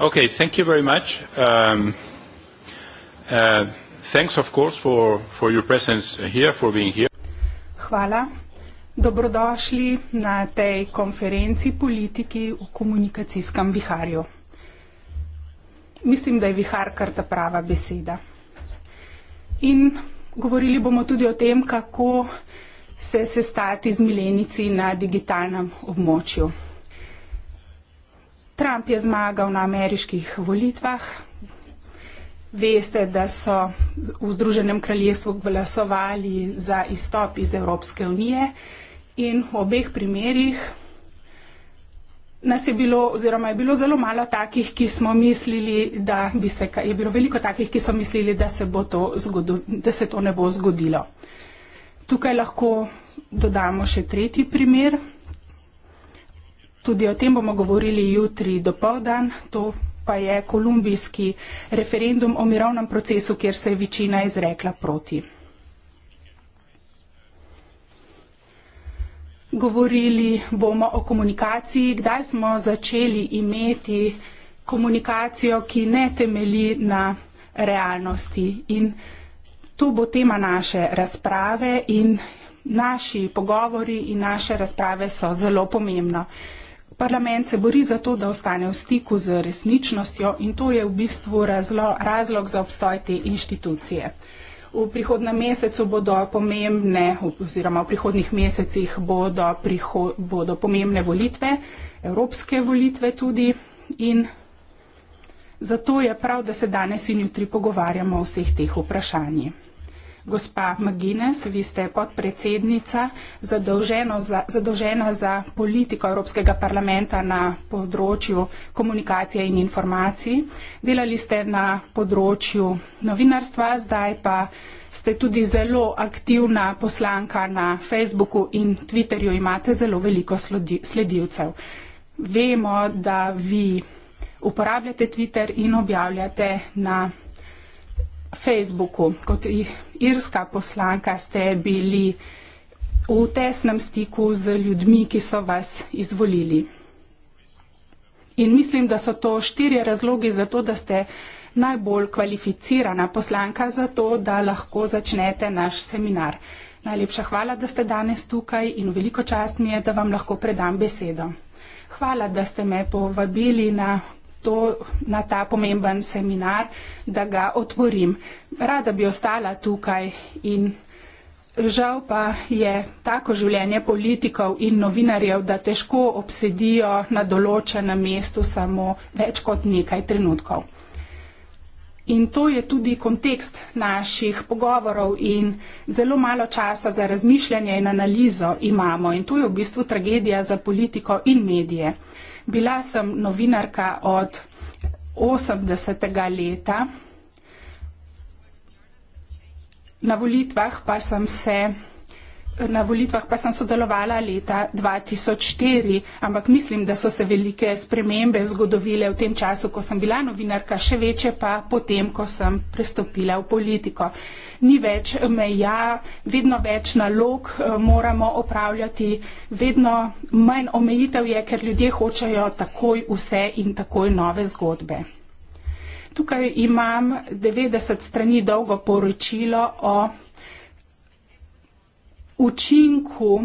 Okay, thank you very much. Um, uh, thanks, of course, for, for your presence here, for being here. Hvala. Dobrodošli na tej konferenci politiki v komunikacijskem viharju. Mislim, da je vihar kar ta prava beseda. In govorili bomo tudi o tem, kako se sestati z milenici na digitalnem območju. Trump je zmagal na ameriških volitvah. Veste, da so v Združenem kraljestvu glasovali za izstop iz Evropske unije in v obeh primerjih nas je bilo oziroma je bilo zelo malo takih, ki smo mislili, da bi se, je bilo veliko takih, ki so mislili, da se, bo to, zgodil, da se to ne bo zgodilo. Tukaj lahko dodamo še tretji primer. Tudi o tem bomo govorili jutri do povdan. To pa je kolumbijski referendum o mirovnem procesu, kjer se je večina izrekla proti. Govorili bomo o komunikaciji, kdaj smo začeli imeti komunikacijo, ki ne temeli na realnosti in realnosti to bo tema naše razprave in naši pogovori in naše razprave so zelo pomembno. Parlament se bori za to, da ostane v stiku z resničnostjo in to je v bistvu razlo, razlog za obstoj te inštitucije. V prihodnem mesecu bodo pomembne, oziroma v prihodnih mesecih bodo, priho, bodo pomembne volitve, evropske volitve tudi in zato je prav, da se danes in jutri pogovarjamo o vseh teh vprašanjih. Gospa Magines, vi ste podpredsednica za, zadolžena za politiko Evropskega parlamenta na področju komunikacije in informacij. Delali ste na področju novinarstva, zdaj pa ste tudi zelo aktivna poslanka na Facebooku in Twitterju, imate zelo veliko sledi, sledilcev. Vemo, da vi uporabljate Twitter in objavljate na Facebooku, kot irska poslanka ste bili v tesnem stiku z ljudmi, ki so vas izvolili. In mislim, da so to štirje razlogi za to, da ste najbolj kvalificirana poslanka za to, da lahko začnete naš seminar. Najlepša hvala, da ste danes tukaj in veliko čast mi je, da vam lahko predam besedo. Hvala, da ste me povabili na to, na ta pomemben seminar, da ga otvorim. Rada bi ostala tukaj in žal pa je tako življenje politikov in novinarjev, da težko obsedijo na določenem mestu samo več kot nekaj trenutkov. In to je tudi kontekst naših pogovorov in zelo malo časa za razmišljanje in analizo imamo. In to je v bistvu tragedija za politiko in medije. Bila sem novinarka od 80. leta, na volitvah pa sem se na volitvah pa sem sodelovala leta 2004, ampak mislim, da so se velike spremembe zgodovile v tem času, ko sem bila novinarka, še večje pa potem, ko sem prestopila v politiko ni več meja, vedno več nalog eh, moramo opravljati, vedno manj omejitev je, ker ljudje hočejo takoj vse in takoj nove zgodbe. Tukaj imam 90 strani dolgo poročilo o učinku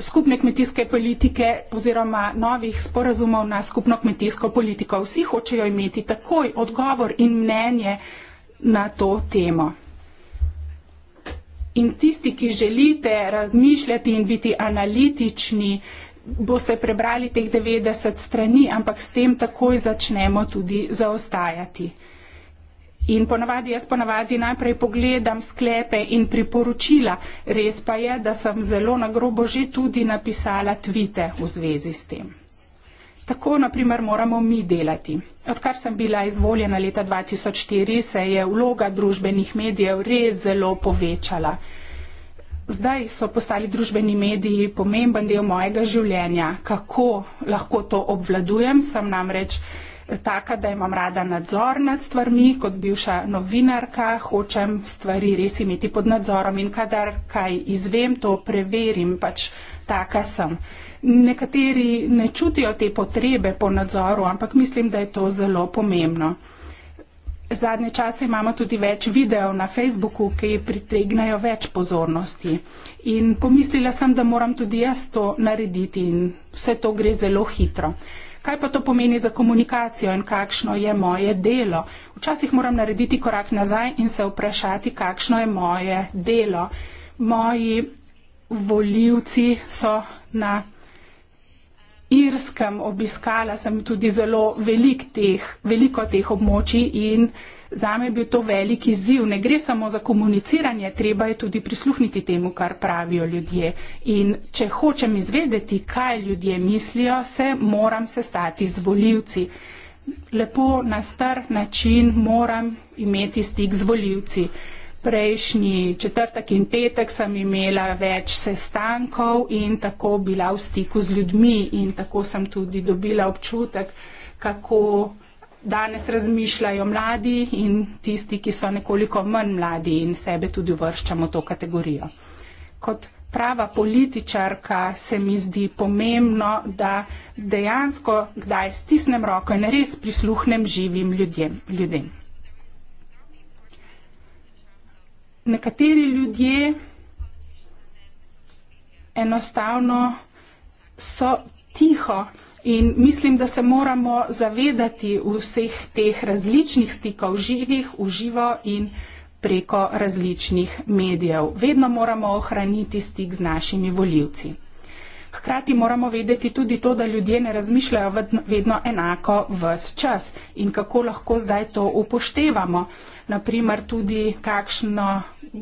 skupne kmetijske politike oziroma novih sporazumov na skupno kmetijsko politiko. Vsi hočejo imeti takoj odgovor in mnenje na to temo. In tisti, ki želite razmišljati in biti analitični, boste prebrali teh 90 strani, ampak s tem takoj začnemo tudi zaostajati. In ponavadi jaz ponavadi najprej pogledam sklepe in priporočila. Res pa je, da sem zelo nagrobo že tudi napisala tvite v zvezi s tem. Tako naprimer moramo mi delati. Odkar sem bila izvoljena leta 2004, se je vloga družbenih medijev res zelo povečala. Zdaj so postali družbeni mediji pomemben del mojega življenja. Kako lahko to obvladujem, sem namreč taka, da imam rada nadzor nad stvarmi, kot bivša novinarka, hočem stvari res imeti pod nadzorom in kadar kaj izvem, to preverim. Pač taka sem. Nekateri ne čutijo te potrebe po nadzoru, ampak mislim, da je to zelo pomembno. Zadnje čase imamo tudi več videov na Facebooku, ki pritegnajo več pozornosti. In pomislila sem, da moram tudi jaz to narediti in vse to gre zelo hitro. Kaj pa to pomeni za komunikacijo in kakšno je moje delo? Včasih moram narediti korak nazaj in se vprašati, kakšno je moje delo. Moji volivci so na Irskem obiskala sem tudi zelo velik teh, veliko teh območij in zame je bil to velik izziv. Ne gre samo za komuniciranje, treba je tudi prisluhniti temu, kar pravijo ljudje. In če hočem izvedeti, kaj ljudje mislijo, se moram sestati z voljivci. Lepo na star način moram imeti stik z voljivci. Uh, prejšnji četrtek in petek sem imela več sestankov in tako bila v stiku z ljudmi in tako sem tudi dobila občutek, kako danes razmišljajo mladi in tisti, ki so nekoliko manj mladi in sebe tudi vrščamo v to kategorijo. Kot prava političarka se mi zdi pomembno, da dejansko kdaj stisnem roko in res prisluhnem živim ljudem. ljudem. nekateri ljudje enostavno so tiho in mislim, da se moramo zavedati vseh teh različnih stikov živih, uživo in preko različnih medijev. Vedno moramo ohraniti stik z našimi voljivci. Hkrati moramo vedeti tudi to, da ljudje ne razmišljajo vedno enako vse čas in kako lahko zdaj to upoštevamo. Naprimer tudi kakšno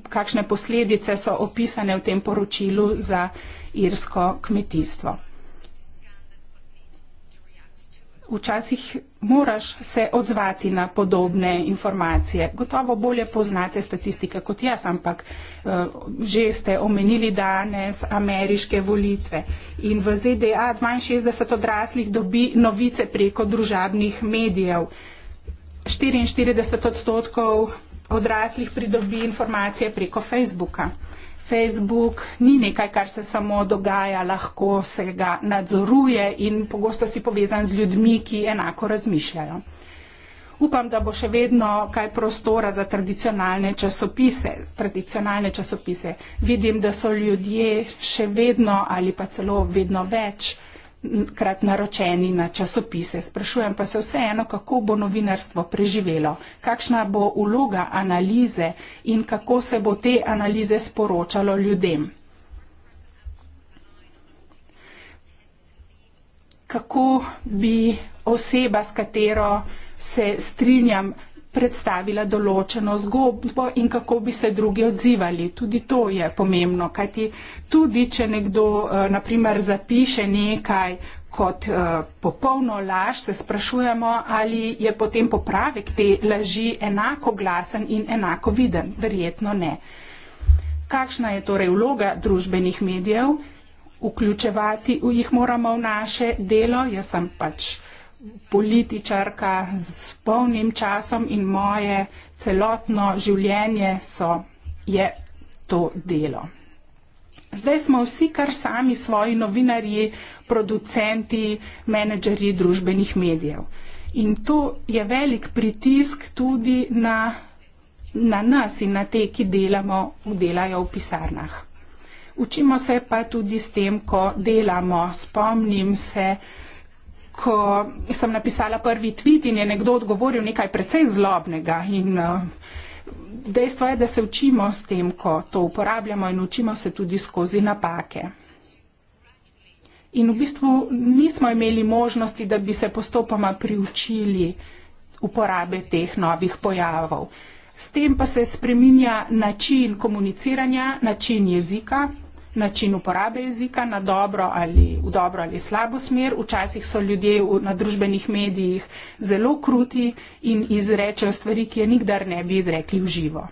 kakšne posledice so opisane v tem poročilu za irsko kmetijstvo. Včasih moraš se odzvati na podobne informacije. Gotovo bolje poznate statistike kot jaz, ampak eh, že ste omenili danes ameriške volitve. In v ZDA 62 odraslih dobi novice preko družabnih medijev. 44 odstotkov odraslih pridobi informacije preko Facebooka. Facebook ni nekaj, kar se samo dogaja, lahko se ga nadzoruje in pogosto si povezan z ljudmi, ki enako razmišljajo. Upam, da bo še vedno kaj prostora za tradicionalne časopise. tradicionalne časopise. Vidim, da so ljudje še vedno ali pa celo vedno več krat naročeni na časopise. Sprašujem pa se vseeno, kako bo novinarstvo preživelo, kakšna bo uloga analize in kako se bo te analize sporočalo ljudem. Kako bi oseba, s katero se strinjam, predstavila določeno zgodbo in kako bi se drugi odzivali. Tudi to je pomembno, kajti tudi, če nekdo eh, naprimer zapiše nekaj kot eh, popolno laž, se sprašujemo, ali je potem popravek te laži enako glasen in enako viden. Verjetno ne. Kakšna je torej vloga družbenih medijev? Vključevati jih moramo v naše delo, jaz sem pač uh, političarka z polnim časom in moje celotno življenje so, je to delo. Zdaj smo vsi kar sami svoji novinarji, producenti, menedžeri družbenih medijev. In to je velik pritisk tudi na, na nas in na te, ki delamo, delajo v pisarnah. Učimo se pa tudi s tem, ko delamo, spomnim se, ko sem napisala prvi tweet in je nekdo odgovoril nekaj precej zlobnega. In, eh, dejstvo je, da se učimo s tem, ko to uporabljamo in učimo se tudi skozi napake. In v bistvu nismo imeli možnosti, da bi se postopoma priučili uporabe teh novih pojavov. S tem pa se spreminja način komuniciranja, način jezika način uporabe jezika na dobro ali v dobro ali slabo smer. Včasih so ljudje v, na družbenih medijih zelo kruti in izrečejo stvari, ki jih nikdar ne bi izrekli v živo.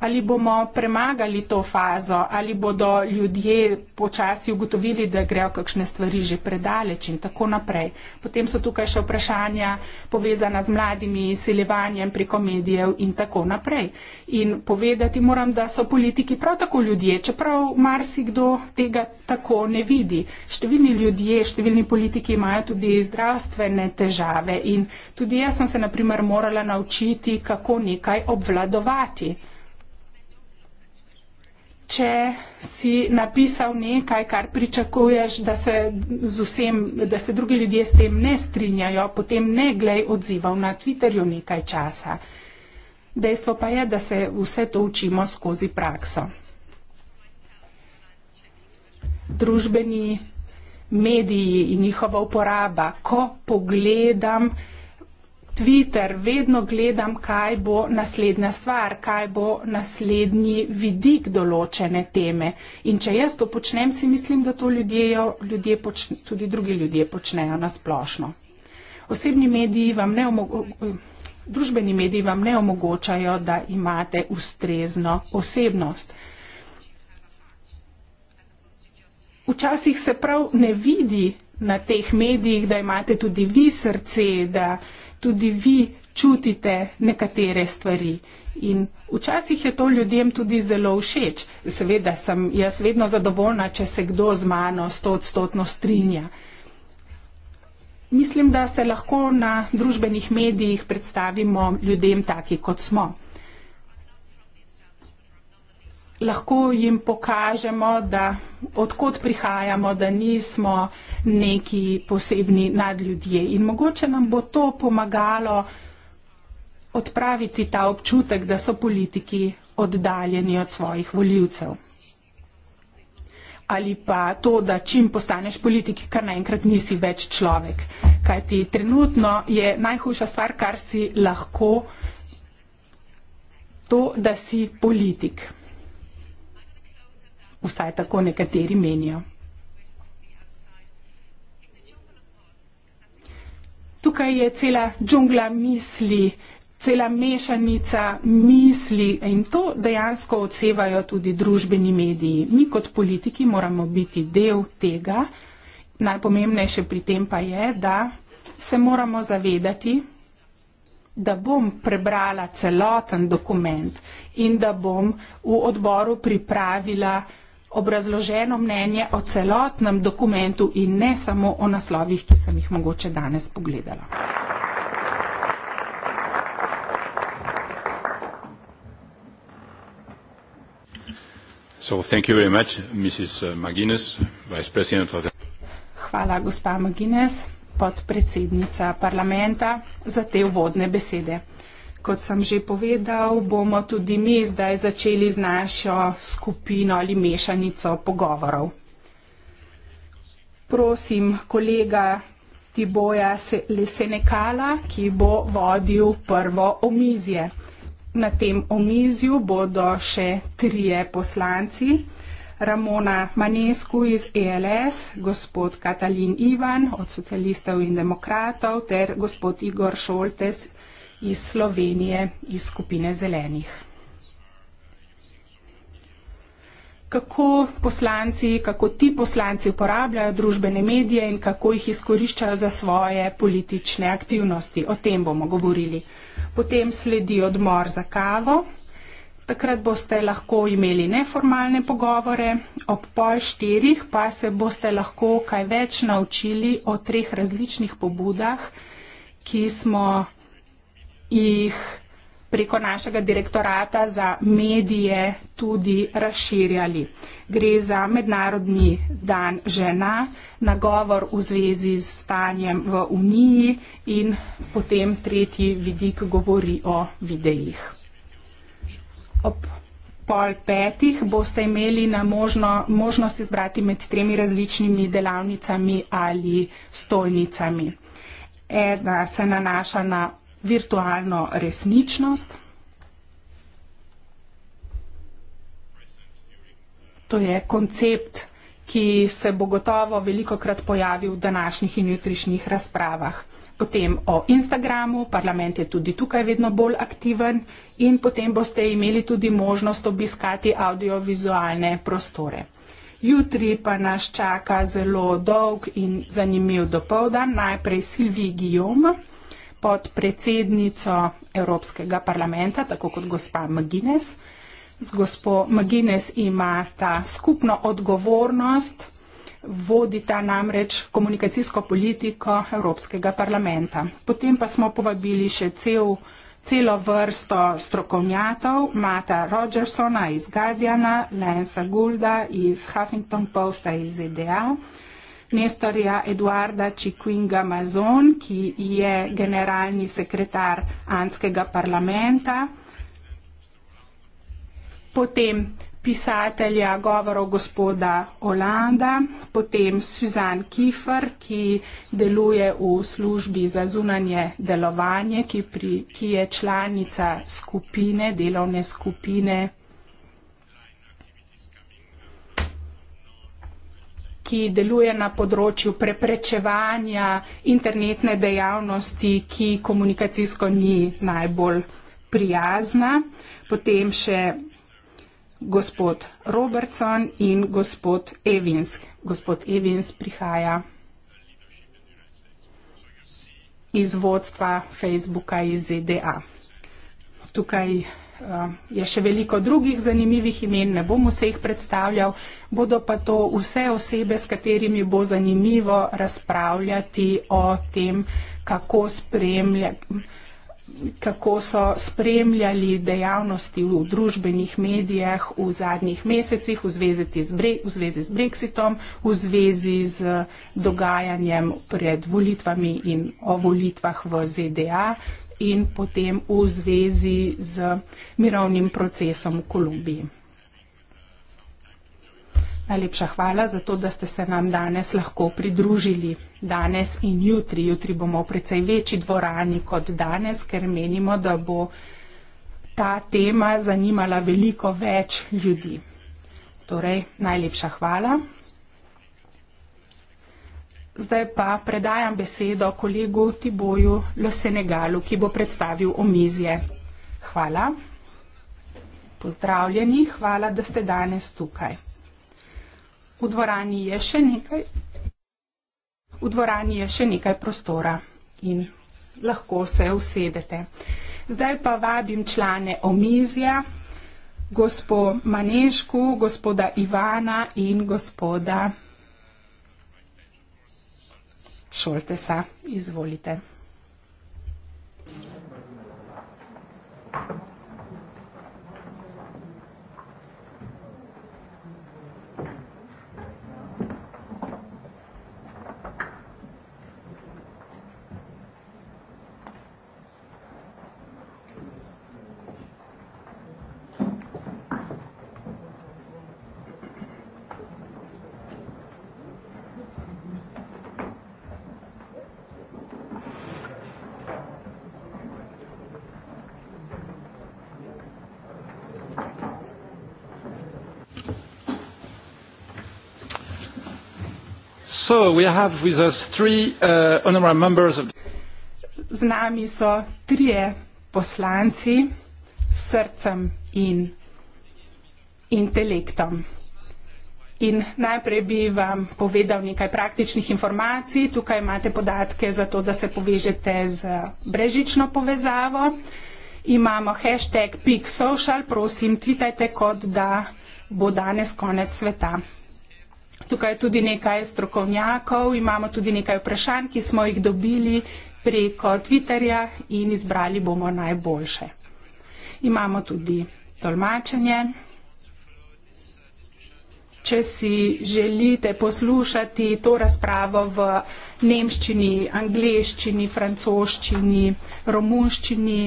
Ali bomo premagali to fazo, ali bodo ljudje počasi ugotovili, da grejo kakšne stvari že predaleč in tako naprej. Potem so tukaj še vprašanja povezana z mladimi, izsiljevanjem preko medijev in tako naprej. In povedati moram, da so politiki prav tako ljudje, čeprav marsikdo tega tako ne vidi. Številni ljudje, številni politiki imajo tudi zdravstvene težave in tudi jaz sem se naprimer morala naučiti, kako nekaj obvladovati če si napisal nekaj, kar pričakuješ, da se, vsem, da se drugi ljudje s tem ne strinjajo, potem ne glej odzival na Twitterju nekaj časa. Dejstvo pa je, da se vse to učimo skozi prakso. Družbeni mediji in njihova uporaba, ko pogledam, Twitter, vedno gledam, kaj bo naslednja stvar, kaj bo naslednji vidik določene teme. In če jaz to počnem, si mislim, da to ljudje, ljudje počne, tudi drugi ljudje počnejo na splošno. Osebni mediji vam ne omogočajo. Družbeni mediji vam ne omogočajo, da imate ustrezno osebnost. Včasih se prav ne vidi na teh medijih, da imate tudi vi srce, da, tudi vi čutite nekatere stvari. In včasih je to ljudem tudi zelo všeč. Seveda sem jaz vedno zadovoljna, če se kdo z mano stotstotno strinja. Mislim, da se lahko na družbenih medijih predstavimo ljudem taki, kot smo lahko jim pokažemo, da odkot prihajamo, da nismo neki posebni nadljudje. In mogoče nam bo to pomagalo odpraviti ta občutek, da so politiki oddaljeni od svojih voljivcev. Ali pa to, da čim postaneš politik, kar naenkrat nisi več človek. Kaj ti trenutno je najhujša stvar, kar si lahko, to, da si politik vsaj tako nekateri menijo. Tukaj je cela džungla misli, cela mešanica misli in to dejansko odsevajo tudi družbeni mediji. Mi kot politiki moramo biti del tega. Najpomembnejše pri tem pa je, da se moramo zavedati, da bom prebrala celoten dokument in da bom v odboru pripravila obrazloženo mnenje o celotnem dokumentu in ne samo o naslovih, ki sem jih mogoče danes pogledala. So, much, Mrs. Uh, the... Hvala, gospa Maginez, podpredsednica parlamenta, za te uvodne besede kot sem že povedal, bomo tudi mi zdaj začeli z našo skupino ali mešanico pogovorov. Prosim kolega Tiboja Lesenekala, ki bo vodil prvo omizje. Na tem omizju bodo še trije poslanci. Ramona Manesku iz ELS, gospod Katalin Ivan od socialistov in demokratov ter gospod Igor Šoltes iz Slovenije, iz skupine zelenih. Kako poslanci, kako ti poslanci uporabljajo družbene medije in kako jih izkoriščajo za svoje politične aktivnosti, o tem bomo govorili. Potem sledi odmor za kavo, takrat boste lahko imeli neformalne pogovore, ob pol štirih pa se boste lahko kaj več naučili o treh različnih pobudah, ki smo jih preko našega direktorata za medije tudi razširjali. Gre za Mednarodni dan žena, nagovor v zvezi s stanjem v Uniji in potem tretji vidik govori o videih. Ob pol petih boste imeli na možno, možnost izbrati med tremi različnimi delavnicami ali stolnicami. Ena se nanaša na virtualno resničnost. To je koncept, ki se bo gotovo veliko krat pojavil v današnjih in jutrišnjih razpravah. Potem o Instagramu, parlament je tudi tukaj vedno bolj aktiven in potem boste imeli tudi možnost obiskati audiovizualne prostore. Jutri pa nas čaka zelo dolg in zanimiv dopoldan, najprej Silvi Guillaume pod predsednico Evropskega parlamenta, tako kot gospa McGuinness. Z gospo McGuinness ima ta skupno odgovornost, vodita namreč komunikacijsko politiko Evropskega parlamenta. Potem pa smo povabili še cel, celo vrsto strokovnjatov, Mata Rogersona iz Guardiana, Lensa Gulda iz Huffington Posta iz ZDA. Nestorja Eduarda Čikuinga Mazon, ki je generalni sekretar Anskega parlamenta, potem pisatelja govorov gospoda Olanda, potem Suzanne Kiefer, ki deluje v službi za zunanje delovanje, ki, pri, ki je članica skupine, delovne skupine ki deluje na področju preprečevanja internetne dejavnosti, ki komunikacijsko ni najbolj prijazna. Potem še gospod Robertson in gospod Evins. Gospod Evins prihaja iz vodstva Facebooka iz ZDA. Tukaj Eh, je še veliko drugih zanimivih imen, ne bom vseh predstavljal, bodo pa to vse osebe, s katerimi bo zanimivo razpravljati o tem, kako, spremlja, kako so spremljali dejavnosti v družbenih medijah v zadnjih mesecih v zvezi, bre, v zvezi z Brexitom, v zvezi z dogajanjem pred volitvami in o volitvah v ZDA in potem v zvezi z mirovnim procesom v Kolumbiji. Najlepša hvala za to, da ste se nam danes lahko pridružili. Danes in jutri. Jutri bomo v precej večji dvorani kot danes, ker menimo, da bo ta tema zanimala veliko več ljudi. Torej, najlepša hvala. Zdaj pa predajam besedo kolegu Tiboju Losenegalu, ki bo predstavil omizje. Hvala. Pozdravljeni, hvala, da ste danes tukaj. V dvorani je še nekaj, v dvorani je še nekaj prostora in lahko se usedete. Zdaj pa vabim člane omizja, gospo Manešku, gospoda Ivana in gospoda Manešku. Šoltesa. Izvolite. So we have with us three uh, honorary members of. Z nami so trije poslanci s srcem in intelektom. In najprej bi vam povedal nekaj praktičnih informacij. Tukaj imate podatke za to, da se povežete z brežično povezavo. Imamo hashtag PIKSOCIAL, prosim, tvitajte kot da bo danes konec sveta tukaj tudi nekaj strokovnjakov, imamo tudi nekaj vprašanj, ki smo jih dobili preko Twitterja in izbrali bomo najboljše. Imamo tudi tolmačenje. Če si želite poslušati to razpravo v nemščini, angliščini, francoščini, romunščini,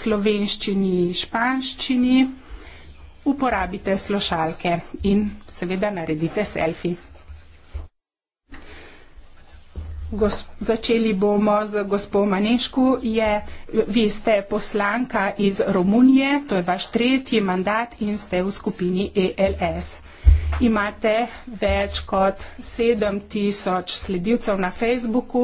slovenščini, španščini, uporabite slušalke in seveda naredite selfi. Gos začeli bomo z gospod Manešku. Je, vi ste poslanka iz Romunije, to je vaš tretji mandat in ste v skupini ELS imate več kot 7000 sledilcev na Facebooku,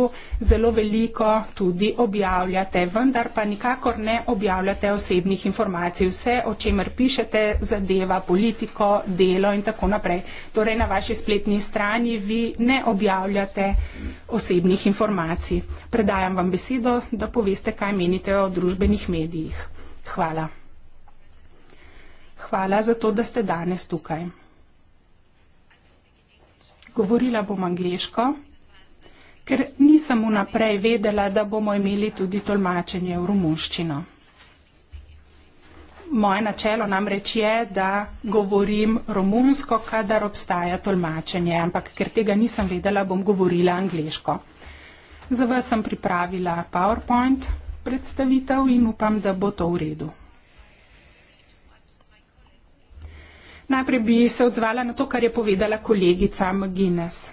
zelo veliko tudi objavljate, vendar pa nikakor ne objavljate osebnih informacij. Vse, o čemer pišete, zadeva politiko, delo in tako naprej. Torej na vaši spletni strani vi ne objavljate osebnih informacij. Predajam vam besedo, da poveste, kaj menite o družbenih medijih. Hvala. Hvala za to, da ste danes tukaj. Govorila bom angliško, ker nisem vnaprej vedela, da bomo imeli tudi tolmačenje v romunščino. Moje načelo namreč je, da govorim romunsko, kadar obstaja tolmačenje, ampak ker tega nisem vedela, bom govorila angliško. Za vas sem pripravila PowerPoint predstavitev in upam, da bo to v redu. Najprej bi se odzvala na to, kar je povedala kolegica McGuinness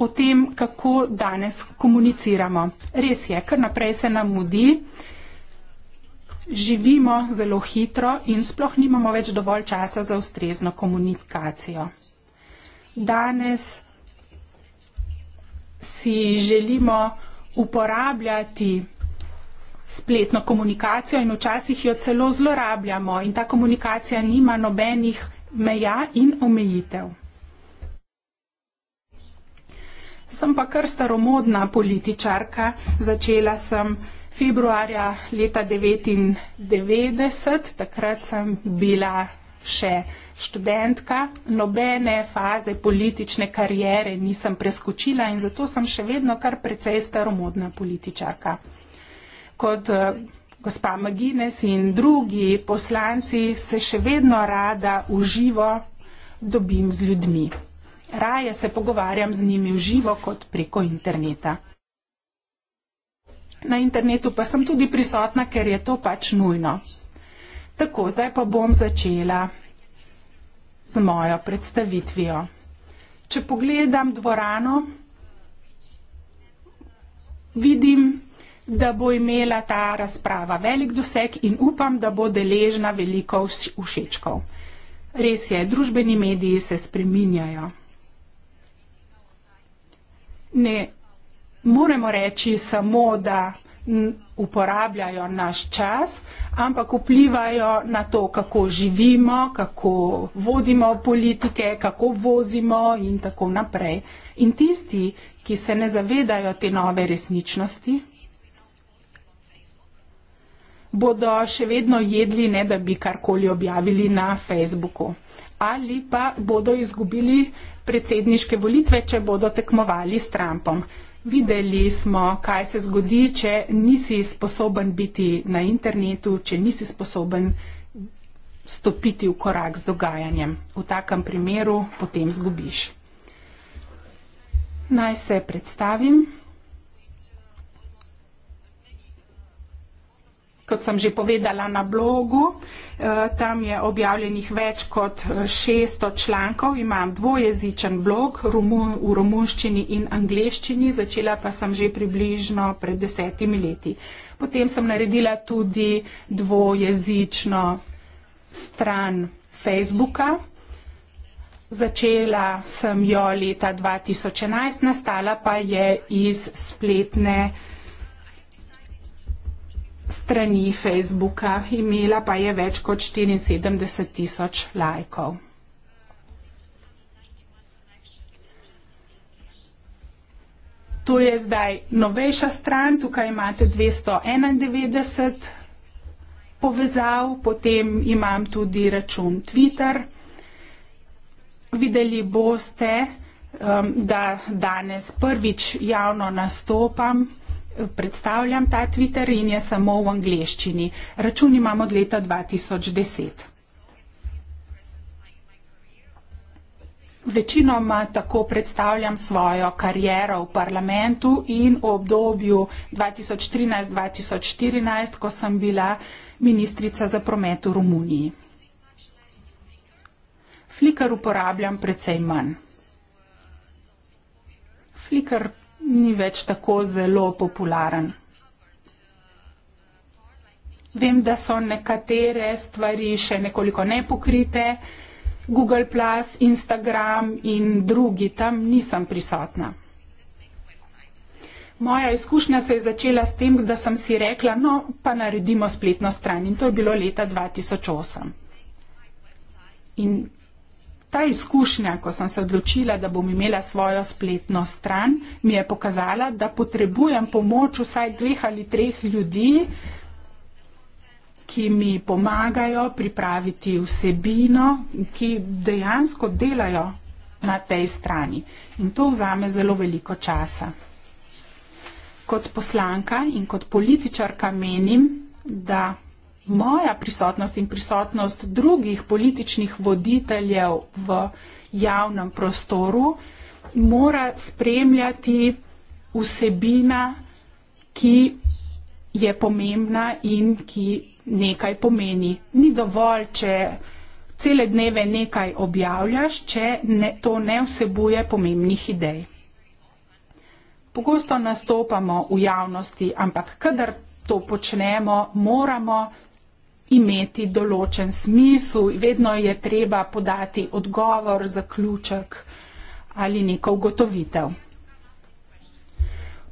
o tem, kako danes komuniciramo. Res je, kar naprej se nam mudi, živimo zelo hitro in sploh nimamo več dovolj časa za ustrezno komunikacijo. Danes si želimo uporabljati komunikacijo, spletno komunikacijo in včasih jo celo zlorabljamo in ta komunikacija nima nobenih meja in omejitev. Sem pa kar staromodna političarka, začela sem februarja leta 1999, takrat sem bila še študentka, nobene faze politične karijere nisem preskočila in zato sem še vedno kar precej staromodna političarka kot eh, gospa Magines in drugi poslanci se še vedno rada uživo dobim z ljudmi. Raje se pogovarjam z njimi uživo kot preko interneta. Na internetu pa sem tudi prisotna, ker je to pač nujno. Tako, zdaj pa bom začela z mojo predstavitvijo. Če pogledam dvorano, vidim da bo imela ta razprava velik doseg in upam, da bo deležna veliko všečkov. Res je, družbeni mediji se spreminjajo. Ne moremo reči samo, da uporabljajo naš čas, ampak vplivajo na to, kako živimo, kako vodimo politike, kako vozimo in tako naprej. In tisti, ki se ne zavedajo te nove resničnosti, bodo še vedno jedli, ne da bi karkoli objavili na Facebooku. Ali pa bodo izgubili predsedniške volitve, če bodo tekmovali s Trumpom. Videli smo, kaj se zgodi, če nisi sposoben biti na internetu, če nisi sposoben stopiti v korak z dogajanjem. V takem primeru potem zgubiš. Naj se predstavim. kot sem že povedala na blogu, eh, tam je objavljenih več kot 600 eh, člankov, imam dvojezičen blog v romunščini in angliščini, začela pa sem že približno pred desetimi leti. Potem sem naredila tudi dvojezično stran Facebooka. Začela sem jo leta 2011, nastala pa je iz spletne uh, strani Facebooka, imela pa je več kot 74 tisoč lajkov. To je zdaj novejša stran, tukaj imate 291 povezav, potem imam tudi račun Twitter. Videli boste, um, da danes prvič javno nastopam predstavljam ta Twitter in je samo v angleščini. Račun imam od leta 2010. Večinoma tako predstavljam svojo kariero v parlamentu in v obdobju 2013-2014, ko sem bila ministrica za promet v Romuniji. Flickr uporabljam precej manj. Flickr ni več tako zelo popularen. Vem, da so nekatere stvari še nekoliko nepokrite, Google+, Instagram in drugi, tam nisem prisotna. Moja izkušnja se je začela s tem, da sem si rekla, no, pa naredimo spletno stran in to je bilo leta 2008. In Ta izkušnja, ko sem se odločila, da bom imela svojo spletno stran, mi je pokazala, da potrebujem pomoč vsaj dveh ali treh ljudi, ki mi pomagajo pripraviti vsebino, ki dejansko delajo na tej strani. In to vzame zelo veliko časa. Kot poslanka in kot političarka menim, da moja prisotnost in prisotnost drugih političnih voditeljev v javnem prostoru mora spremljati vsebina, ki je pomembna in ki nekaj pomeni. Ni dovolj, če cele dneve nekaj objavljaš, če ne, to ne vsebuje pomembnih idej. Pogosto nastopamo v javnosti, ampak kadar to počnemo, moramo imeti določen smisel, vedno je treba podati odgovor, zaključek ali neko ugotovitev.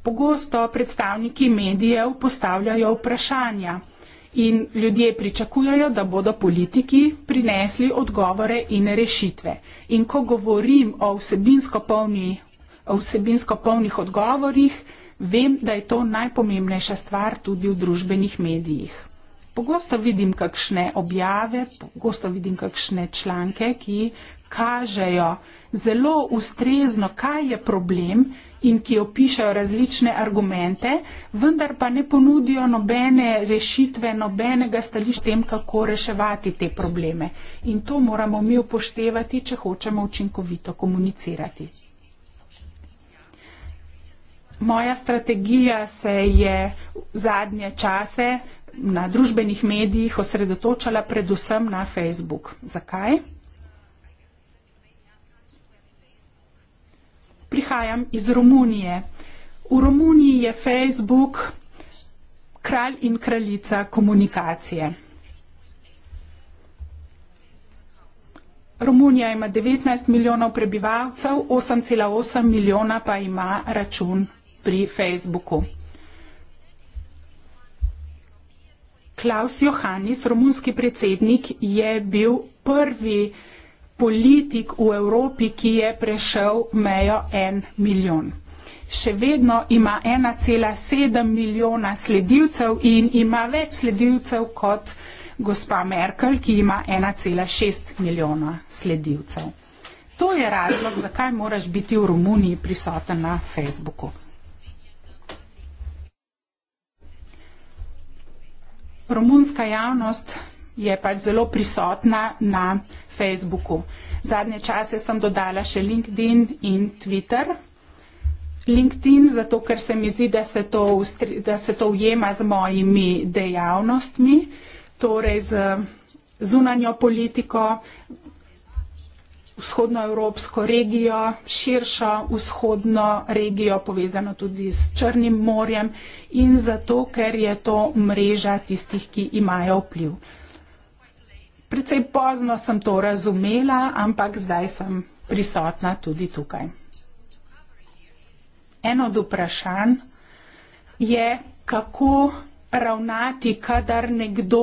Pogosto predstavniki medijev postavljajo vprašanja in ljudje pričakujejo, da bodo politiki prinesli odgovore in rešitve. In ko govorim o vsebinsko, polni, o vsebinsko polnih odgovorih, vem, da je to najpomembnejša stvar tudi v družbenih medijih pogosto vidim kakšne objave, pogosto vidim kakšne članke, ki kažejo zelo ustrezno, kaj je problem in ki opišajo različne argumente, vendar pa ne ponudijo nobene rešitve, nobenega stališča tem, kako reševati te probleme. In to moramo mi upoštevati, če hočemo učinkovito komunicirati. Moja strategija se je zadnje čase na družbenih medijih osredotočala predvsem na Facebook. Zakaj? Prihajam iz Romunije. V Romuniji je Facebook kralj in kraljica komunikacije. Romunija ima 19 milijonov prebivalcev, 8,8 milijona pa ima račun pri Facebooku. Klaus Johannis, romunski predsednik, je bil prvi politik v Evropi, ki je prešel mejo en milijon. Še vedno ima 1,7 milijona sledilcev in ima več sledilcev kot gospa Merkel, ki ima 1,6 milijona sledilcev. To je razlog, zakaj moraš biti v Romuniji prisoten na Facebooku. romunska javnost je pač zelo prisotna na Facebooku. Zadnje čase sem dodala še LinkedIn in Twitter. LinkedIn, zato ker se mi zdi, da se to, da se to ujema z mojimi dejavnostmi, torej z zunanjo politiko, vzhodnoevropsko regijo, širša vzhodno regijo, povezano tudi s Črnim morjem in zato, ker je to mreža tistih, ki imajo vpliv. Precej pozno sem to razumela, ampak zdaj sem prisotna tudi tukaj. Eno od vprašanj je, kako ravnati, kadar nekdo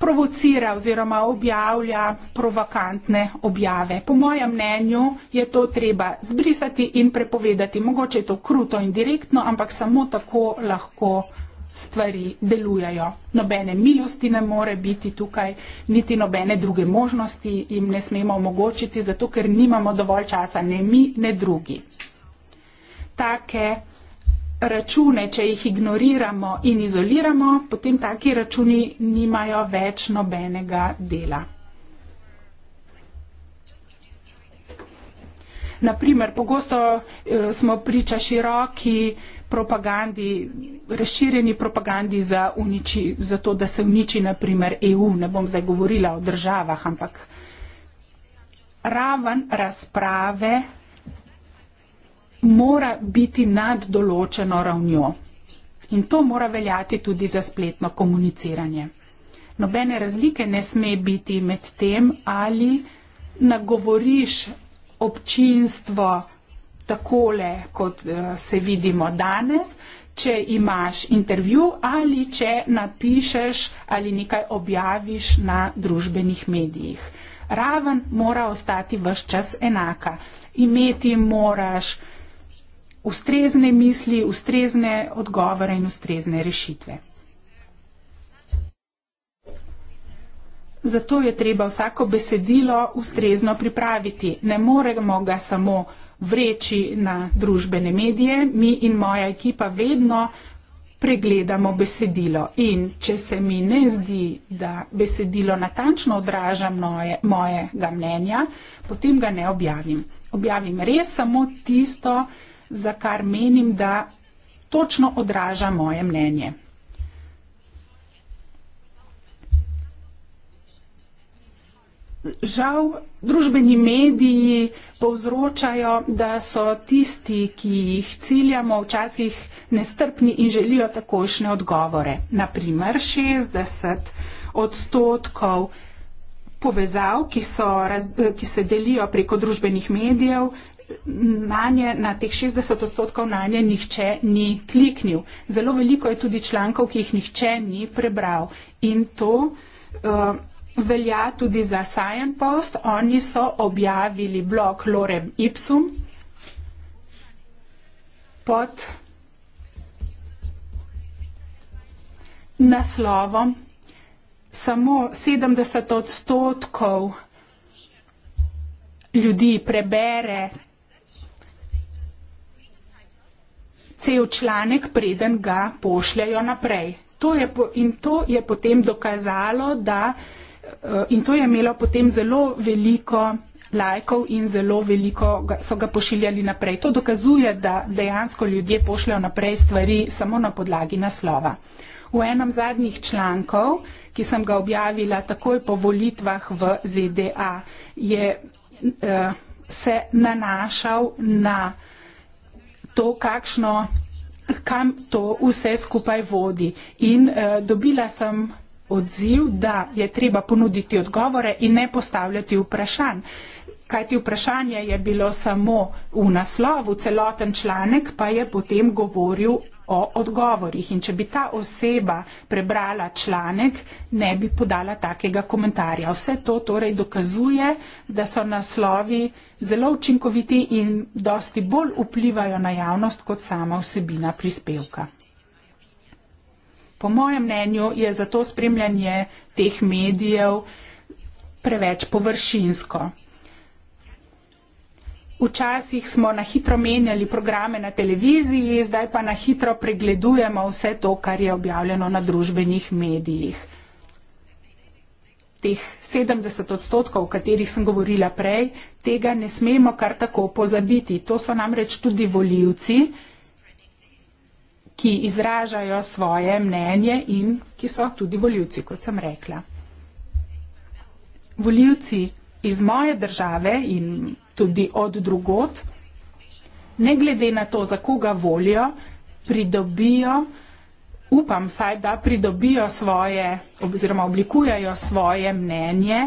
provocira oziroma objavlja provokantne objave. Po mojem mnenju je to treba zbrisati in prepovedati. Mogoče je to kruto in direktno, ampak samo tako lahko stvari delujajo. Nobene milosti ne more biti tukaj, niti nobene druge možnosti jim ne smemo omogočiti, zato ker nimamo dovolj časa, ne mi, ne drugi. Take račune, če jih ignoriramo in izoliramo, potem taki računi nimajo več nobenega dela. Naprimer, pogosto eh, smo priča široki propagandi, razširjeni propagandi za, uniči, za to, da se uniči naprimer EU. Ne bom zdaj govorila o državah, ampak raven razprave mora biti nad določeno ravnjo. In to mora veljati tudi za spletno komuniciranje. Nobene razlike ne sme biti med tem, ali nagovoriš občinstvo takole, kot eh, se vidimo danes, če imaš intervju ali če napišeš ali nekaj objaviš na družbenih medijih. Raven mora ostati vse čas enaka. Imeti moraš ustrezne misli, ustrezne odgovore in ustrezne rešitve. Zato je treba vsako besedilo ustrezno pripraviti. Ne moremo ga samo vreči na družbene medije. Mi in moja ekipa vedno pregledamo besedilo in če se mi ne zdi, da besedilo natančno odraža moje, mojega mnenja, potem ga ne objavim. Objavim res samo tisto, za kar menim, da točno odraža moje mnenje. Žal, družbeni mediji povzročajo, da so tisti, ki jih ciljamo, včasih nestrpni in želijo takošne odgovore. Naprimer, 60 odstotkov povezav, ki, raz, ki se delijo preko družbenih medijev, manje, na teh 60 odstotkov manje nihče ni kliknil. Zelo veliko je tudi člankov, ki jih nihče ni prebral. In to uh, velja tudi za Science Post. Oni so objavili blog Lorem Ipsum pod naslovom Samo 70 odstotkov ljudi prebere cel članek, preden ga pošljajo naprej. To je, in to je potem dokazalo, da eh, in to je imelo potem zelo veliko lajkov in zelo veliko ga, so ga pošiljali naprej. To dokazuje, da dejansko ljudje pošljajo naprej stvari samo na podlagi naslova. V enem zadnjih člankov, ki sem ga objavila takoj po volitvah v ZDA, je eh, se nanašal na to, kakšno, kam to vse skupaj vodi. In uh, dobila sem odziv, da je treba ponuditi odgovore in ne postavljati vprašanj. Kaj ti vprašanje je bilo samo v naslovu, celoten članek pa je potem govoril o odgovorih. In če bi ta oseba prebrala članek, ne bi podala takega komentarja. Vse to torej dokazuje, da so naslovi zelo učinkoviti in dosti bolj vplivajo na javnost kot sama vsebina prispevka. Po mojem mnenju je zato spremljanje teh medijev preveč površinsko. Včasih smo na hitro menjali programe na televiziji, zdaj pa na hitro pregledujemo vse to, kar je objavljeno na družbenih medijih. Teh 70 odstotkov, o katerih sem govorila prej, tega ne smemo kar tako pozabiti. To so namreč tudi voljivci, ki izražajo svoje mnenje in ki so tudi voljivci, kot sem rekla. Voljivci iz moje države in tudi od drugot, ne glede na to, za koga volijo, pridobijo, upam vsaj, da pridobijo svoje oziroma oblikujajo svoje mnenje,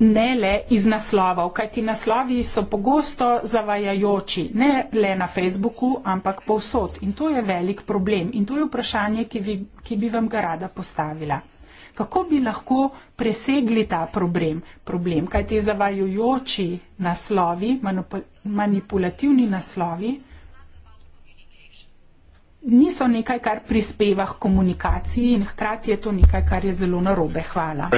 ne le iz naslovov, kajti naslovi so pogosto zavajajoči, ne le na Facebooku, ampak povsod. In to je velik problem. In to je vprašanje, ki bi, ki bi vam ga rada postavila. Kako bi lahko presegli ta problem. problem kaj ti zavajujoči naslovi, manipulativni naslovi, niso nekaj, kar prispeva k komunikaciji in hkrati je to nekaj, kar je zelo narobe. Hvala.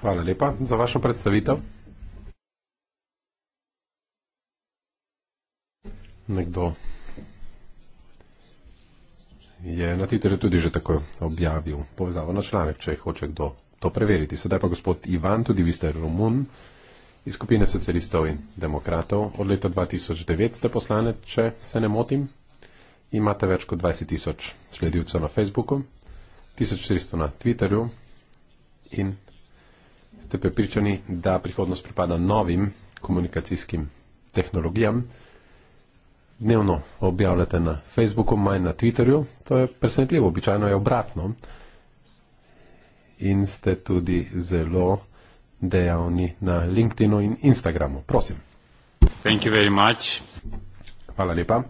Hvala lepa za vašo predstavitev. Nekdo je na Twitterju tudi že tako objavil povezavo na članek, če hoče kdo to preveriti. Sedaj pa gospod Ivan, tudi vi ste Romun iz skupine socialistov in demokratov. Od leta 2009 ste poslanec, če se ne motim. Imate več kot 20 tisoč sledilcev na Facebooku, 1400 na Twitterju in ste prepričani, da prihodnost pripada novim komunikacijskim tehnologijam dnevno objavljate na Facebooku, manj na Twitterju. To je presenetljivo, običajno je obratno. In ste tudi zelo dejavni na LinkedInu in Instagramu. Prosim. Hvala lepa.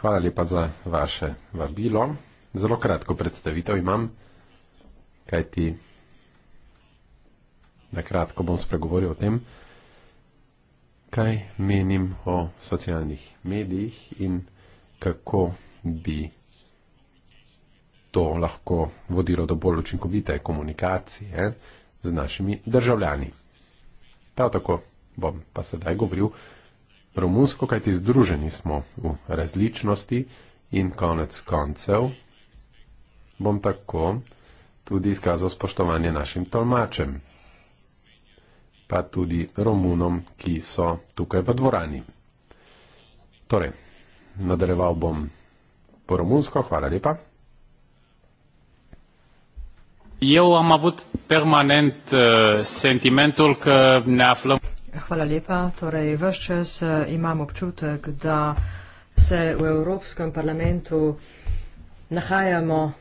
Hvala lepa za vaše vabilo. Zelo kratko predstavitev imam, kajti na kratko bom spregovoril o tem kaj menim o socialnih medijih in kako bi to lahko vodilo do bolj učinkovite komunikacije z našimi državljani. Prav tako bom pa sedaj govoril romunsko, kajti združeni smo v različnosti in konec koncev bom tako tudi izkazal spoštovanje našim tolmačem pa tudi Romunom, ki so tukaj v dvorani. Torej, nadaljeval bom po romunsko, hvala lepa. Eu am avut permanent uh, sentimentul că ne aflăm. Hvala lepa, torej vaš čas uh, imam občutek, da se v Evropskem parlamentu nahajamo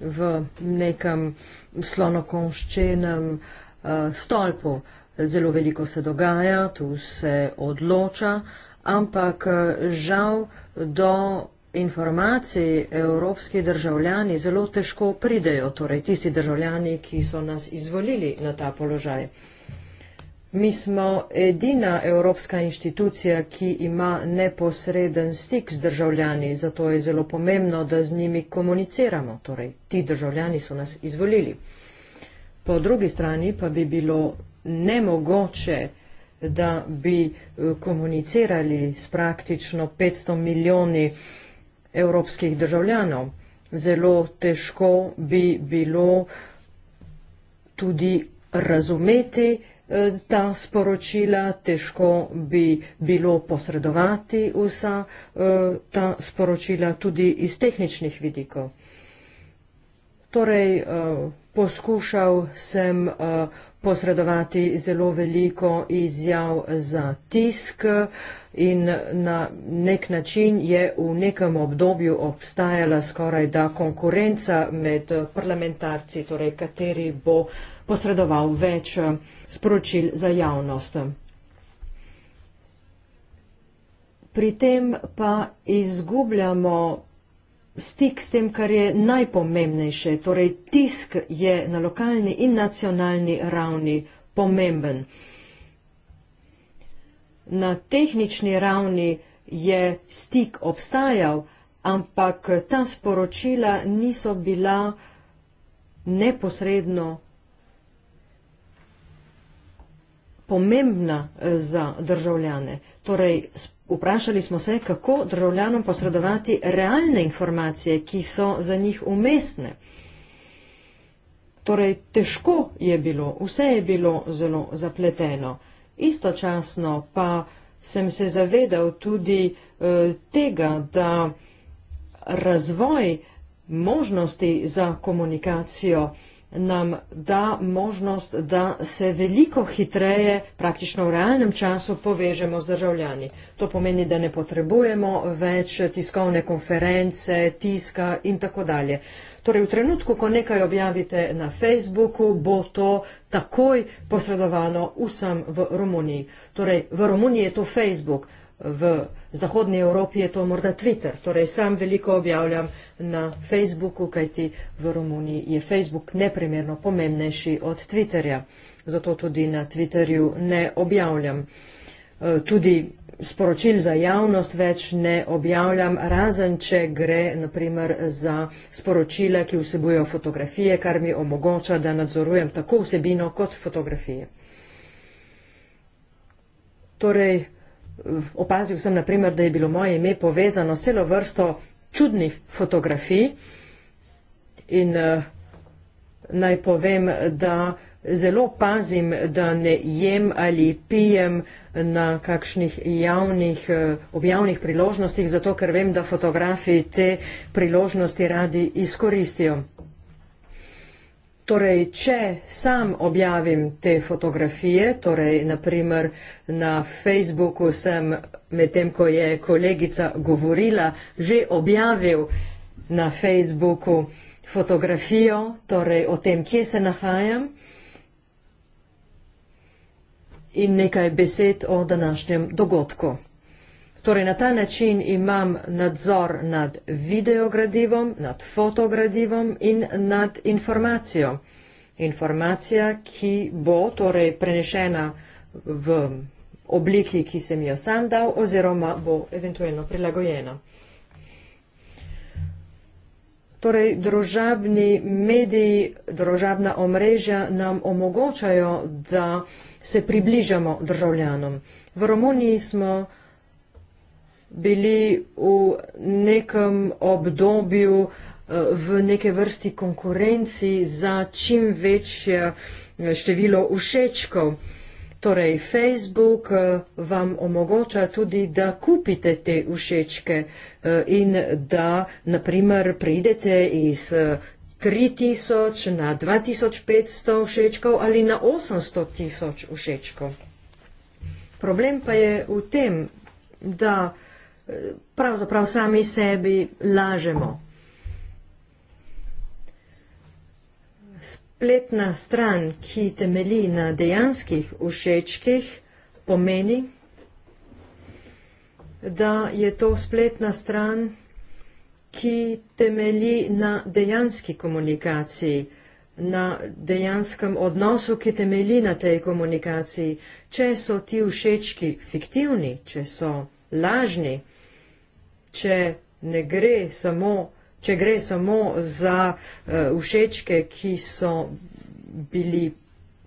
v nekem slonokonščenem uh, stolpu. Uh, Zelo veliko se dogaja, tu se odloča, ampak žal do informacij evropski državljani zelo težko pridejo, torej tisti državljani, ki so nas izvolili na ta položaj. Mi smo edina evropska inštitucija, ki ima neposreden stik z državljani, zato je zelo pomembno, da z njimi komuniciramo. Torej, ti državljani so nas izvolili. Po drugi strani pa bi bilo nemogoče, da bi eh, komunicirali s praktično 500 milijoni evropskih državljanov. Zelo težko bi bilo tudi razumeti eh, ta sporočila, težko bi bilo posredovati vsa eh, ta sporočila tudi iz tehničnih vidikov. Torej, eh, poskušal sem eh, posredovati zelo veliko izjav za tisk eh, in na nek način je v nekem obdobju obstajala skoraj da konkurenca med parlamentarci, torej kateri bo posredoval več sporočil za javnost. Pri tem pa izgubljamo stik s tem, kar je najpomembnejše, torej tisk je na lokalni in nacionalni ravni pomemben. Na tehnični ravni je stik obstajal, ampak ta sporočila niso bila neposredno pomembna eh, za državljane. Torej, Vprašali smo se, kako državljanom posredovati realne informacije, ki so za njih umestne. Torej, težko je bilo, vse je bilo zelo zapleteno. Istočasno pa sem se zavedal tudi eh, tega, da razvoj možnosti za komunikacijo eh, nam da možnost, da se veliko hitreje, praktično v realnem času, povežemo z državljani. To pomeni, da ne potrebujemo več tiskovne konference, tiska in tako dalje. Torej, v trenutku, ko nekaj objavite na Facebooku, bo to takoj posredovano vsem v Romuniji. Torej, v Romuniji je to Facebook, v Zahodni Evropi je to morda Twitter, torej sam veliko objavljam na Facebooku, kajti v Romuniji je Facebook neprimerno pomembnejši od Twitterja. Zato tudi na Twitterju ne objavljam. E, tudi sporočil za javnost več ne objavljam, razen če gre naprimer za sporočila, ki vsebujejo fotografije, kar mi omogoča, da nadzorujem tako vsebino kot fotografije. Torej, Eh, opazil sem naprimer, da je bilo moje ime povezano celo vrsto čudnih fotografij in eh, naj povem, da zelo pazim, da ne jem ali pijem na kakšnih javnih, eh, objavnih priložnostih, zato ker vem, da fotografi te priložnosti radi izkoristijo. Torej, če sam objavim te fotografije, torej naprimer na Facebooku sem medtem, ko je kolegica govorila, že objavil na Facebooku fotografijo, torej o tem, kje se nahajam in nekaj besed o današnjem dogodku. Torej, na ta način imam nadzor nad videogradivom, nad fotogradivom in nad informacijo. Informacija, ki bo torej prenešena v obliki, ki sem jo sam dal oziroma bo eventualno prilagojena. Torej, družabni mediji, družabna omrežja nam omogočajo, da se približamo državljanom. V Romuniji smo bili v nekem obdobju eh, v neke vrsti konkurenci za čim večje eh, število všečkov. Torej, Facebook eh, vam omogoča tudi, da kupite te všečke in da, naprimer, pridete iz 3000 na 2500 všečkov ali na 800 tisoč všečkov. Problem pa je v tem, da pravzaprav sami sebi lažemo. Spletna stran, ki temelji na dejanskih všečkih, pomeni, da je to spletna stran, ki temelji na dejanski komunikaciji, na dejanskem odnosu, ki temelji na tej komunikaciji. Če so ti všečki fiktivni, če so lažni, če ne gre samo, če gre samo za uh, všečke, ki so bili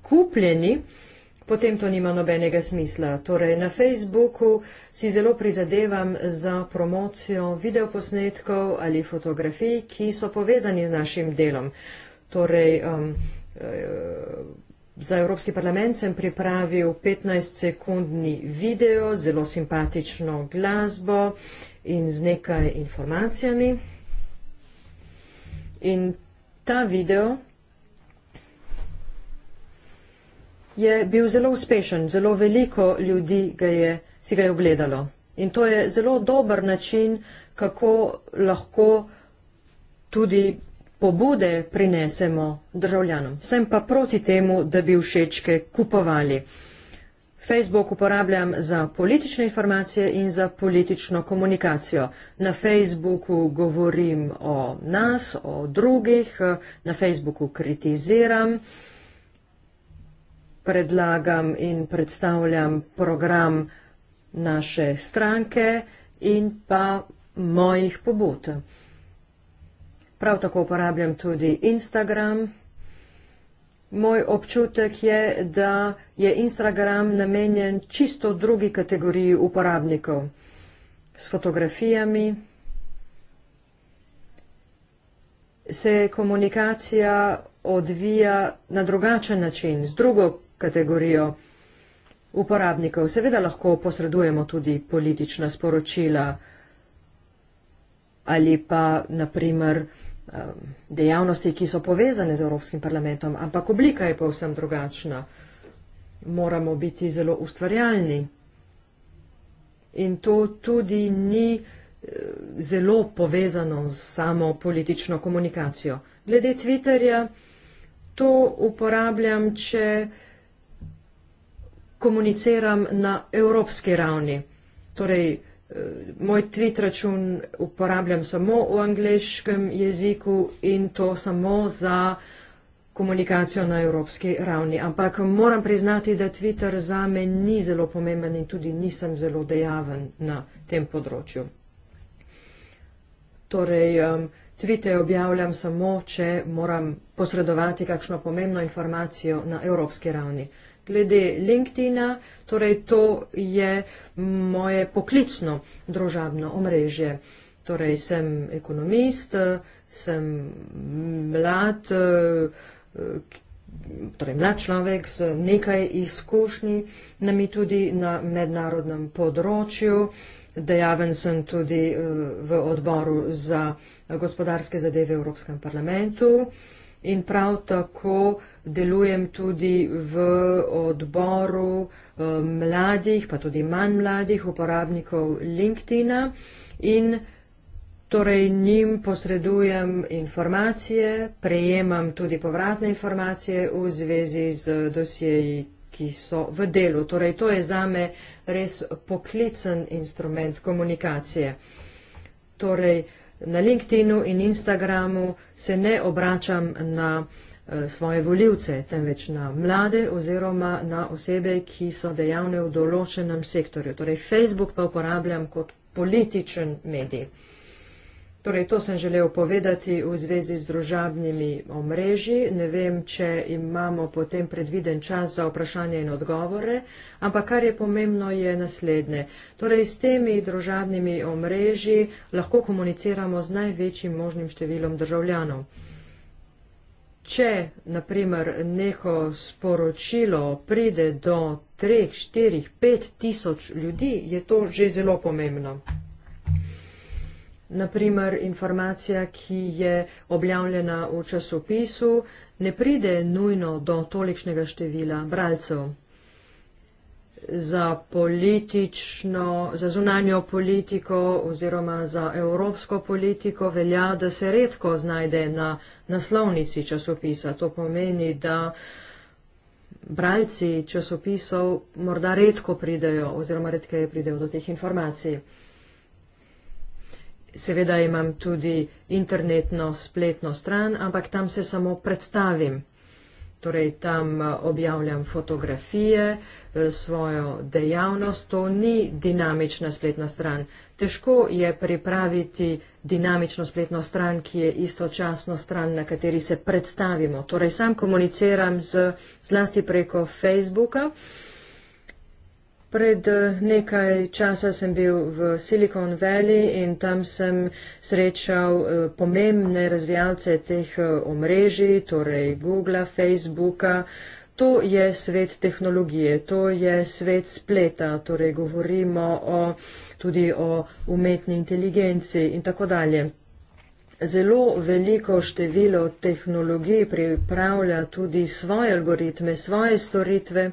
kupljeni, potem to nima nobenega smisla. Torej, na Facebooku si zelo prizadevam za promocijo videoposnetkov ali fotografij, ki so povezani z našim delom. Torej, um, eh, za Evropski parlament sem pripravil 15-sekundni video, zelo simpatično glasbo, uh, in z nekaj informacijami. In ta video je bil zelo uspešen, zelo veliko ljudi ga je, si ga je ogledalo. In to je zelo dober način, kako lahko tudi pobude prinesemo državljanom. Sem pa proti temu, da bi všečke kupovali. Facebook uporabljam za politične informacije in za politično komunikacijo. Na Facebooku govorim o nas, o drugih, na Facebooku kritiziram, predlagam in predstavljam program naše stranke in pa mojih pobud. Prav tako uporabljam tudi Instagram. Moj občutek je, da je Instagram namenjen čisto drugi kategoriji uporabnikov. S fotografijami se komunikacija odvija na drugačen način, z drugo kategorijo uporabnikov. Seveda lahko posredujemo tudi politična sporočila ali pa, naprimer, Um, dejavnosti, ki so povezane z Evropskim parlamentom, ampak oblika je povsem drugačna. Moramo biti zelo ustvarjalni. In to tudi ni eh, zelo povezano s samo politično komunikacijo. Glede Twitterja, to uporabljam, če komuniciram na evropski ravni. Torej, Eh, moj tweet račun uporabljam samo v angliškem jeziku in to samo za komunikacijo na evropski ravni. Ampak moram priznati, da Twitter za me ni zelo pomemben in tudi nisem zelo dejaven na tem področju. Torej, tweete objavljam samo, če moram posredovati kakšno pomembno informacijo na evropski ravni glede LinkedIna, torej to je moje poklicno družabno omrežje. Torej sem ekonomist, sem mlad, torej mlad človek z nekaj izkušnji, nami tudi na mednarodnem področju. Dejaven sem tudi v odboru za gospodarske zadeve v Evropskem parlamentu in prav tako delujem tudi v odboru eh, mladih, pa tudi manj mladih uporabnikov LinkedIna in torej njim posredujem informacije, prejemam tudi povratne informacije v zvezi z dosjeji, ki so v delu. Torej to je zame res poklicen instrument komunikacije. Torej, na LinkedInu in Instagramu se ne obračam na eh, svoje voljivce, temveč na mlade oziroma na osebe, ki so dejavne v določenem sektorju. Torej Facebook pa uporabljam kot političen medij. Torej, to sem želel povedati v zvezi z družabnimi omrežji. Ne vem, če imamo potem predviden čas za vprašanje in odgovore, ampak kar je pomembno, je naslednje. Torej, s temi družabnimi omrežji lahko komuniciramo z največjim možnim številom državljanov. Če, na primer, neko sporočilo pride do 3, 4, 5 tisoč ljudi, je to že zelo pomembno naprimer informacija, ki je objavljena v časopisu, ne pride nujno do tolikšnega števila bralcev. Za politično, za zunanjo politiko oziroma za evropsko politiko velja, da se redko znajde na naslovnici časopisa. To pomeni, da bralci časopisov morda redko pridejo oziroma redkeje pridejo do teh informacij. Seveda imam tudi internetno spletno stran, ampak tam se samo predstavim. Torej, tam eh, objavljam fotografije, eh, svojo dejavnost, to ni dinamična spletna stran. Težko je pripraviti dinamično spletno stran, ki je istočasno stran, na kateri se predstavimo. Torej, sam komuniciram z, zlasti preko Facebooka. Uh, Pred eh, nekaj časa sem bil v Silicon Valley in tam sem srečal eh, pomembne razvijalce teh eh, omrežij, torej Google, Facebooka. To je svet tehnologije, to je svet spleta, torej govorimo o, tudi o umetni inteligenci in tako dalje. Zelo veliko število tehnologij pripravlja tudi svoje algoritme, svoje storitve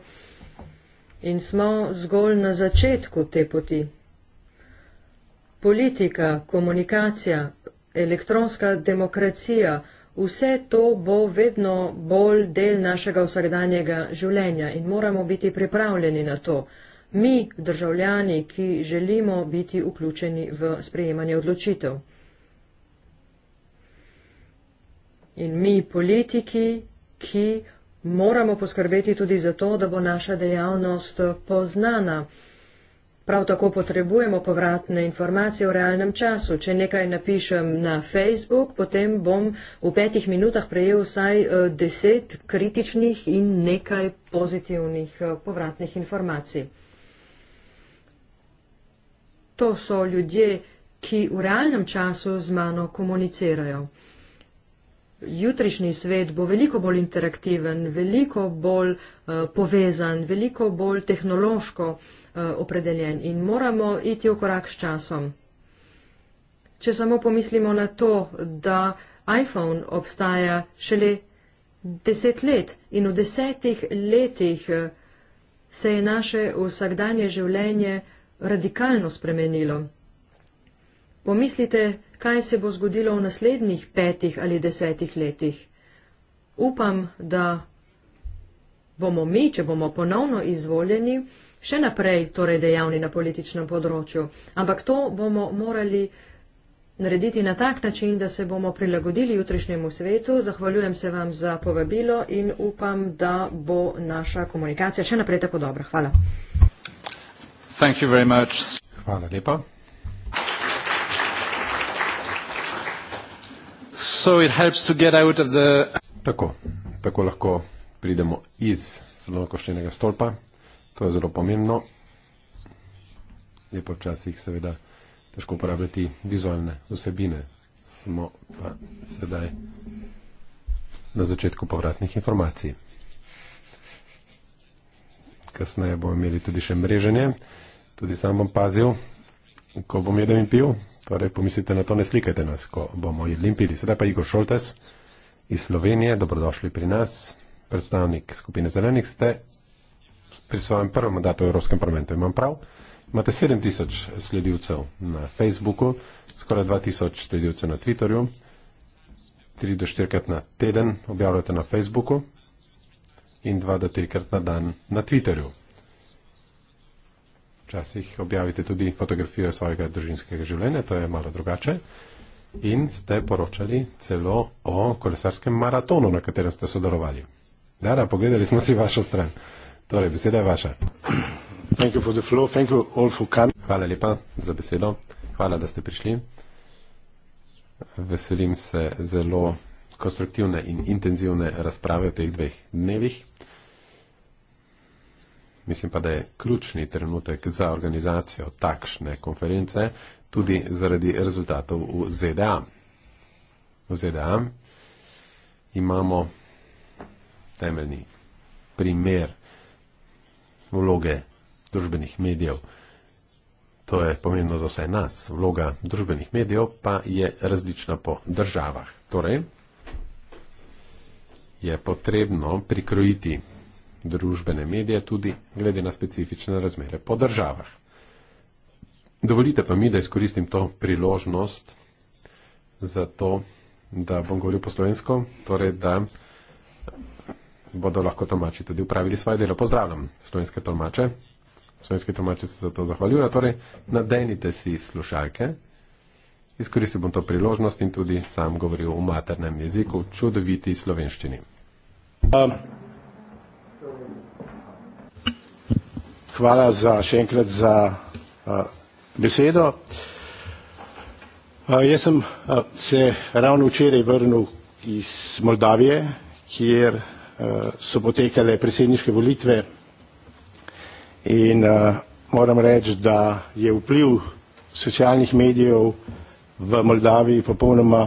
in smo zgolj na začetku te poti. Politika, komunikacija, elektronska demokracija, vse to bo vedno bolj del našega vsakdanjega življenja in moramo biti pripravljeni na to. Mi, državljani, ki želimo biti vključeni v sprejemanje odločitev. In mi, politiki, ki moramo poskrbeti tudi za to, da bo naša dejavnost poznana. Prav tako potrebujemo povratne informacije v realnem času. Če nekaj napišem na Facebook, potem bom v petih minutah prejel vsaj eh, deset kritičnih in nekaj pozitivnih eh, povratnih informacij. To so ljudje, ki v realnem času z mano komunicirajo jutrišnji svet bo veliko bolj interaktiven, veliko bolj uh, povezan, veliko bolj tehnološko uh, opredeljen in moramo iti v korak s časom. Če samo pomislimo na to, da iPhone obstaja šele deset let in v desetih letih eh, se je naše vsakdanje življenje radikalno spremenilo. Pomislite, kaj se bo zgodilo v naslednjih petih ali desetih letih. Upam, da bomo mi, če bomo ponovno izvoljeni, še naprej torej dejavni na političnem področju, ampak to bomo morali narediti na tak način, da se bomo prilagodili jutrišnjemu svetu. Zahvaljujem se vam za povabilo in upam, da bo naša komunikacija še naprej tako dobra. Hvala. Thank you very much. Hvala lepa. The... Tako, tako lahko pridemo iz slonokoštenega stolpa. To je zelo pomembno. Je pa včasih seveda težko uporabljati vizualne vsebine. Smo pa sedaj na začetku povratnih informacij. Kasneje bomo imeli tudi še mreženje. Tudi sam bom pazil, ko bom jedel in pil, torej pomislite na to, ne slikajte nas, ko bomo jedli in pili. Sedaj pa Igor Šoltes iz Slovenije, dobrodošli pri nas, predstavnik skupine Zelenih ste pri svojem prvem mandatu v Evropskem parlamentu, imam prav. Imate 7000 sledilcev na Facebooku, skoraj 2000 sledilcev na Twitterju, 3 do 4 krat na teden objavljate na Facebooku in 2 do 3 krat na dan na Twitterju včasih objavite tudi fotografijo svojega družinskega življenja, to je malo drugače. In ste poročali celo o kolesarskem maratonu, na katerem ste sodelovali. Dara, pogledali smo si vašo stran. Torej, beseda je vaša. Hvala lepa za besedo. Hvala, da ste prišli. Veselim se zelo konstruktivne in intenzivne razprave v teh dveh dnevih. Mislim pa, da je ključni trenutek za organizacijo takšne konference tudi zaradi rezultatov v ZDA. V ZDA imamo temeljni primer vloge družbenih medijev. To je pomembno za vse nas. Vloga družbenih medijev pa je različna po državah. Torej, je potrebno prikrojiti družbene medije, tudi glede na specifične razmere po državah. Dovolite pa mi, da izkoristim to priložnost za to, da bom govoril po slovensko, torej da bodo lahko tolmači tudi upravili svoje delo. Pozdravljam slovenske tolmače. Slovenski tolmači se za to zahvaljujejo. Torej, nadejnite si slušalke. Izkoristil bom to priložnost in tudi sam govoril v maternem jeziku, čudoviti slovenščini. Um. hvala za še enkrat za uh, besedo. Uh, jaz sem uh, se ravno včeraj vrnil iz Moldavije, kjer uh, so potekale predsedniške volitve in uh, moram reči, da je vpliv socialnih medijev v Moldaviji popolnoma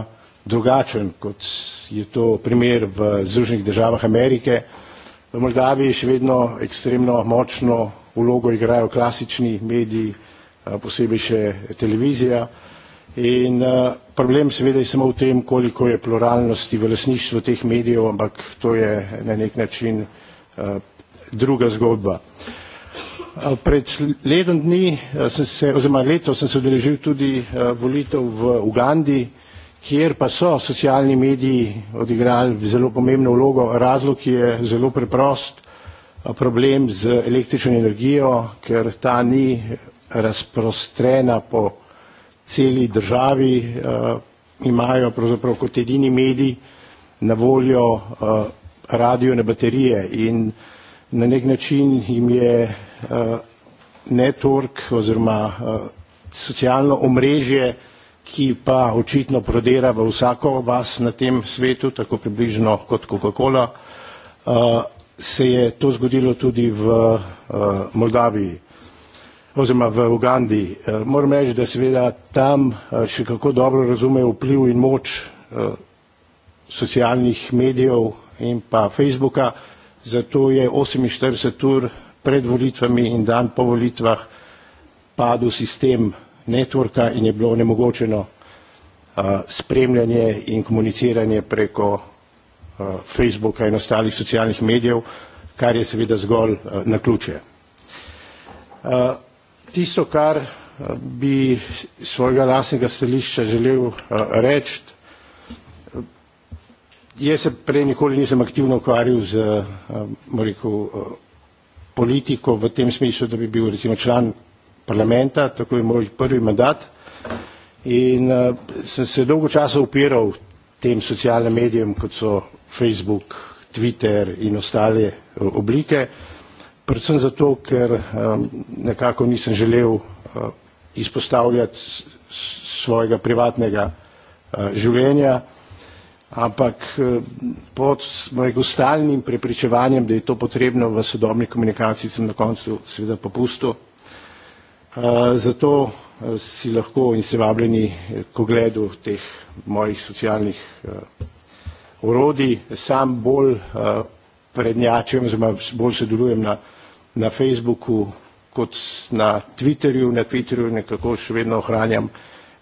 drugačen, kot je to primer v Združenih državah Amerike. V Moldaviji še vedno ekstremno močno vlogo igrajo klasični mediji, eh, posebej še televizija. In eh, problem seveda je samo v tem, koliko je pluralnosti v lasništvu teh medijev, ampak to je na nek način eh, druga zgodba. Pred letom dni, se, oziroma leto sem se odeležil tudi volitev v Ugandi, kjer pa so socialni mediji odigrali zelo pomembno vlogo. Razlog je zelo preprost problem z električno energijo, ker ta ni razprostrena po celi državi, uh, imajo pravzaprav kot edini medij na voljo uh, eh, radio na baterije in na nek način jim je uh, network oziroma uh, socialno omrežje, ki pa očitno prodera v vsako vas na tem svetu, tako približno kot Coca-Cola, uh, se je to zgodilo tudi v eh, Moldaviji oziroma v Ugandi. Eh, moram reči, da seveda tam eh, še kako dobro razumejo vpliv in moč socialnih medijev in pa Facebooka, zato je 48 ur pred volitvami in dan po volitvah padel sistem networka in je bilo onemogočeno spremljanje in komuniciranje preko Eh, Facebooka in ostalih socialnih medijev, kar je seveda zgolj eh, na ključe. Eh, tisto, kar bi svojega lasnega stališča želel reči, jaz se prej nikoli nisem aktivno ukvarjal z rekel, politiko v tem smislu, da bi bil recimo član parlamenta, tako je moj prvi mandat. In uh, sem se dolgo časa upiral tem socialnim medijem, kot so Facebook, Twitter in ostale eh, oblike. Predvsem zato, ker um, nekako nisem želel uh, izpostavljati svojega privatnega uh, življenja, ampak uh, pod mojim stalnim prepričevanjem, da je to potrebno v sodobni komunikaciji, sem na koncu seveda popustil Eh, zato eh, si lahko in se vabljeni k ogledu teh mojih socialnih eh, orodij. Sam bolj prednjačujem oziroma bolj sodelujem na, na Facebooku kot na Twitterju. Na Twitterju nekako še vedno ohranjam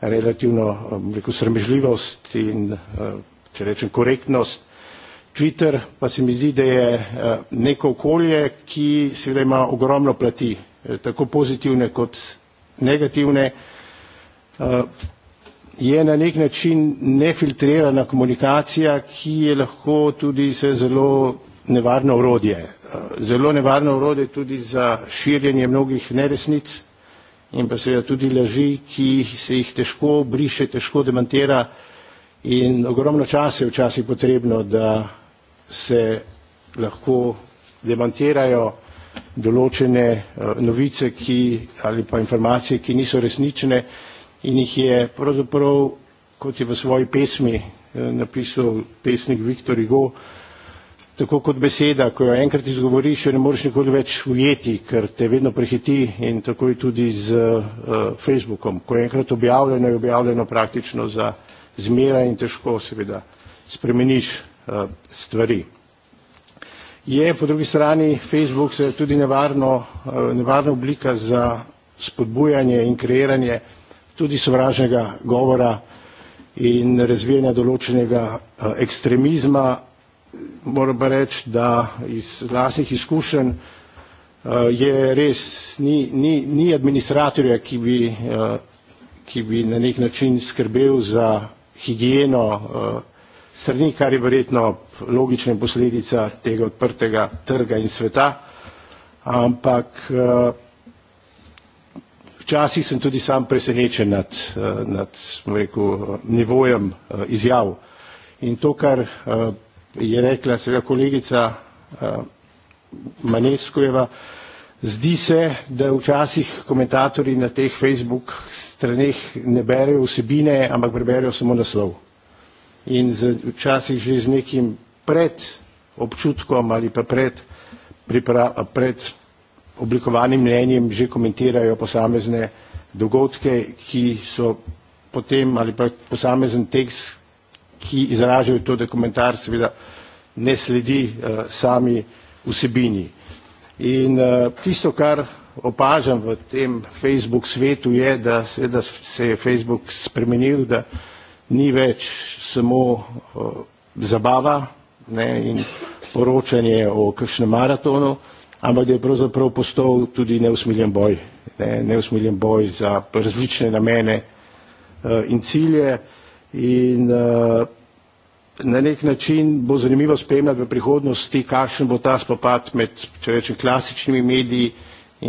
relativno rekel, sramežljivost in če rečem korektnost. Twitter pa se mi zdi, da je neko okolje, ki seveda ima ogromno plati Eh, tako pozitivne kot negativne, eh, je na nek način nefiltrirana komunikacija, ki je lahko tudi zelo nevarno urodje. Eh, zelo nevarno urodje tudi za širjenje mnogih neresnic in pa seveda tudi laži, ki se jih težko briše, težko demantira in ogromno časa je včasih potrebno, da se lahko demantirajo določene eh, novice ki, ali pa informacije, ki niso resnične in jih je pravzaprav, kot je v svoji pesmi eh, napisal pesnik Viktor Igo, tako kot beseda, ko jo enkrat izgovoriš, jo ne moreš nikoli več ujeti, ker te vedno prehiti in tako je tudi z uh, Facebookom. Ko je enkrat objavljeno, je objavljeno praktično za zmera in težko seveda spremeniš uh, stvari je po drugi strani Facebook se tudi nevarno, eh, nevarna oblika za spodbujanje in kreiranje tudi sovražnega govora in razvijanja določenega eh, ekstremizma. Moram pa reči, da iz vlastnih izkušenj eh, je res, ni, ni, ni administratorja, ki bi, ki bi na nek način skrbel za higieno strani, kar je verjetno logična posledica tega odprtega trga in sveta, ampak eh, včasih sem tudi sam presenečen nad, eh, nad rekel, nivojem eh, izjav. In to, kar je rekla seveda kolegica Maneskojeva, zdi se, da včasih komentatorji na teh Facebook straneh ne berejo vsebine, ampak preberejo samo naslov in z, včasih že z nekim pred občutkom ali pa pred, priprava, pred oblikovanim mnenjem že komentirajo posamezne dogodke, ki so potem ali pa posamezen tekst, ki izražajo to, da komentar seveda ne sledi uh, sami vsebini. In uh, tisto, kar opažam v tem Facebook svetu, je, da seveda se je Facebook spremenil, da uh, ni več samo eh, zabava ne, in poročanje o kakšnem maratonu, ampak da je pravzaprav postal tudi neusmiljen boj. Ne, neusmiljen boj za različne namene eh, in cilje. In eh, na nek način bo zanimivo spremljati v prihodnosti, kakšen bo ta spopad med, če rečem, klasičnimi mediji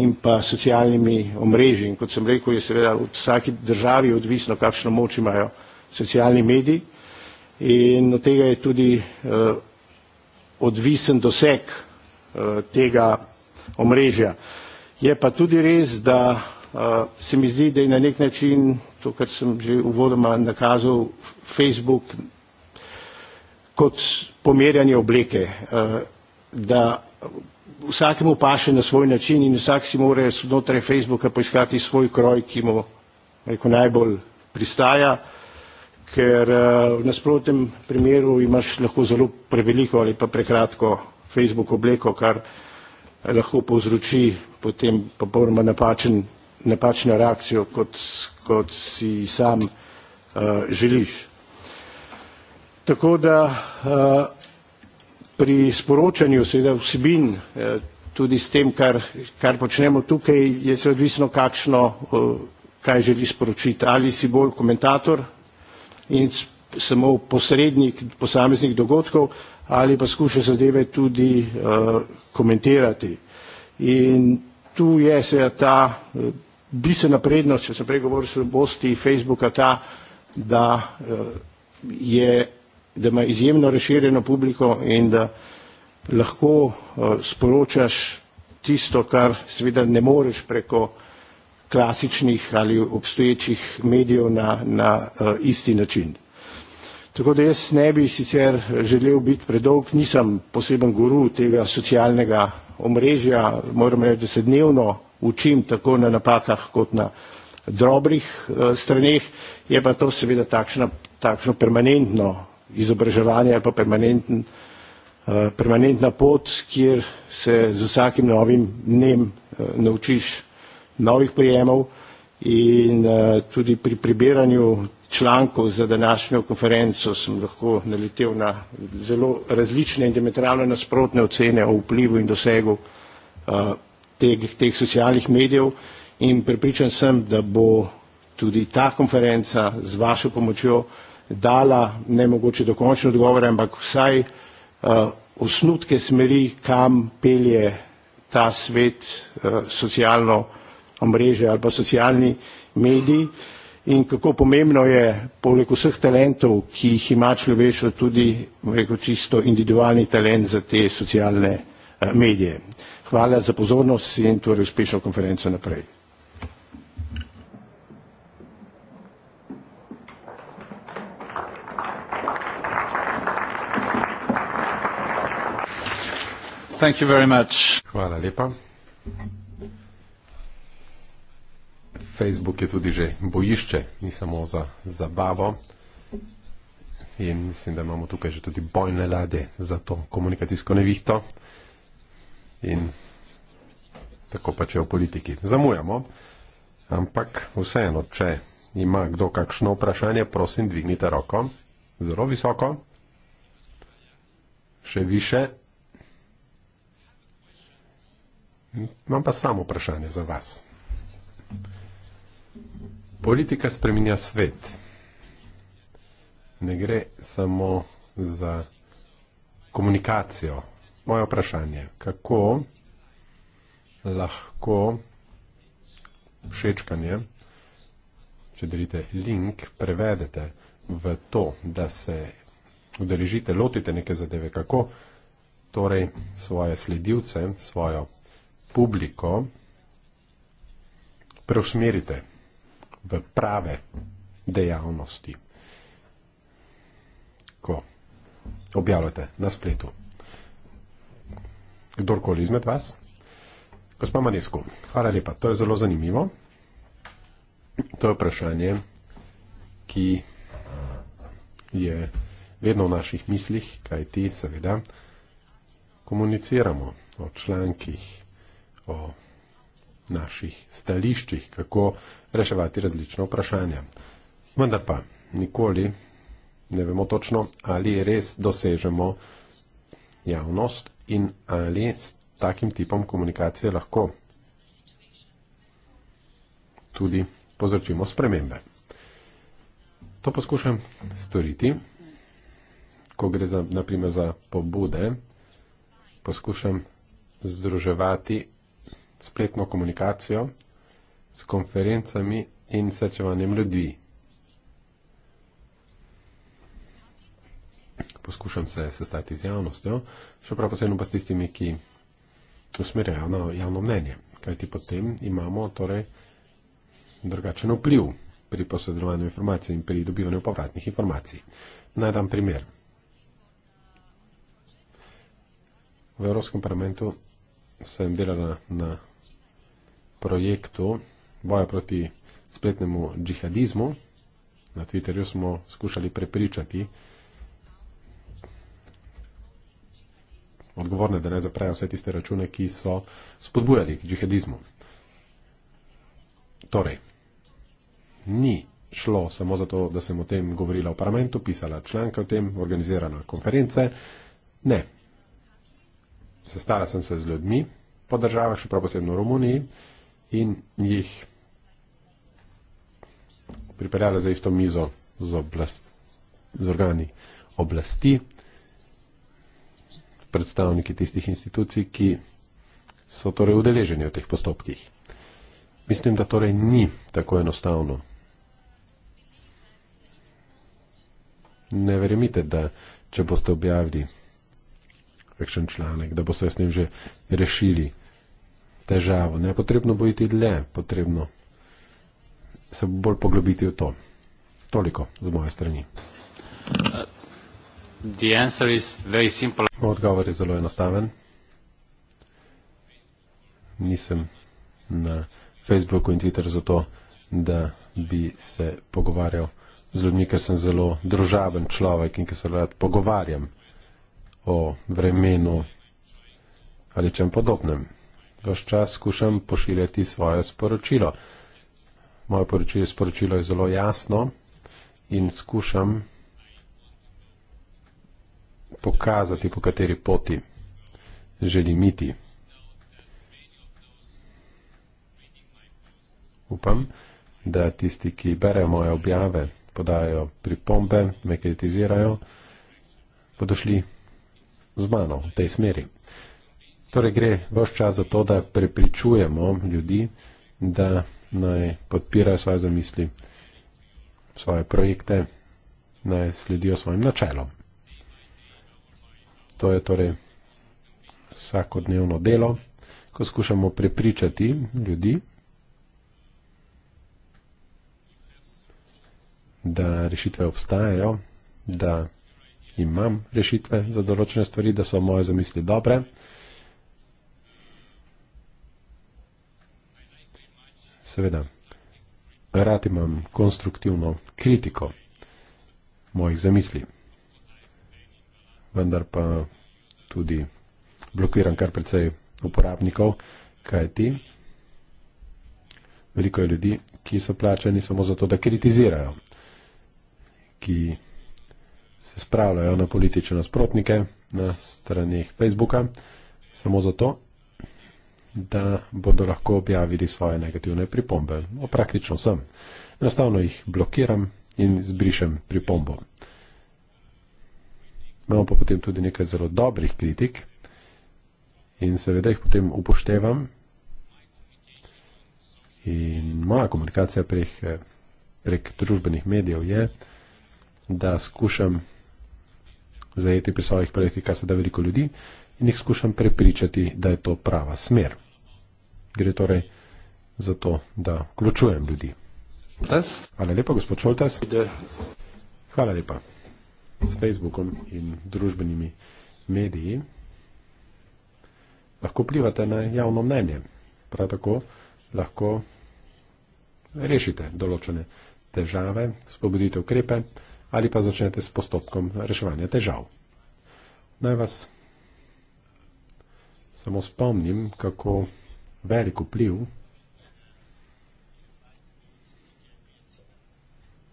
in pa socialnimi omrežji. In kot sem rekel, je seveda v vsaki državi odvisno, kakšno moč imajo socialni mediji in od tega je tudi uh, odvisen doseg uh, tega omrežja. Je pa tudi res, da uh, se mi zdi, da je na nek način to, kar sem že uvodoma nakazal, Facebook kot pomerjanje obleke, uh, da vsakemu paše na svoj način in vsak si mora znotraj Facebooka poiskati svoj kroj, ki mu rekel, najbolj pristaja. Uh, ker eh, v nasprotnem primeru imaš lahko zelo preveliko ali pa prekratko Facebook obleko, kar lahko povzroči potem popolnoma napačen, napačno reakcijo, kot, kot si sam uh, želiš. Tako da uh, pri sporočanju seveda vsebin, uh, tudi s tem, kar, kar počnemo tukaj, je seveda odvisno, kakšno, uh, kaj želiš sporočiti. Ali si bolj komentator in samo posrednik posameznih dogodkov ali pa skuša zadeve tudi uh, komentirati. In tu je seveda ta uh, bistvena prednost, če sem prej govoril o slabosti Facebooka, ta, da, uh, je, da ima izjemno razširjeno publiko in da lahko uh, sporočaš tisto, kar seveda ne moreš preko uh, klasičnih ali obstoječih medijev na, na uh, isti način. Tako da jaz ne bi sicer želel biti predolg, nisem poseben guru tega socialnega omrežja, moram reči, da se dnevno učim tako na napakah kot na drobrih uh, eh, straneh, je pa to seveda takšno, takšno permanentno izobraževanje ali pa permanenten, uh, permanentna pot, kjer se z vsakim novim dnem uh, naučiš novih prijemov in eh, tudi pri prebiranju člankov za današnjo konferenco sem lahko naletel na zelo različne in diametralno nasprotne ocene o vplivu in dosegu eh, teh, teh socialnih medijev in pripričan sem, da bo tudi ta konferenca z vašo pomočjo dala ne mogoče dokončne odgovore, ampak vsaj uh, osnutke smeri, kam pelje ta svet uh, socialno uh, omrežje ali pa socialni mediji in kako pomembno je poleg vseh talentov, ki jih ima človeštvo, tudi rekel, čisto individualni talent za te socialne eh, medije. Hvala za pozornost in torej uspešno konferenco naprej. Thank you very much. Hvala lepa. Facebook je tudi že bojišče, ni samo za zabavo. In mislim, da imamo tukaj že tudi bojne lade za to komunikacijsko nevihto. In tako pa če v politiki zamujamo. Ampak vseeno, če ima kdo kakšno vprašanje, prosim, dvignite roko. Zelo visoko. Še više. Imam pa samo vprašanje za vas politika spreminja svet. Ne gre samo za komunikacijo. Moje vprašanje, kako lahko všečkanje, če delite link, prevedete v to, da se udeležite, lotite neke zadeve, kako torej svoje sledilce, svojo publiko preusmerite v prave dejavnosti, ko objavljate na spletu. Kdorkoli izmed vas? Gospa Manesko, hvala lepa, to je zelo zanimivo. To je vprašanje, ki je vedno v naših mislih, kaj ti seveda komuniciramo o člankih, o naših stališčih, kako reševati različne vprašanja. Vendar pa nikoli ne vemo točno, ali res dosežemo javnost in ali s takim tipom komunikacije lahko tudi povzročimo spremembe. To poskušam storiti, ko gre za, naprimer za pobude, poskušam združevati spletno komunikacijo с конференциями и насечиванием любви. Поскушам се състати с явностью, что право с едно с теми, ки усмиряя на явно мнение. Кайти под тем имамо, торе, другачен оплив при посредовании информации и при добиванию повратных информаций. Найдам пример. В Европском парламенту съм делала на проекту, boja proti spletnemu džihadizmu. Na Twitterju smo skušali prepričati odgovorne, da ne zaprajo vse tiste račune, ki so spodbujali k džihadizmu. Torej, ni šlo samo zato, da sem o tem govorila v parlamentu, pisala članke o tem, organizirala konference. Ne. Sestala sem se z ljudmi po državah, še prav posebno v Romuniji, in jih pripeljala za isto mizo z, oblast, z organi oblasti, predstavniki tistih institucij, ki so torej udeleženi v teh postopkih. Mislim, da torej ni tako enostavno. Ne verjemite, da če boste objavili kakšen članek, da boste s njim že rešili težavo. Ne potrebno bo iti dlje, potrebno se bolj poglobiti v to. Toliko z moje strani. Uh, odgovor je zelo enostaven. Nisem na Facebooku in Twitteru zato, da bi se pogovarjal z ljudmi, ker sem zelo družaben človek in ker se rad pogovarjam o vremenu ali čem podobnem. Vaš čas skušam pošiljati svoje sporočilo moje poročilo, sporočilo je zelo jasno in skušam pokazati, po kateri poti želim iti. Upam, da tisti, ki berejo moje objave, podajo pripombe, me kritizirajo, bodo šli z mano v tej smeri. Torej gre vse čas za to, da prepričujemo ljudi, da naj podpirajo svoje zamisli, svoje projekte, naj sledijo svojim načelom. To je torej vsakodnevno delo, ko skušamo prepričati ljudi, da rešitve obstajajo, da imam rešitve za določene stvari, da so moje zamisli dobre. seveda, rad imam konstruktivno kritiko mojih zamisli. Vendar pa tudi blokiram kar precej uporabnikov, kaj ti. Veliko je ljudi, ki so plačani samo zato, da kritizirajo, ki se spravljajo na politične nasprotnike na straneh Facebooka, samo zato, da bodo lahko objavili svoje negativne pripombe. No, praktično sem. Enostavno jih blokiram in zbrišem pripombo. Imamo pa potem tudi nekaj zelo dobrih kritik in seveda jih potem upoštevam. In moja komunikacija prek, prek družbenih medijev je, da skušam zajeti pri svojih projektih, kar se da veliko ljudi, in jih skušam prepričati, da je to prava smer. Gre torej za to, da vključujem ljudi. Hvala lepa, gospod Šoltes. Hvala lepa s Facebookom in družbenimi mediji. Lahko plivate na javno mnenje. Prav tako lahko rešite določene težave, spobodite ukrepe ali pa začnete s postopkom reševanja težav. Naj vas samo spomnim, kako velik vpliv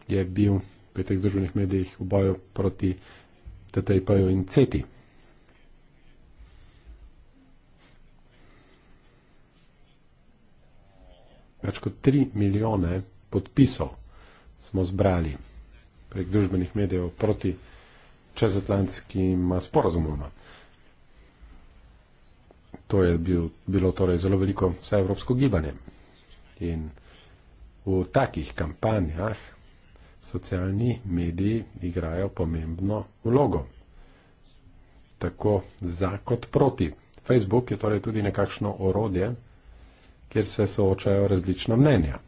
je bil pri teh družbenih medijih v boju proti TTIP-ju in CETI. Več kot 3 milijone podpisov smo zbrali prek družbenih medijev proti čezatlantskim sporazumom. To je bil, bilo torej zelo veliko vse evropsko gibanje. In v takih kampanjah socialni mediji igrajo pomembno vlogo. Tako za kot proti. Facebook je torej tudi nekakšno orodje, kjer se soočajo različna mnenja.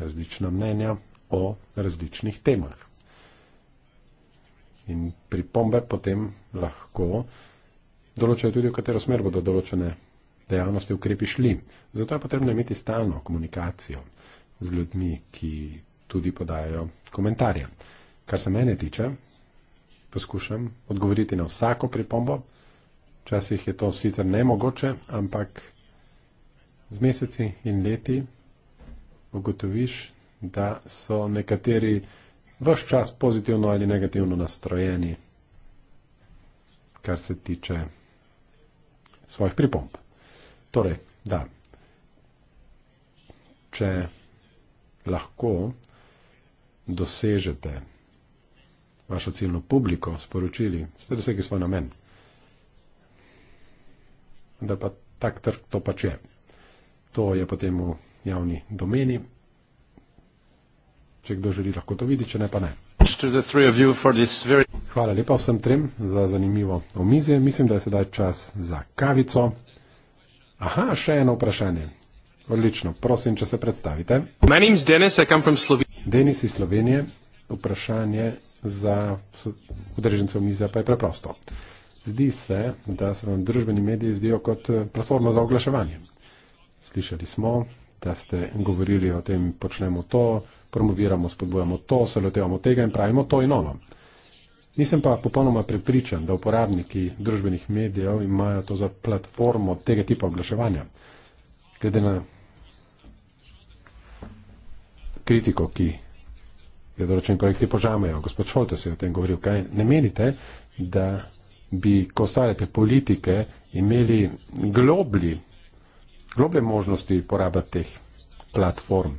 Različna mnenja o različnih temah. In pripombe potem lahko določajo tudi, v katero smer bodo določene dejavnosti ukrepi šli. Zato je potrebno imeti stalno komunikacijo z ljudmi, ki tudi podajajo komentarje. Kar se mene tiče, poskušam odgovoriti na vsako pripombo. Včasih je to sicer nemogoče, ampak z meseci in leti ugotoviš, da so nekateri vse čas pozitivno ali negativno nastrojeni, kar se tiče svojih pripomb. Torej, da, če lahko dosežete vašo ciljno publiko, sporočili, ste dosegli svoj namen, da pa tak trg to pač je. To je potem v javni domeni, če kdo želi, lahko to vidi, če ne pa ne. Hvala lepa vsem trem za zanimivo omizje. Mislim, da je sedaj čas za kavico. Aha, še eno vprašanje. Odlično, prosim, če se predstavite. Denis iz Slovenije. Vprašanje za udeležence omizja pa je preprosto. Zdi se, da se vam družbeni mediji zdijo kot eh, platforma za oglaševanje. Slišali smo, da ste govorili o tem, počnemo to, promoviramo, spodbujamo to, se lotevamo tega in pravimo to in ono. Nisem pa popolnoma prepričan, da uporabniki družbenih medijev imajo to za platformo tega tipa oglaševanja. Glede na kritiko, ki je določen projekti požamejo, gospod Šolte se je o tem govoril, kaj ne menite, da bi, ko ustvarjate politike, imeli globli, globle možnosti porabe teh platform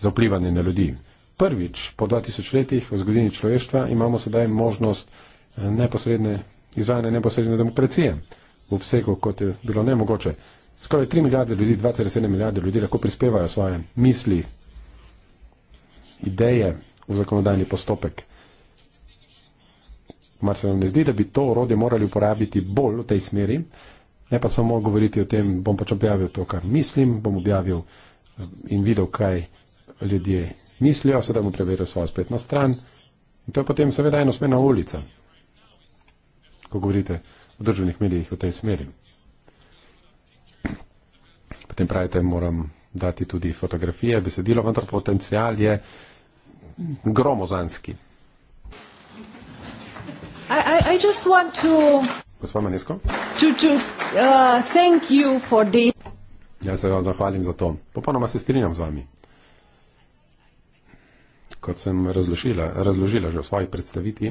za vplivanje na ljudi. Prvič po 2000 letih v zgodini človeštva imamo sedaj možnost eh, neposredne, izvajanja neposredne demokracije v obsegu, kot je bilo nemogoče. Skoraj 3 milijarde ljudi, 2,7 milijarde ljudi lahko prispevajo svoje misli, ideje v zakonodajni postopek. Mar se nam ne zdi, da bi to orodje morali uporabiti bolj v tej smeri, ne pa samo govoriti o tem, bom pač objavil to, kar mislim, bom objavil eh, in videl, kaj ljudje mislijo, sedaj bom preveril svojo spletno stran. In to je potem seveda enosmerna ulica, ko govorite o družbenih medijih v tej smeri. Potem pravite, moram dati tudi fotografije, besedilo, vendar potencial je gromozanski. I, I, I just want to, Gospod Manesko, to, to, uh, thank you for this. Jaz se vam zahvalim za to. Popolnoma se strinjam z vami kot sem razložila, razložila že v svoji predstavitvi,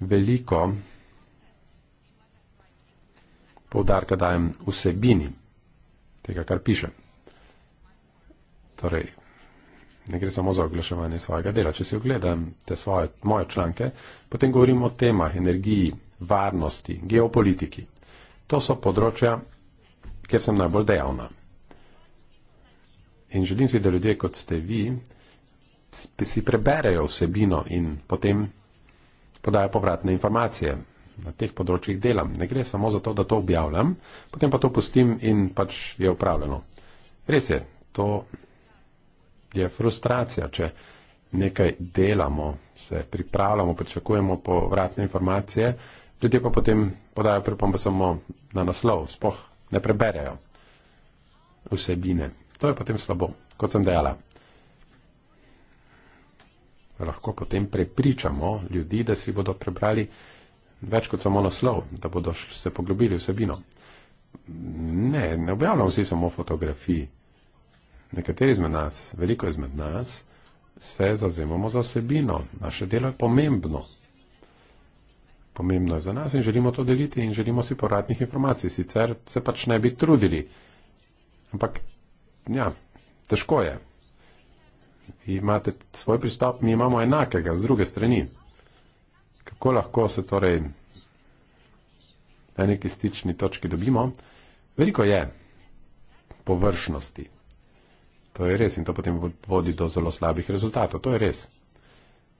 veliko povdarka dajem vsebini tega, kar piše. Torej, ne gre samo za oglaševanje svojega dela. Če si ogledam te svoje, moje članke, potem govorim o temah energiji, varnosti, geopolitiki. To so področja, kjer sem najbolj dejavna. In želim si, da ljudje, kot ste vi, si preberejo vsebino in potem podajo povratne informacije. Na teh področjih delam. Ne gre samo za to, da to objavljam, potem pa to pustim in pač je upravljeno. Res je, to je frustracija, če nekaj delamo, se pripravljamo, pričakujemo povratne informacije, ljudje pa potem podajo pripombe samo na naslov, spoh ne preberejo vsebine. To je potem slabo, kot sem dejala lahko potem prepričamo ljudi, da si bodo prebrali več kot samo naslov, da bodo se poglobili vsebino. Ne, ne objavljamo vsi samo fotografiji. Nekateri izmed nas, veliko izmed nas, se zazemamo za vsebino. Naše delo je pomembno. Pomembno je za nas in želimo to deliti in želimo si povratnih informacij. Sicer se pač ne bi trudili. Ampak, ja, težko je. Vi imate svoj pristop, mi imamo enakega z druge strani. Kako lahko se torej na neki stični točki dobimo? Veliko je površnosti. To je res in to potem vodi do zelo slabih rezultatov. To je res.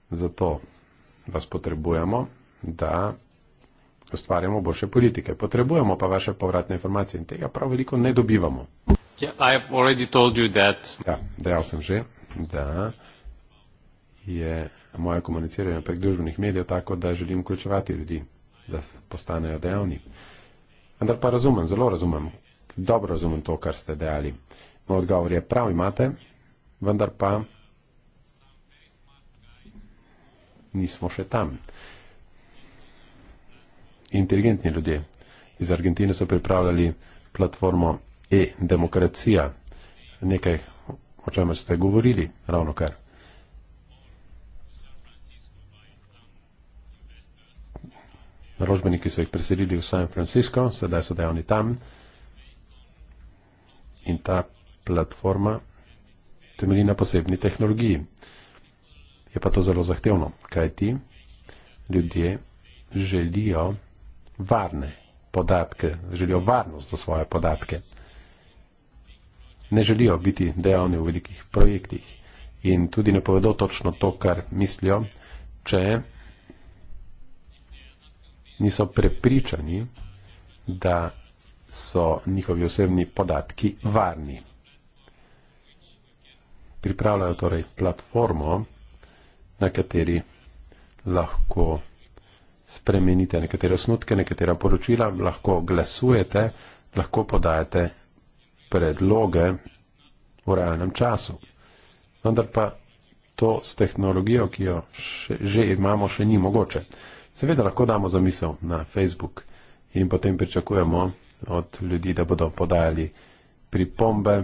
Zato vas potrebujemo, da ustvarjamo boljše politike. Potrebujemo pa vaše povratne informacije in tega prav veliko ne dobivamo. Yeah, I have already told you that. Ja, dejal sem že da je moje komuniciranje prek družbenih medijev tako, da želim vključevati ljudi, da postanejo dejavni. Vendar pa razumem, zelo razumem, dobro razumem to, kar ste dejali. Moj odgovor je prav imate, vendar pa nismo še tam. Inteligentni ljudje iz Argentine so pripravljali platformo e-demokracija, nekaj o čemer ste govorili ravno kar. Naložbeniki so jih preselili v San Francisco, sedaj so dejavni tam in ta platforma temelji na posebni tehnologiji. Je pa to zelo zahtevno, kaj ti ljudje želijo varne podatke, želijo varnost za svoje podatke ne želijo biti dejavni v velikih projektih in tudi ne povedo točno to, kar mislijo, če niso prepričani, da so njihovi osebni podatki varni. Pripravljajo torej platformo, na kateri lahko spremenite nekatere osnutke, nekatera poročila, lahko glasujete, lahko podajate predloge v realnem času. Vendar pa to s tehnologijo, ki jo še, že imamo, še ni mogoče. Seveda lahko damo zamisel na Facebook in potem pričakujemo od ljudi, da bodo podajali pripombe,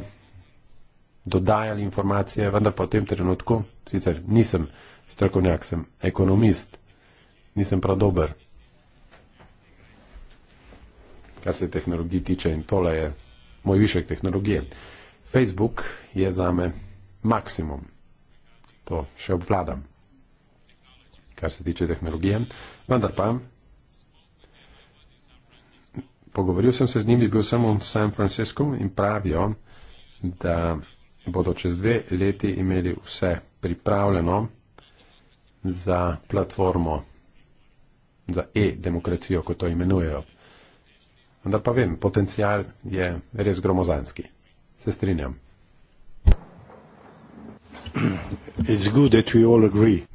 dodajali informacije, vendar pa v tem trenutku, sicer nisem strokovnjak, sem ekonomist, nisem prav dober, kar se tehnologiji tiče in tole je moj višek tehnologije. Facebook je zame maksimum. To še obvladam, kar se tiče tehnologije. Vendar pa, pogovoril sem se z njimi, bil sem v San Francisco in pravijo, da bodo čez dve leti imeli vse pripravljeno za platformo, za e-demokracijo, kot to imenujejo. Vendar pa vem, potencijal je res gromozanski. Se strinjam.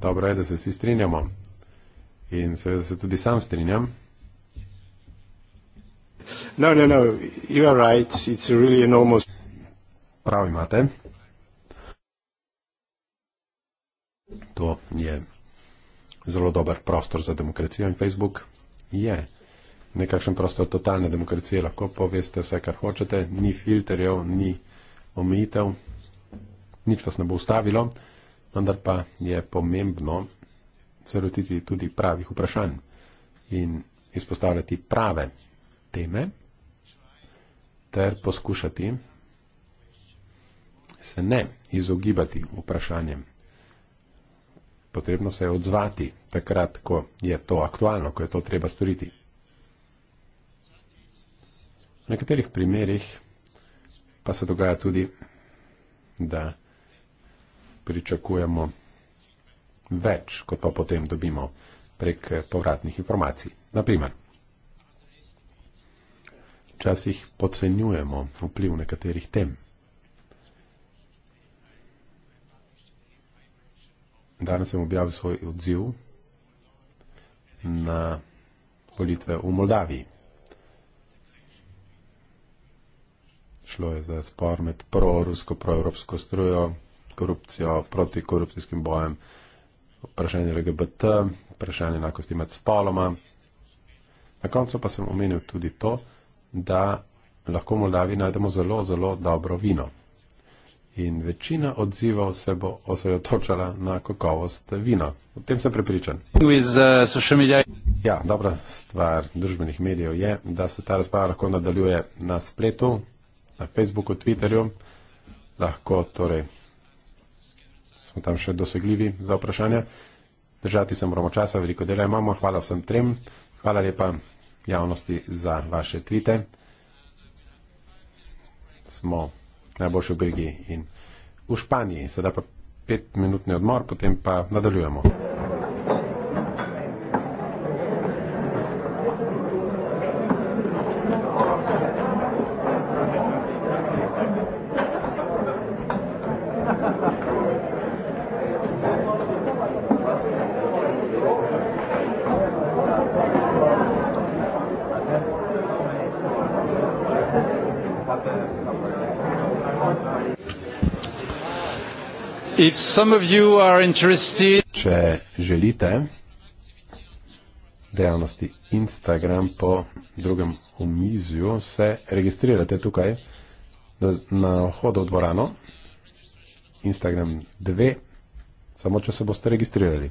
Dobro je, da se vsi strinjamo. In se, se tudi sam strinjam. No, no, no. Right. Really enormous... Prav imate. To je zelo dober prostor za demokracijo in Facebook. Je. Yeah nekakšen prostor totalne demokracije, lahko poveste vse, kar hočete, ni filterjev, ni omejitev, nič vas ne bo ustavilo, vendar pa je pomembno se lotiti tudi pravih vprašanj in izpostavljati prave teme ter poskušati se ne izogibati vprašanjem. Potrebno se je odzvati takrat, ko je to aktualno, ko je to treba storiti. V nekaterih primerjih pa se dogaja tudi, da pričakujemo več, kot pa potem dobimo prek povratnih informacij. Naprimer, včasih podcenjujemo vpliv nekaterih tem. Danes sem objavil svoj odziv na volitve v Moldaviji. šlo je za spor med prorusko, proevropsko strojo, korupcijo, protikorupcijskim bojem, vprašanje LGBT, vprašanje enakosti med spoloma. Na koncu pa sem omenil tudi to, da lahko v Moldaviji najdemo zelo, zelo dobro vino. In večina odzivov se bo osredotočala na kakovost vina. O tem sem prepričan. Uh, ja, dobra stvar družbenih medijev je, da se ta razprava lahko nadaljuje na spletu, na Facebooku, Twitterju, lahko torej smo tam še dosegljivi za vprašanja. Držati se moramo časa, veliko dela imamo. Hvala vsem trem. Hvala lepa javnosti za vaše tvite. Smo najboljši v Belgiji in v Španiji. Sedaj pa pet minutni odmor, potem pa nadaljujemo. Če želite dejavnosti Instagram po drugem omizju, se registrirate tukaj na vhodu v dvorano. Instagram 2, samo če se boste registrirali.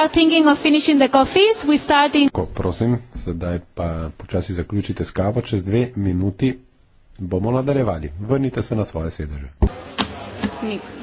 are thinking of finishing the coffees, we start in... Ko, prosim, sedaj pa počasi zaključite s kavo, čez dve minuti bomo nadaljevali. Vrnite se na svoje sedeže. Nikoli.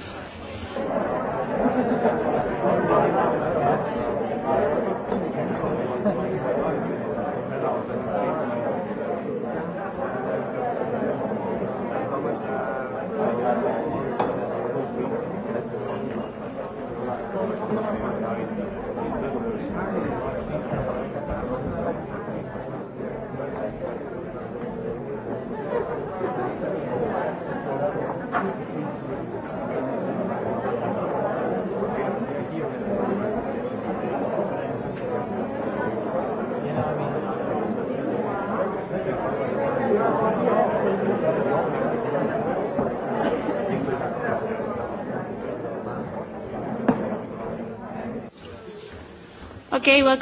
Uh,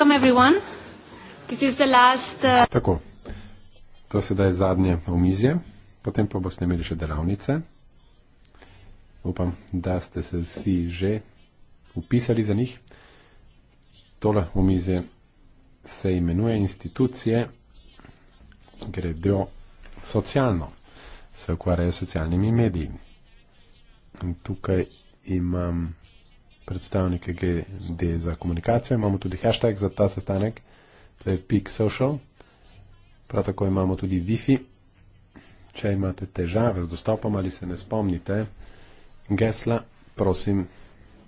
Tako, to sedaj je zadnje omizje, potem pa boste imeli še delavnice. Upam, da ste se vsi že upisali za njih. Tole omizje se imenuje institucije, gredo socialno, se ukvarjajo s socialnimi mediji. In tukaj imam predstavnike GD za komunikacijo. Imamo tudi hashtag za ta sestanek, to je Peak Social. Prav tako imamo tudi Wi-Fi. Če imate težave z dostopom ali se ne spomnite gesla, prosim,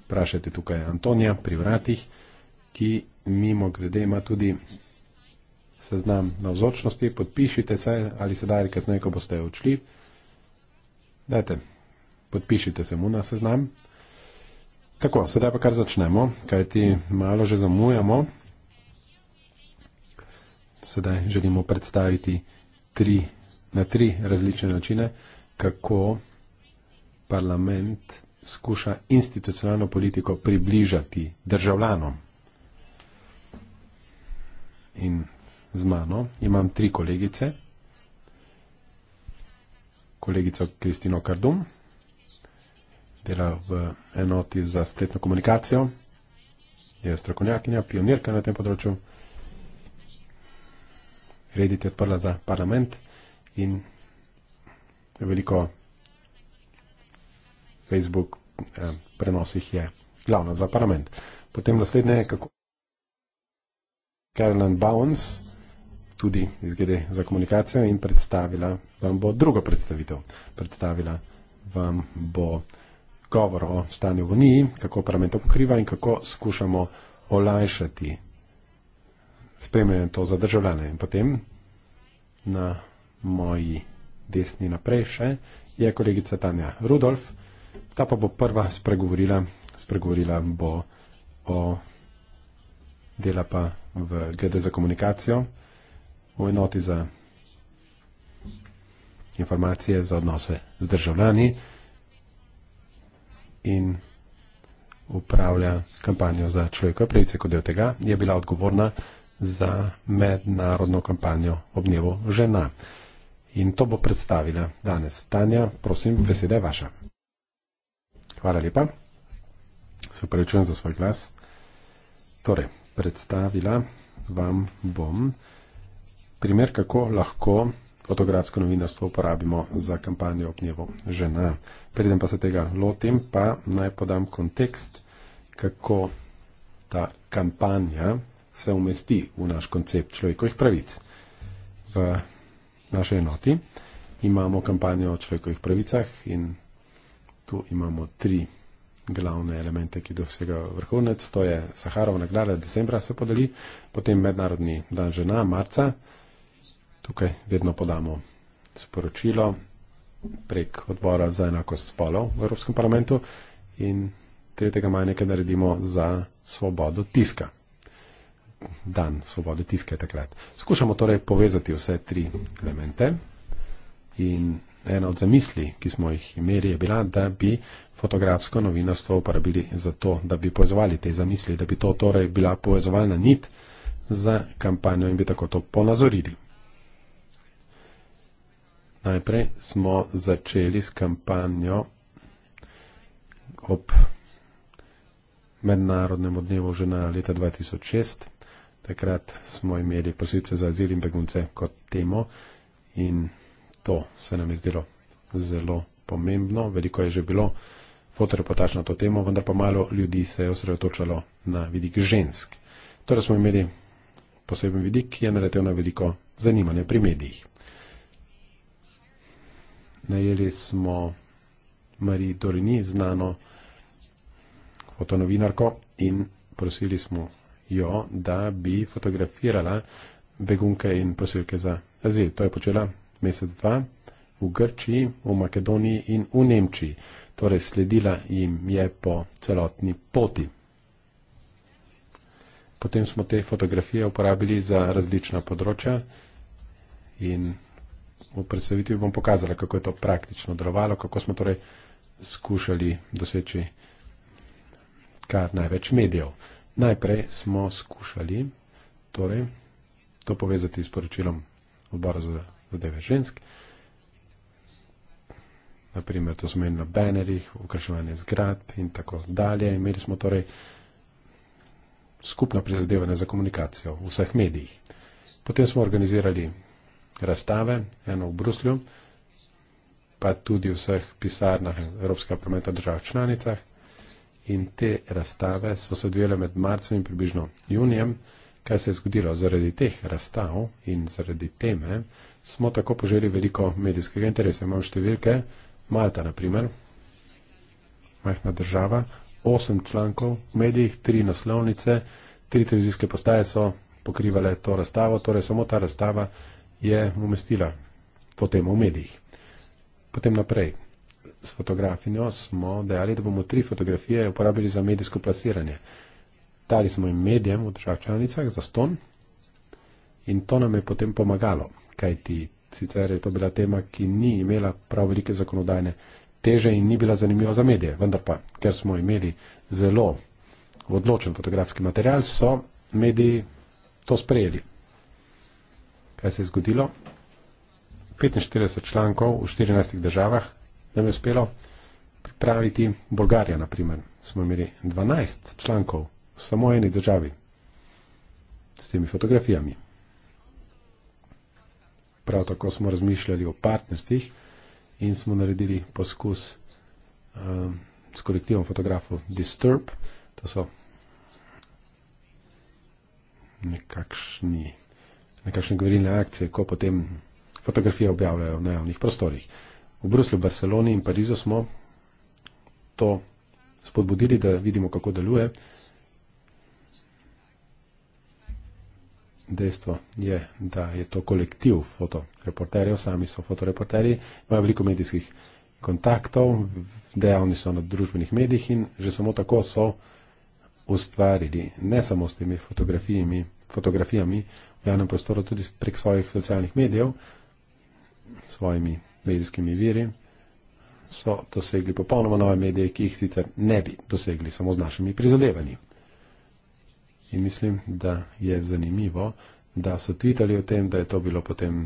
vprašajte tukaj Antonija pri vratih, ki mimo grede ima tudi seznam na vzočnosti. Podpišite se ali se daj, kasneje, ko boste odšli. Dajte, podpišite se mu na seznam, Tako, sedaj pa kar začnemo, kaj ti malo že zamujamo. Sedaj želimo predstaviti tri, na tri različne načine, kako parlament skuša institucionalno politiko približati državljanom. In z mano imam tri kolegice. Kolegico Kristino Kardum dela v enoti za spletno komunikacijo, je strokovnjakinja, pionirka na tem področju. Redite odprla za parlament in veliko Facebook eh, prenosih je glavno za parlament. Potem naslednje je kako Carolyn Bowens tudi izgede za komunikacijo in predstavila vam bo drugo predstavitev. Predstavila vam bo uh, govor o stanju v Uniji, kako parlament to pokriva in kako skušamo olajšati spremljanje to za državljane. In potem na moji desni naprej še je kolegica Tanja Rudolf, ta pa bo prva spregovorila, spregovorila bo o dela pa v GD za komunikacijo, v enoti za informacije za odnose z državljani in upravlja kampanjo za človekove pravice, kot del tega je bila odgovorna za mednarodno kampanjo ob dnevu žena. In to bo predstavila danes Tanja. Prosim, beseda je vaša. Hvala lepa. Se upravičujem za svoj glas. Torej, predstavila vam bom primer, kako lahko fotografsko novinarstvo uporabimo za kampanjo ob dnevu žena. Preden pa se tega lotim, pa naj podam kontekst, kako ta kampanja se umesti v naš koncept človekovih pravic. V naši enoti imamo kampanjo o človekovih pravicah in tu imamo tri glavne elemente, ki dosega vrhunec. To je Saharova nagrada, decembra se podeli, potem Mednarodni dan žena, marca. Tukaj vedno podamo sporočilo, prek odbora za enakost spolov v Evropskem parlamentu in 3. maja nekaj naredimo za svobodo tiska. Dan svobode tiska je takrat. Skušamo torej povezati vse tri elemente in ena od zamisli, ki smo jih imeli, je bila, da bi fotografsko novinarstvo uporabili za to, da bi povezovali te zamisli, da bi to torej bila povezovalna nit za kampanjo in bi tako to ponazorili. Najprej smo začeli s kampanjo ob mednarodnem dnevu žena leta 2006. Takrat smo imeli prosilce za azil in begunce kot temo in to se nam je zdelo zelo pomembno. Veliko je že bilo fotoreportaž na to temo, vendar pa malo ljudi se je osredotočalo na vidik žensk. Torej smo imeli poseben vidik, ki je naletel na veliko zanimanje pri medijih najeli smo Mariji Dorini, znano fotonovinarko, in prosili smo jo, da bi fotografirala begunke in prosilke za azil. To je počela mesec dva v Grčiji, v Makedoniji in v Nemčiji. Torej sledila jim je po celotni poti. Potem smo te fotografije uporabili za različna področja in v predstavitvi bom pokazala, kako je to praktično delovalo, kako smo torej skušali doseči kar največ medijev. Najprej smo skušali torej, to povezati s poročilom odbora za zadeve žensk. Naprimer, to smo imeli na banerjih, ukrašovanje zgrad in tako dalje. Imeli smo torej skupna prizadevanja za komunikacijo v vseh medijih. Potem smo organizirali razstave, eno v Bruslju, pa tudi v vseh pisarnah Evropskega prometa v državah članicah. In te razstave so se odvijale med marcem in približno junijem. Kaj se je zgodilo? Zaradi teh razstav in zaradi teme smo tako poželi veliko medijskega interesa. Imam številke, Malta naprimer, majhna država, osem člankov v medijih, tri naslovnice, tri televizijske postaje so pokrivale to razstavo, torej samo ta razstava je umestila to temo v medijih. Potem naprej. S fotografinjo smo dejali, da bomo tri fotografije uporabili za medijsko plasiranje. Dali smo jim medijem v državah članicah za ston in to nam je potem pomagalo, kajti sicer je to bila tema, ki ni imela prav velike zakonodajne teže in ni bila zanimiva za medije. Vendar pa, ker smo imeli zelo odločen fotografski material, so mediji to sprejeli kaj se je zgodilo. 45 člankov v 14 državah nam je uspelo pripraviti. Bolgarija, naprimer, smo imeli 12 člankov v samo eni državi s temi fotografijami. Prav tako smo razmišljali o partnerstvih in smo naredili poskus um, s kolektivom fotografov Disturb. To so nekakšni nekakšne govorilne akcije, ko potem fotografije objavljajo v najavnih prostorih. V Bruslju, Barceloni in Parizu smo to spodbudili, da vidimo, kako deluje. Dejstvo je, da je to kolektiv fotoreporterjev, sami so fotoreporterji, imajo veliko medijskih kontaktov, dejavni so na družbenih medijih in že samo tako so ustvarili, ne samo s temi fotografijami, fotografijami v javnem prostoru, tudi prek svojih socialnih medijev, s svojimi medijskimi viri, so dosegli popolnoma nove medije, ki jih sicer ne bi dosegli samo z našimi prizadevanji. In mislim, da je zanimivo, da so tvitali o tem, da je to bilo potem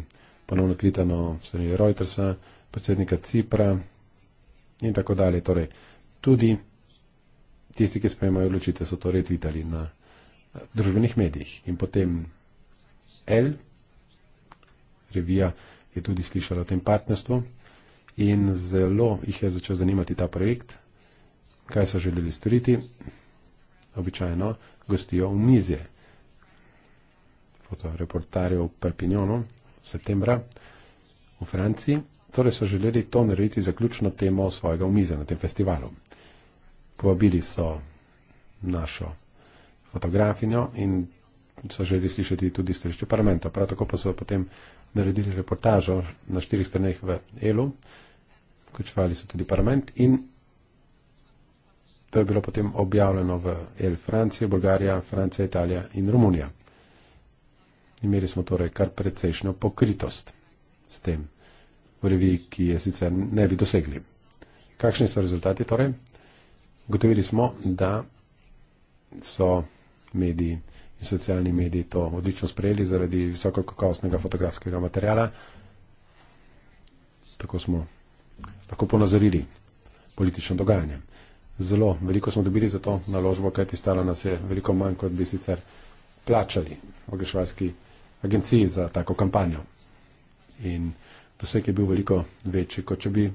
ponovno tvitano strani Reutersa, predsednika Cipra in tako dalje. Torej, tudi tisti, ki sprejemajo odločitev, so torej tvitali na družbenih medijih. In potem L, revija je tudi slišala o tem partnerstvu in zelo jih je začel zanimati ta projekt, kaj so želeli storiti. Običajno gostijo v mizje fotoreportarjev v Perpignonu v septembra v Franciji. Torej so želeli to narediti zaključno temo svojega omize na tem festivalu. Povabili so našo fotografinjo in so želeli slišati tudi stališče parlamenta. Prav tako pa so potem naredili reportažo na štirih straneh v ELU, vključevali so tudi parlament in to je bilo potem objavljeno v EL Francije, Bolgarija, Francija, Italija in Romunija. Imeli smo torej kar precejšno pokritost s tem v reviji, ki je sicer ne bi dosegli. Kakšni so rezultati torej? Gotovili smo, da so mediji in socialni mediji to odlično sprejeli zaradi visokokakovostnega fotografskega materijala. Tako smo lahko ponazorili politično dogajanje. Zelo veliko smo dobili za to naložbo, kajti stala nas je veliko manj, kot bi sicer plačali v oglaševalski agenciji za tako kampanjo. In doseg je bil veliko večji, kot če bi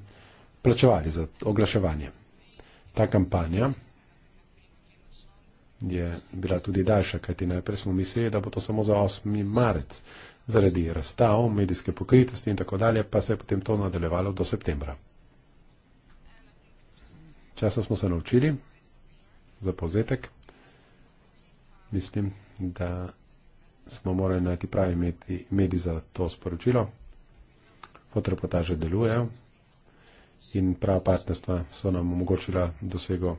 plačevali za oglaševanje. Ta kampanja je bila tudi daljša, kajti najprej smo mislili, da bo to samo za 8. marec, zaradi razstav, medijske pokritosti in tako dalje, pa se je potem to nadaljevalo do septembra. Časa smo se naučili, za povzetek, mislim, da smo morali najti pravi medij za to sporočilo. Fotoreportaže delujejo in prava partnerstva so nam omogočila dosego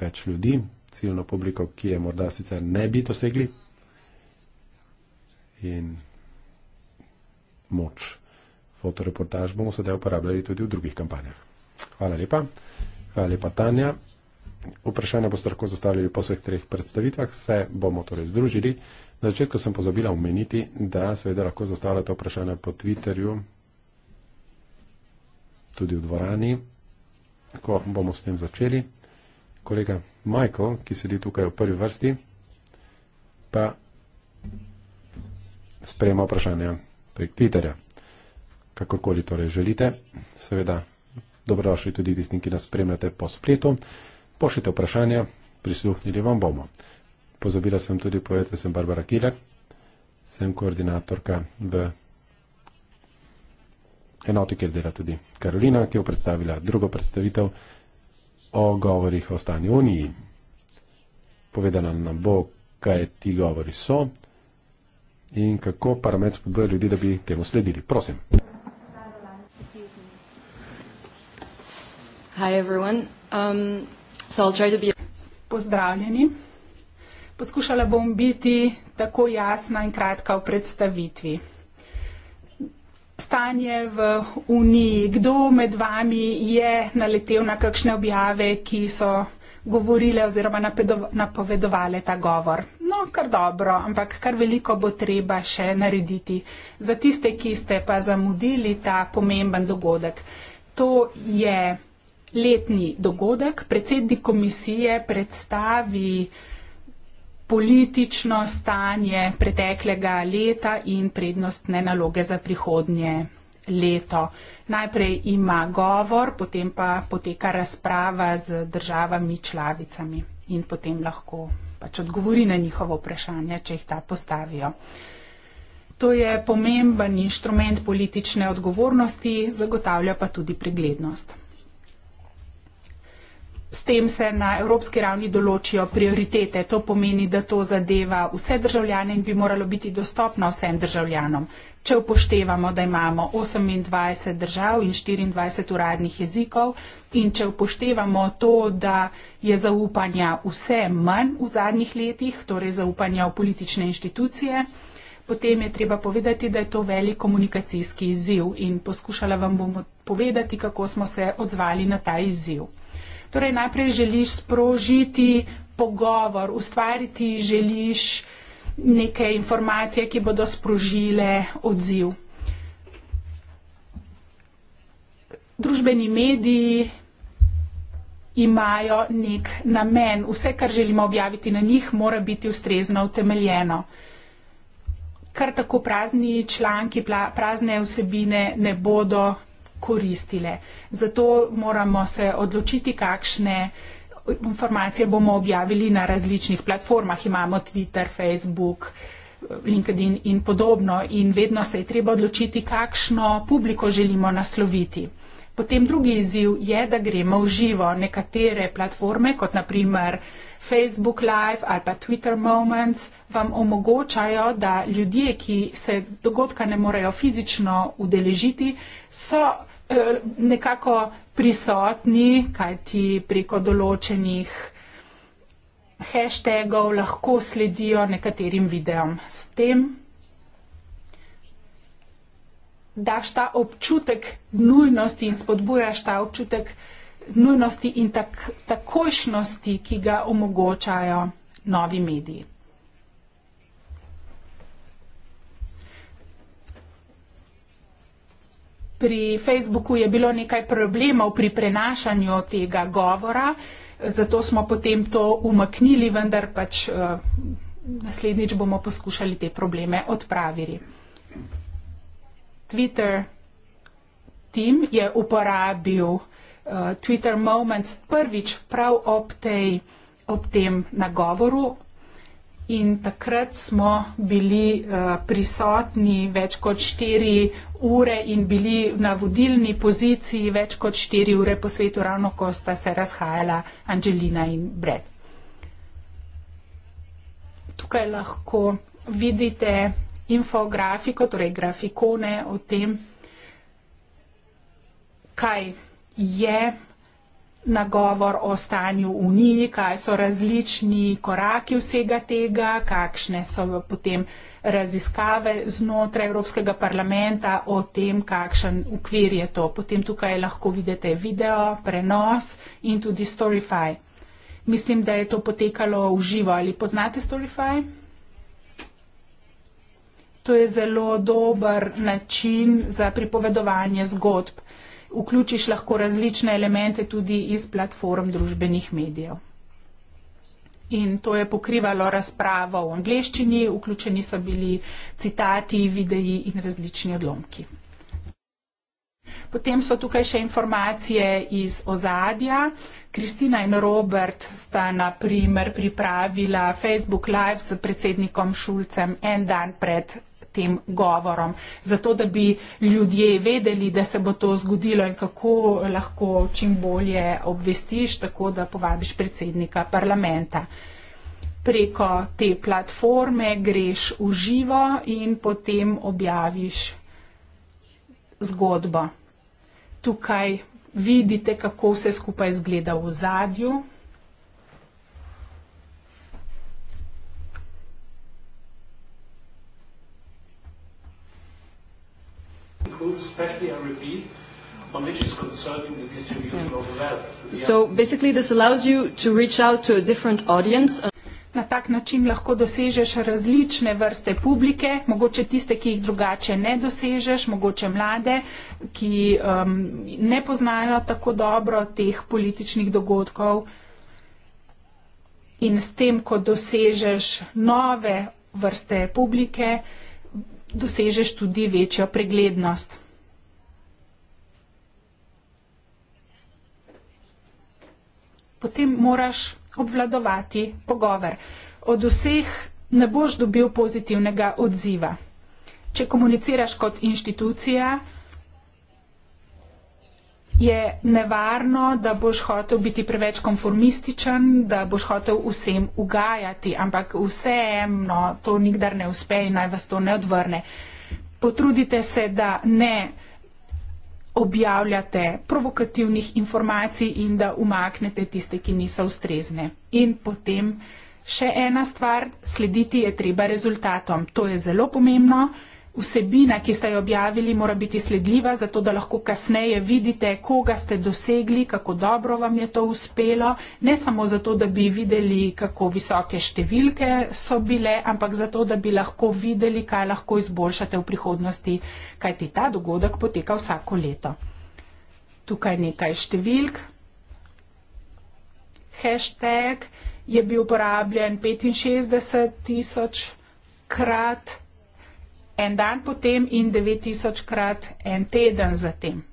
več ljudi ciljno publiko, ki je morda sicer ne bi dosegli. In moč fotoreportaž bomo sedaj uporabljali tudi v drugih kampanjah. Hvala lepa. Hvala lepa, Tanja. Vprašanja boste lahko zastavili po vseh treh predstavitvah, se bomo torej združili. Na začetku sem pozabila omeniti, da seveda lahko zastavljate vprašanja po Twitterju, tudi v dvorani, ko bomo s tem začeli. Kolega. Majko, ki sedi tukaj v prvi vrsti, pa sprejema vprašanja prek Twitterja. Kakorkoli torej želite, seveda dobrodošli tudi tisti, ki nas spremljate po spletu. Pošljite vprašanja, prisluhnili vam bomo. Pozabila sem tudi povedati, da sem Barbara Kiler, sem koordinatorka v enoti, kjer dela tudi Karolina, ki je predstavila drugo predstavitev o govorih o stanju Uniji. Povedala nam bo, kaj ti govori so in kako parlament spodbuja ljudi, da bi temu sledili. Prosim. Um, Pozdravljeni. Poskušala bom biti tako jasna in kratka v predstavitvi stanje v Uniji? Kdo med vami je naletel na kakšne objave, ki so govorile oziroma napovedovale ta govor? No, kar dobro, ampak kar veliko bo treba še narediti. Za tiste, ki ste pa zamudili ta pomemben dogodek, to je letni dogodek. Predsednik komisije predstavi politično stanje preteklega leta in prednostne naloge za prihodnje leto. Najprej ima govor, potem pa poteka razprava z državami članicami in potem lahko pač odgovori na njihovo vprašanje, če jih ta postavijo. To je pomemben inštrument politične odgovornosti, zagotavlja pa tudi preglednost. S tem se na evropski ravni določijo prioritete. To pomeni, da to zadeva vse državljane in bi moralo biti dostopno vsem državljanom. Če upoštevamo, da imamo 28 držav in 24 uradnih jezikov in če upoštevamo to, da je zaupanja vse manj v zadnjih letih, torej zaupanja v politične inštitucije, potem je treba povedati, da je to velik komunikacijski izziv in poskušala vam bom povedati, kako smo se odzvali na ta izziv. Torej, najprej želiš sprožiti pogovor, ustvariti želiš neke informacije, ki bodo sprožile odziv. Družbeni mediji imajo nek namen. Vse, kar želimo objaviti na njih, mora biti ustrezno utemeljeno. Kar tako prazni članki, prazne vsebine ne bodo koristile. Zato moramo se odločiti, kakšne informacije bomo objavili na različnih platformah. Imamo Twitter, Facebook, LinkedIn in podobno. In vedno se je treba odločiti, kakšno publiko želimo nasloviti. Potem drugi izziv je, da gremo v živo. Nekatere platforme, kot naprimer Facebook Live ali pa Twitter Moments, vam omogočajo, da ljudje, ki se dogodka ne morejo fizično udeležiti, so Eh, nekako prisotni, kajti preko določenih hashtagov lahko sledijo nekaterim videom. S tem daš ta občutek nujnosti in spodbujaš ta občutek nujnosti in tak, takojšnosti, ki ga omogočajo novi mediji. pri Facebooku je bilo nekaj problemov pri prenašanju tega govora, zato smo potem to umaknili, vendar pač eh, naslednjič bomo poskušali te probleme odpraviti. Twitter tim je uporabil eh, Twitter Moments prvič prav ob, tej, ob tem nagovoru, In takrat smo bili eh, prisotni več kot 4 ure in bili na vodilni poziciji več kot 4 ure po svetu, ravno ko sta se razhajala Angelina in Brad. Tukaj lahko vidite infografiko, torej grafikone o tem, kaj je nagovor o stanju v Uniji, kaj so različni koraki vsega tega, kakšne so potem raziskave znotraj Evropskega parlamenta o tem, kakšen ukvir je to. Potem tukaj lahko vidite video, prenos in tudi Storify. Mislim, da je to potekalo v živo. Ali poznate Storify? To je zelo dober način za pripovedovanje zgodb vključiš lahko različne elemente tudi iz platform družbenih medijev. In to je pokrivalo razpravo v angleščini, vključeni so bili citati, videi in različni odlomki. Potem so tukaj še informacije iz ozadja. Kristina in Robert sta naprimer pripravila Facebook Live s predsednikom Šulcem en dan pred tem govorom, zato da bi ljudje vedeli, da se bo to zgodilo in kako lahko čim bolje obvestiš, tako da povabiš predsednika parlamenta. Preko te platforme greš v živo in potem objaviš zgodbo. Tukaj vidite, kako vse skupaj zgleda v zadju. especially, I repeat, on issues concerning the distribution yeah. of wealth. The so basically, this allows you to reach out to a different audience. Na tak način lahko dosežeš različne vrste publike, mogoče tiste, ki jih drugače ne dosežeš, mogoče mlade, ki um, ne poznajo tako dobro teh političnih dogodkov. In s tem, ko dosežeš nove vrste publike, dosežeš tudi večjo preglednost. potem moraš obvladovati pogovor. Od vseh ne boš dobil pozitivnega odziva. Če komuniciraš kot inštitucija, je nevarno, da boš hotel biti preveč konformističen, da boš hotel vsem ugajati, ampak vseeno to nikdar ne uspe in naj vas to ne odvrne. Potrudite se, da ne objavljate provokativnih informacij in da umaknete tiste, ki niso ustrezne. In potem še ena stvar, slediti je treba rezultatom. To je zelo pomembno vsebina, ki ste jo objavili, mora biti sledljiva, zato da lahko kasneje vidite, koga ste dosegli, kako dobro vam je to uspelo. Ne samo zato, da bi videli, kako visoke številke so bile, ampak zato, da bi lahko videli, kaj lahko izboljšate v prihodnosti, kajti ta dogodek poteka vsako leto. Tukaj nekaj številk. Hashtag je bil uporabljen 65 tisoč krat en dan potem in 9000 krat en teden zatem.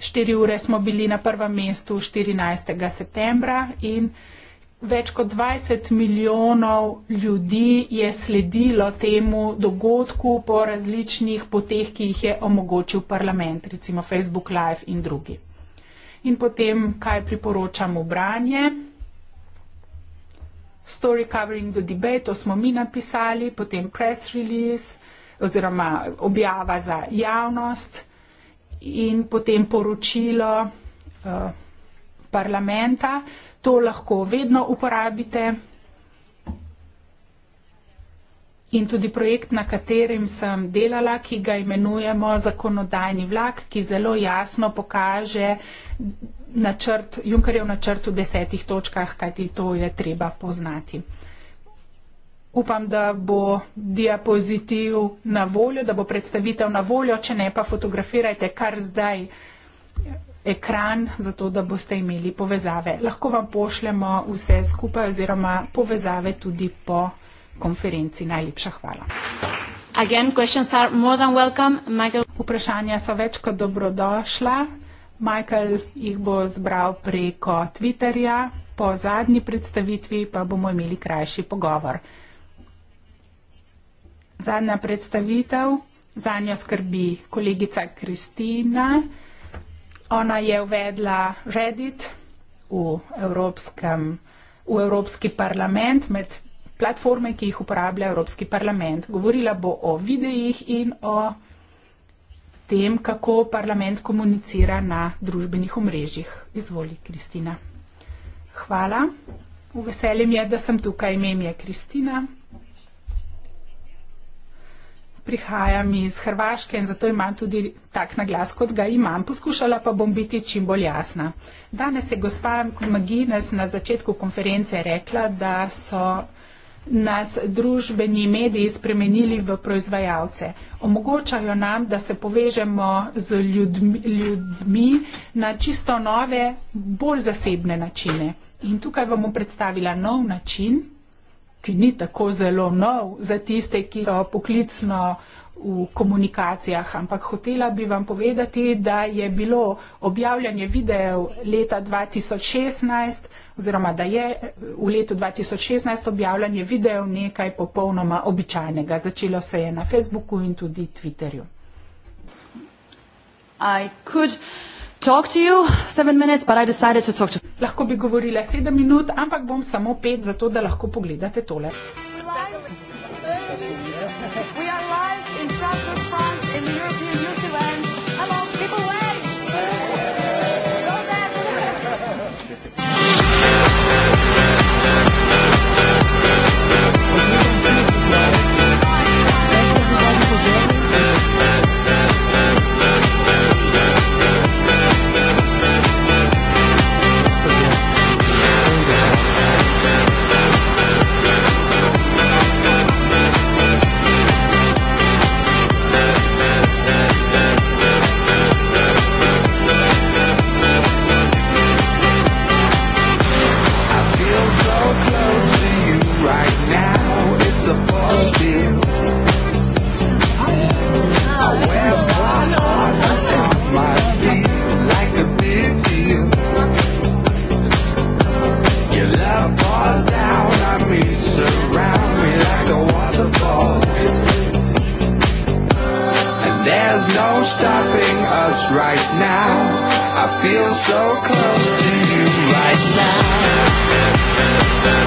Štiri ure smo bili na prvem mestu 14. septembra in več kot 20 milijonov ljudi je sledilo temu dogodku po različnih poteh, ki jih je omogočil parlament, recimo Facebook Live in drugi. In potem, kaj priporočam v branje? story covering the debate, to smo mi napisali, potem press release oziroma objava za javnost in potem poročilo uh, parlamenta. To lahko vedno uporabite. In tudi projekt, na katerem sem delala, ki ga imenujemo zakonodajni vlak, ki zelo jasno pokaže, načrt, Junkarjev načrt v desetih točkah, kajti to je treba poznati. Upam, da bo diapozitiv na voljo, da bo predstavitev na voljo, če ne pa fotografirajte kar zdaj ekran, zato da boste imeli povezave. Lahko vam pošljemo vse skupaj oziroma povezave tudi po konferenci. Najlepša hvala. Again, Vprašanja so več kot dobrodošla. Michael jih bo zbral preko Twitterja, po zadnji predstavitvi pa bomo imeli krajši pogovor. Zadnja predstavitev, za njo skrbi kolegica Kristina. Ona je uvedla Reddit v, evropskem, v Evropski parlament med platforme, ki jih uporablja Evropski parlament. Govorila bo o videih in o tem, kako parlament komunicira na družbenih omrežjih. Izvoli, Kristina. Hvala. V veselje mi je, da sem tukaj. Ime mi je Kristina. Prihajam iz Hrvaške in zato imam tudi tak naglas, kot ga imam. Poskušala pa bom biti čim bolj jasna. Danes je gospa Magines na začetku konference rekla, da so nas družbeni mediji spremenili v proizvajalce. Omogočajo nam, da se povežemo z ljudmi, ljudmi na čisto nove, bolj zasebne načine. In tukaj vam bom predstavila nov način, ki ni tako zelo nov za tiste, ki so poklicno v komunikacijah, ampak hotela bi vam povedati, da je bilo objavljanje videov leta 2016 oziroma da je v letu 2016 objavljanje videov nekaj popolnoma običajnega. Začelo se je na Facebooku in tudi Twitterju. Minutes, to... Lahko bi govorila sedem minut, ampak bom samo pet, zato da lahko pogledate tole. We are live in Chateau, France, in the European there's no stopping us right now. I feel so close to you right now.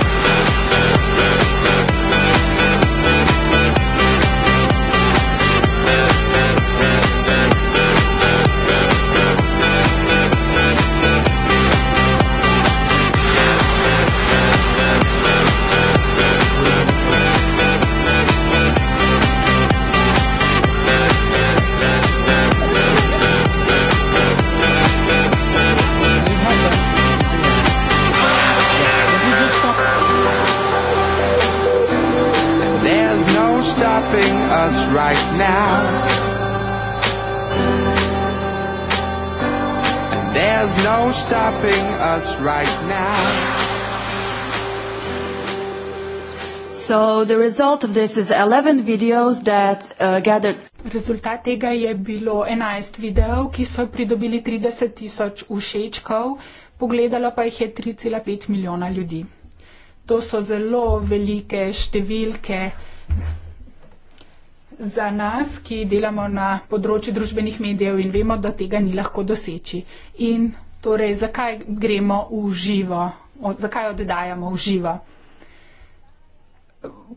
right now. And there's no stopping us right now. So the result of this is 11 videos that uh, gathered. Rezultat tega je bilo 11 videov, ki so pridobili 30 tisoč všečkov, pogledalo pa jih je 3,5 milijona ljudi. To so zelo velike številke za nas, ki delamo na področju družbenih medijev in vemo, da tega ni lahko doseči. In torej, zakaj gremo v živo, od, zakaj oddajamo v živo?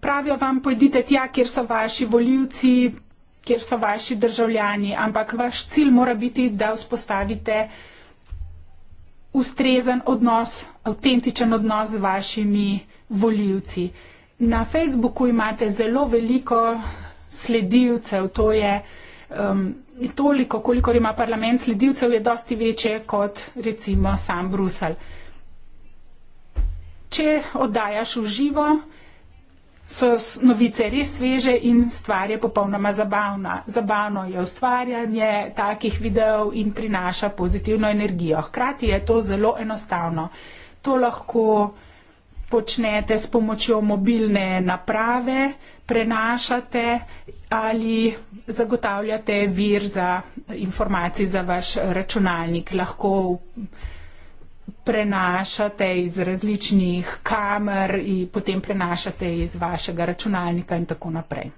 Pravijo vam, pojdite tja, kjer so vaši voljivci, kjer so vaši državljani, ampak vaš cilj mora biti, da vzpostavite ustrezen odnos, avtentičen odnos z vašimi voljivci. Na Facebooku imate zelo veliko sledilcev. To je um, toliko, koliko ima parlament sledilcev, je dosti večje kot recimo sam Bruselj. Če oddajaš v živo, so novice res sveže in stvar je popolnoma zabavna. Zabavno je ustvarjanje takih videov in prinaša pozitivno energijo. Hkrati je to zelo enostavno. To lahko počnete s pomočjo mobilne naprave, prenašate ali zagotavljate vir za informacije za vaš računalnik. Lahko prenašate iz različnih kamer in potem prenašate iz vašega računalnika in tako naprej.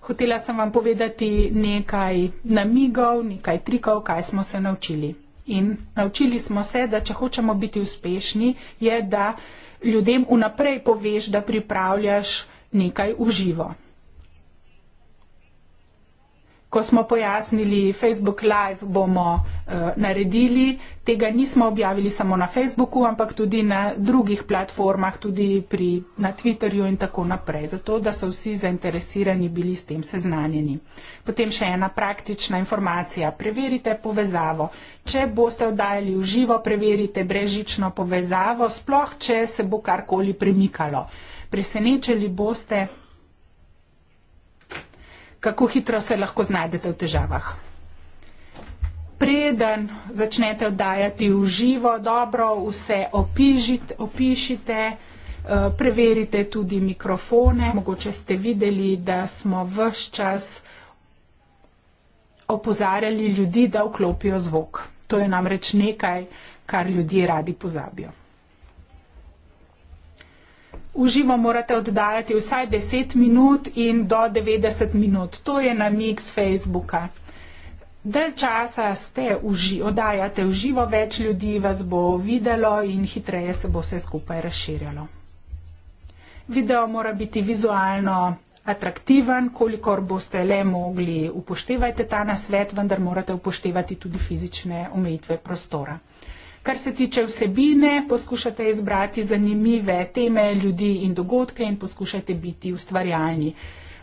Hotela sem vam povedati nekaj namigov, nekaj trikov, kaj smo se naučili. In naučili smo se, da če hočemo biti uspešni, je, da ljudem vnaprej poveš, da pripravljaš nekaj v živo ko smo pojasnili Facebook Live, bomo uh, naredili. Tega nismo objavili samo na Facebooku, ampak tudi na drugih platformah, tudi pri, na Twitterju in tako naprej, zato da so vsi zainteresirani bili s tem seznanjeni. Potem še ena praktična informacija. Preverite povezavo. Če boste oddajali v živo, preverite brežično povezavo, sploh če se bo karkoli premikalo. Presenečeli boste kako hitro se lahko znajdete v težavah. Preden začnete oddajati v živo, dobro vse opižite, opišite, eh, preverite tudi mikrofone. Mogoče ste videli, da smo vse čas opozarjali ljudi, da vklopijo zvok. To je namreč nekaj, kar ljudje radi pozabijo v živo morate oddajati vsaj 10 minut in do 90 minut. To je na mix Facebooka. Del časa ste uži, oddajate v živo, več ljudi vas bo videlo in hitreje se bo vse skupaj razširjalo. Video mora biti vizualno atraktiven, kolikor boste le mogli upoštevajte ta nasvet, vendar morate upoštevati tudi fizične omejitve prostora. Kar se tiče vsebine, poskušate izbrati zanimive teme, ljudi in dogodke in poskušate biti ustvarjalni.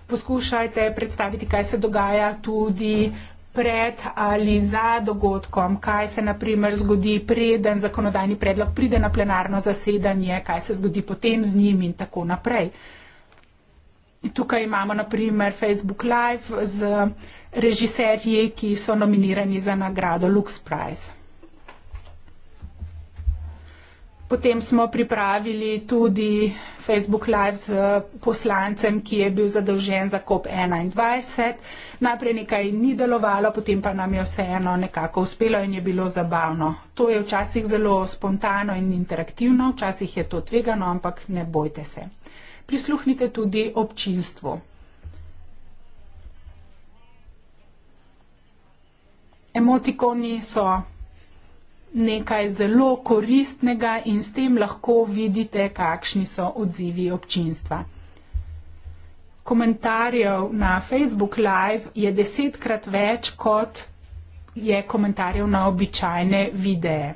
Poskušajte predstaviti, kaj se dogaja tudi pred ali za dogodkom, kaj se naprimer zgodi, preden zakonodajni predlog pride na plenarno zasedanje, kaj se zgodi potem z njim in tako naprej. Tukaj imamo naprimer Facebook Live z režiserji, ki so nominirani za nagrado Lux Prize. Potem smo pripravili tudi Facebook Live z poslancem, ki je bil zadolžen za COP21. Najprej nekaj ni delovalo, potem pa nam je vseeno nekako uspelo in je bilo zabavno. To je včasih zelo spontano in interaktivno, včasih je to tvegano, ampak ne bojte se. Prisluhnite tudi občinstvu. Emotikoni so nekaj zelo koristnega in s tem lahko vidite, kakšni so odzivi občinstva. Komentarjev na Facebook Live je desetkrat več, kot je komentarjev na običajne videe.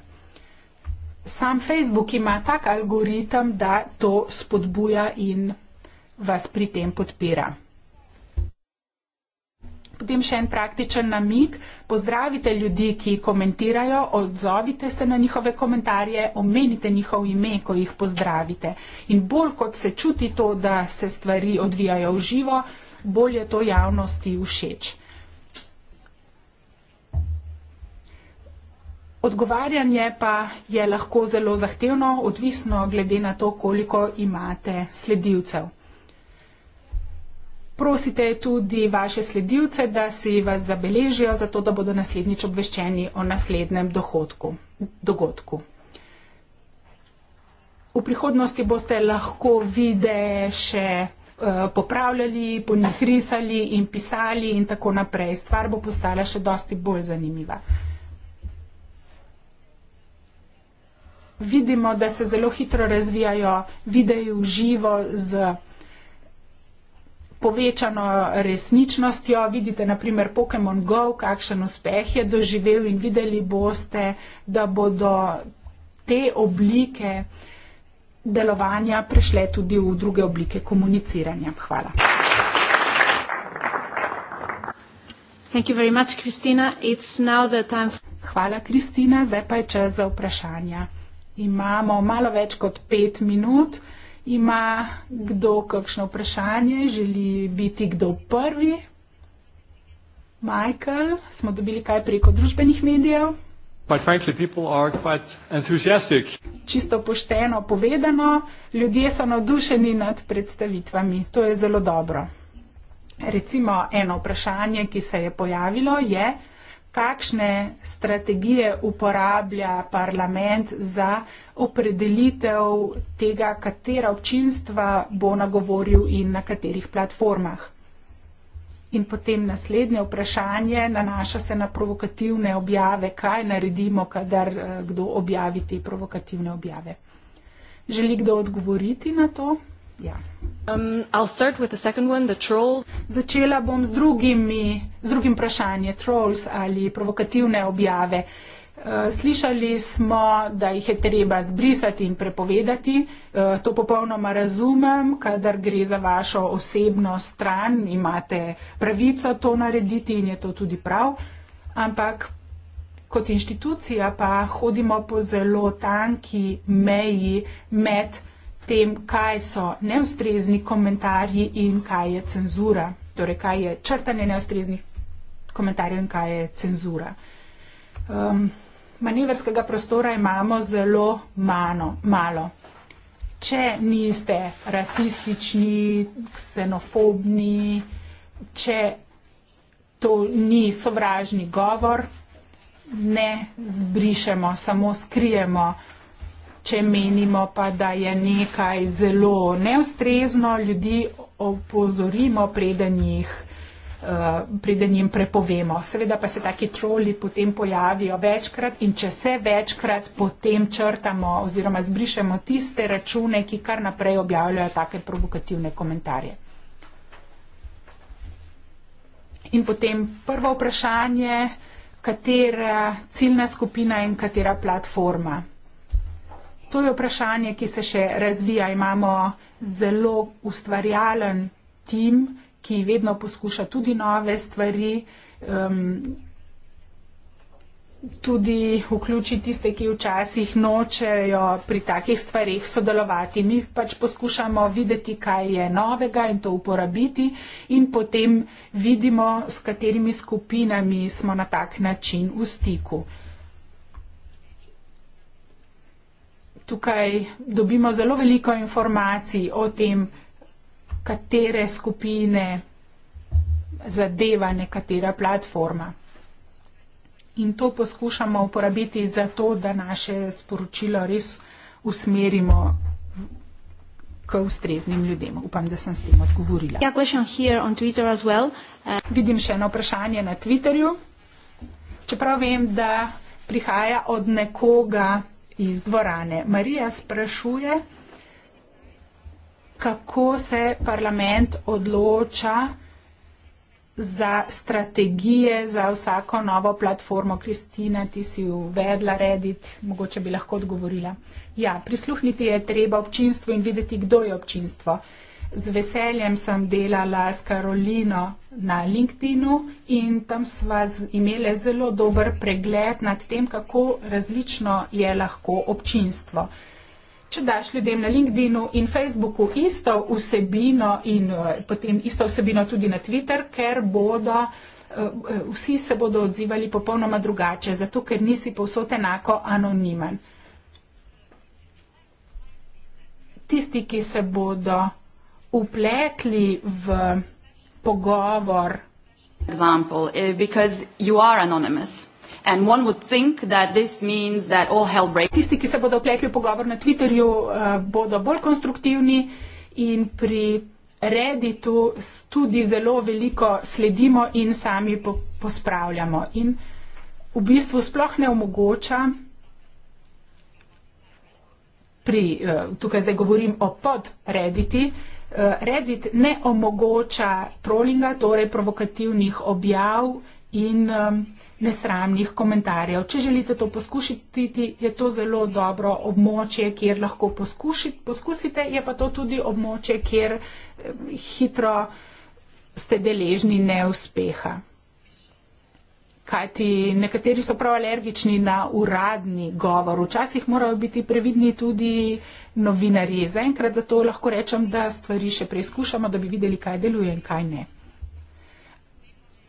Sam Facebook ima tak algoritem, da to spodbuja in vas pri tem podpira. Potem še en praktičen namik. Pozdravite ljudi, ki komentirajo, odzovite se na njihove komentarje, omenite njihov ime, ko jih pozdravite. In bolj kot se čuti to, da se stvari odvijajo v živo, bolj je to javnosti všeč. Odgovarjanje pa je lahko zelo zahtevno, odvisno glede na to, koliko imate sledilcev. Prosite tudi vaše sledilce, da si vas zabeležijo, zato da bodo naslednjič obveščeni o naslednjem dohodku, dogodku. V prihodnosti boste lahko videe še uh, popravljali, po njih risali in pisali in tako naprej. Stvar bo postala še dosti bolj zanimiva. Vidimo, da se zelo hitro razvijajo videi v živo z povečano resničnostjo. Vidite naprimer Pokemon Go, kakšen uspeh je doživel in videli boste, da bodo te oblike delovanja prešle tudi v druge oblike komuniciranja. Hvala. Much, Hvala, Kristina. Zdaj pa je čas za vprašanja. Imamo malo več kot pet minut ima kdo kakšno vprašanje, želi biti kdo prvi. Michael, smo dobili kaj preko družbenih medijev? Quite frankly, people are quite enthusiastic. Čisto pošteno povedano, ljudje so navdušeni nad predstavitvami. To je zelo dobro. Recimo eno vprašanje, ki se je pojavilo, je, kakšne strategije uporablja parlament za opredelitev tega, katera občinstva bo nagovoril in na katerih platformah. In potem naslednje vprašanje nanaša se na provokativne objave, kaj naredimo, kadar eh, kdo objavi te provokativne objave. Želi kdo odgovoriti na to? Yeah. Ja. Um, one, Začela bom z, drugimi, z drugim vprašanjem, trolls ali provokativne objave. Uh, slišali smo, da jih je treba zbrisati in prepovedati. Uh, to popolnoma razumem, kadar gre za vašo osebno stran, imate pravico to narediti in je to tudi prav. Ampak kot inštitucija pa hodimo po zelo tanki meji med tem, kaj so neustrezni komentarji in kaj je cenzura, torej kaj je črtanje neustreznih komentarjev in kaj je cenzura. Um, manevrskega prostora imamo zelo mano, malo. Če niste rasistični, ksenofobni, če to ni sovražni govor, ne zbrišemo, samo skrijemo če menimo pa, da je nekaj zelo neustrezno, ljudi opozorimo, preden, jih, eh, preden jim prepovemo. Seveda pa se taki troli potem pojavijo večkrat in če se večkrat potem črtamo oziroma zbrišemo tiste račune, ki kar naprej objavljajo take provokativne komentarje. In potem prvo vprašanje, katera ciljna skupina in katera platforma. To je vprašanje, ki se še razvija. Imamo zelo ustvarjalen tim, ki vedno poskuša tudi nove stvari, um, tudi vključiti tiste, ki včasih nočejo pri takih stvarih sodelovati. Mi pač poskušamo videti, kaj je novega in to uporabiti in potem vidimo, s katerimi skupinami smo na tak način v stiku. tukaj dobimo zelo veliko informacij o tem, katere skupine zadeva nekatera platforma. In to poskušamo uporabiti za to, da naše sporočilo res usmerimo k ustreznim ljudem. Upam, da sem s tem odgovorila. Yeah, well. uh... Vidim še eno vprašanje na Twitterju. Čeprav vem, da prihaja od nekoga, iz dvorane. Marija sprašuje, kako se parlament odloča za strategije, za vsako novo platformo. Kristina, ti si uvedla Reddit, mogoče bi lahko odgovorila. Ja, prisluhniti je treba občinstvu in videti, kdo je občinstvo z veseljem sem delala s Karolino na LinkedInu in tam sva imela zelo dober pregled nad tem, kako različno je lahko občinstvo. Če daš ljudem na LinkedInu in Facebooku isto vsebino in eh, potem isto vsebino tudi na Twitter, ker bodo eh, eh, vsi se bodo odzivali popolnoma drugače, zato ker nisi povsod enako anonimen. Tisti, ki se bodo upletli v pogovor. Example, eh, because you are anonymous. And one would think that this means that all hell breaks. Tisti, ki se bodo upletli v pogovor na Twitterju, eh, bodo bolj konstruktivni in pri Redditu tudi zelo veliko sledimo in sami po pospravljamo. In v bistvu sploh ne omogoča, pri, eh, tukaj zdaj govorim o podrediti, Eh, Reddit ne omogoča trolinga, torej provokativnih objav in nesramnih komentarjev. Če želite to poskušiti, je to zelo dobro območje, kjer lahko poskusite, je pa to tudi območje, kjer hitro ste deležni neuspeha kajti nekateri so prav alergični na uradni govor. Včasih morajo biti previdni tudi novinarji. Zaenkrat zato lahko rečem, da stvari še preizkušamo, da bi videli, kaj deluje in kaj ne.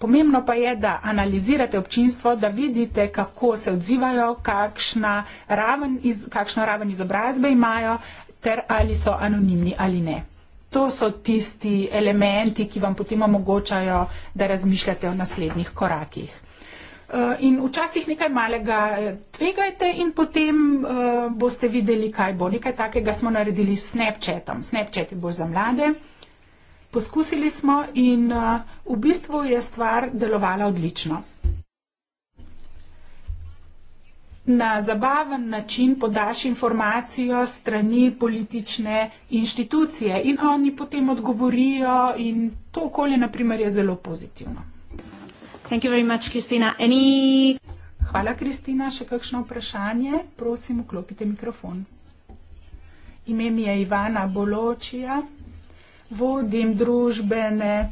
Pomembno pa je, da analizirate občinstvo, da vidite, kako se odzivajo, kakšna raven, iz, kakšno raven izobrazbe imajo, ter ali so anonimni ali ne. To so tisti elementi, ki vam potem omogočajo, da razmišljate o naslednjih korakih. Eh, in včasih nekaj malega tvegajte in potem uh, boste videli, kaj bo. Nekaj takega smo naredili s Snapchatom. Snapchat je bolj za mlade. Poskusili smo in uh, v bistvu je stvar delovala odlično. Na zabaven način podaš informacijo strani politične inštitucije in oni potem odgovorijo in to okolje naprimer je zelo pozitivno. Much, Any... Hvala, Kristina. Še kakšno vprašanje? Prosim, vklopite mikrofon. Ime mi je Ivana Boločija. Vodim družbene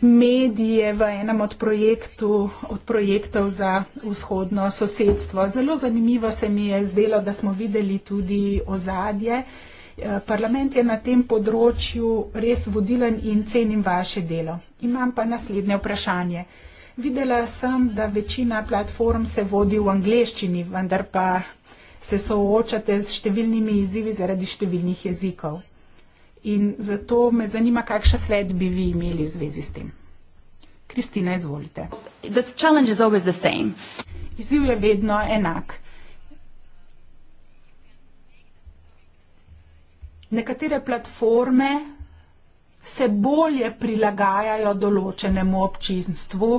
medije v enem od, projektu, od projektov za vzhodno sosedstvo. Zelo zanimivo se mi je zdelo, da smo videli tudi ozadje. Eh, parlament je na tem področju res vodilen in cenim vaše delo. Imam pa naslednje vprašanje. Videla sem, da večina platform se vodi v angleščini, vendar pa se soočate s številnimi izzivi zaradi številnih jezikov. In zato me zanima, kakšen svet bi vi imeli v zvezi s tem. Kristina, izvolite. Izziv je vedno enak. nekatere platforme se bolje prilagajajo določenemu občinstvu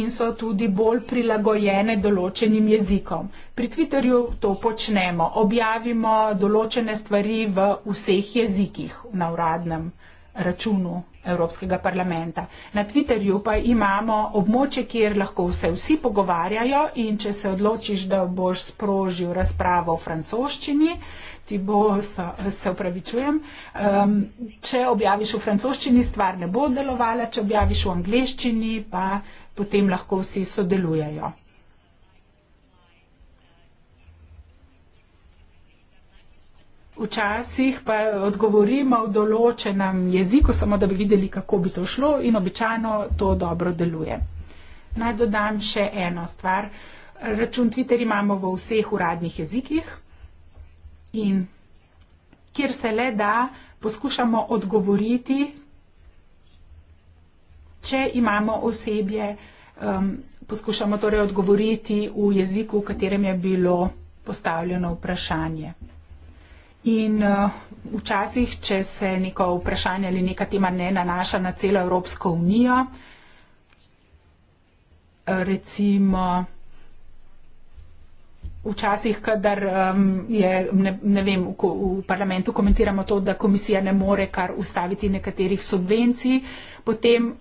in so tudi bolj prilagojene določenim jezikom. Pri Twitterju to počnemo. Objavimo določene stvari v vseh jezikih na uradnem računu Evropskega parlamenta. Na Twitterju pa imamo območje, kjer lahko se vsi pogovarjajo in če se odločiš, da boš sprožil razpravo v francoščini, ti bo, so, se upravičujem, um, če objaviš v francoščini, stvar ne bo delovala, če objaviš v angliščini, pa potem lahko vsi sodelujejo. Včasih pa odgovorimo v določenem jeziku, samo da bi videli, kako bi to šlo in običajno to dobro deluje. Naj dodam še eno stvar. Račun Twitter imamo v vseh uradnih jezikih in kjer se le da, poskušamo odgovoriti, če imamo osebje, um, poskušamo torej odgovoriti v jeziku, v katerem je bilo postavljeno vprašanje. In uh, včasih, če se neko vprašanje ali neka tema ne nanaša na celo Evropsko unijo, recimo, včasih, kadar um, je, ne, ne vem, ko, v parlamentu komentiramo to, da komisija ne more kar ustaviti nekaterih subvencij, potem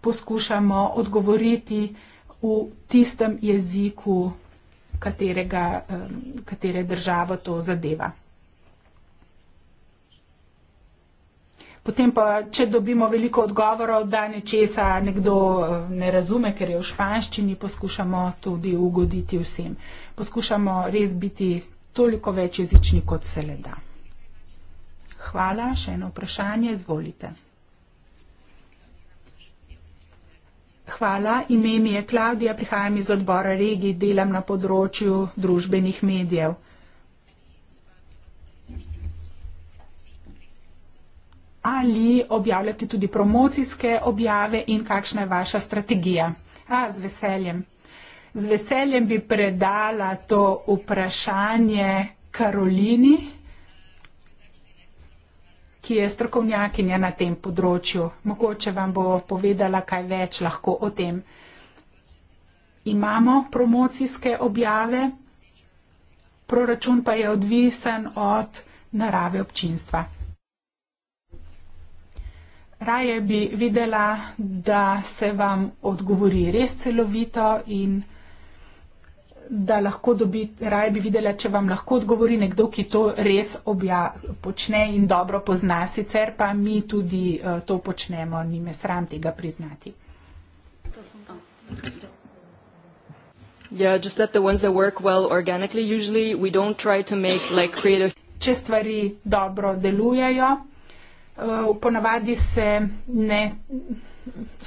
poskušamo odgovoriti v tistem jeziku, katerega, um, katere država to zadeva. Potem pa, če dobimo veliko odgovorov, da nečesa nekdo eh, ne razume, ker je v španščini, poskušamo tudi ugoditi vsem. Poskušamo res biti toliko več jezični, kot se le da. Hvala, še eno vprašanje, izvolite. Hvala, ime mi je Klaudija, prihajam iz odbora regij, delam na področju družbenih medijev. ali objavljate tudi promocijske objave in kakšna je vaša strategija? A, z veseljem. Z veseljem bi predala to vprašanje Karolini, ki je strokovnjakinja na tem področju. Mogoče vam bo povedala kaj več lahko o tem. Imamo promocijske objave, proračun pa je odvisen od narave občinstva raje bi videla, da se vam odgovori res celovito in da lahko dobi, raje bi videla, če vam lahko odgovori nekdo, ki to res obja, počne in dobro pozna, sicer pa mi tudi uh, to počnemo, ni me sram tega priznati. Če stvari dobro delujejo, Eh, ponavadi se ne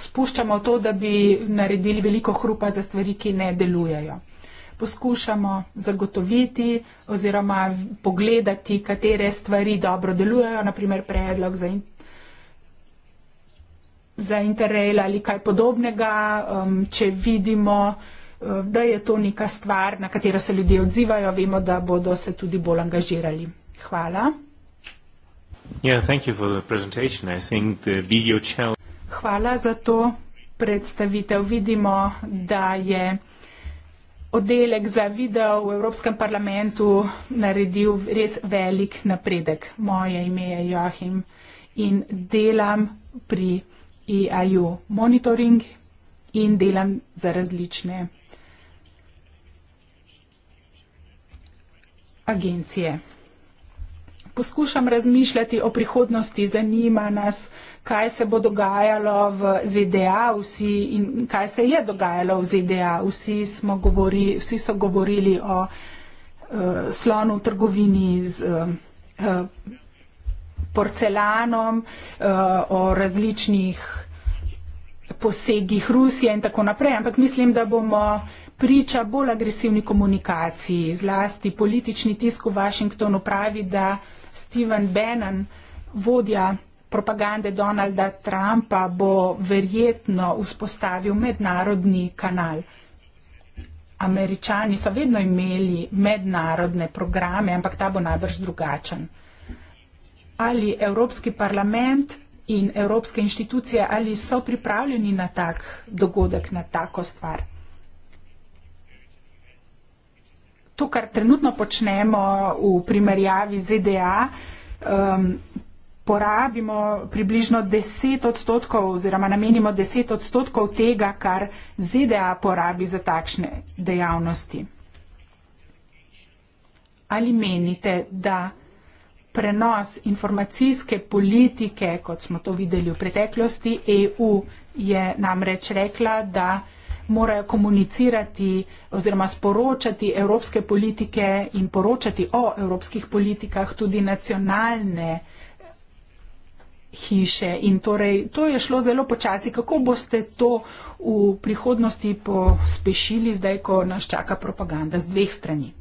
spuščamo v to, da bi naredili veliko hrupa za stvari, ki ne delujejo. Poskušamo zagotoviti oziroma pogledati, katere stvari dobro delujejo, naprimer predlog za, in, za interrail ali kaj podobnega, um, če vidimo, um, da je to neka stvar, na katero se ljudje odzivajo, vemo, da bodo se tudi bolj angažirali. Hvala. Hvala za to predstavitev. Vidimo, da je oddelek za video v Evropskem parlamentu naredil res velik napredek. Moje ime je Joachim in delam pri EIU monitoring in delam za različne agencije poskušam razmišljati o prihodnosti, zanima nas, kaj se bo dogajalo v ZDA vsi in kaj se je dogajalo v ZDA. Vsi, govori, vsi so govorili o uh, slonu v trgovini z uh, porcelanom, uh, o različnih posegih Rusije in tako naprej, ampak mislim, da bomo priča bolj agresivni komunikaciji, zlasti politični tisk v Washingtonu pravi, da uh, Steven Bannon, vodja propagande Donalda Trumpa, bo verjetno vzpostavil mednarodni kanal. Američani so vedno imeli mednarodne programe, ampak ta bo najbrž drugačen. Ali Evropski parlament in evropske inštitucije, ali so pripravljeni na tak dogodek, na tako stvar? to, kar trenutno počnemo v primerjavi ZDA, um, porabimo približno 10 odstotkov oziroma namenimo 10 odstotkov tega, kar ZDA porabi za takšne dejavnosti. Ali menite, da prenos informacijske politike, kot smo to videli v preteklosti, EU je namreč rekla, da morajo komunicirati oziroma sporočati evropske politike in poročati o evropskih politikah tudi nacionalne hiše. In torej, to je šlo zelo počasi. Kako boste to v prihodnosti pospešili, zdaj, ko nas čaka propaganda z dveh strani?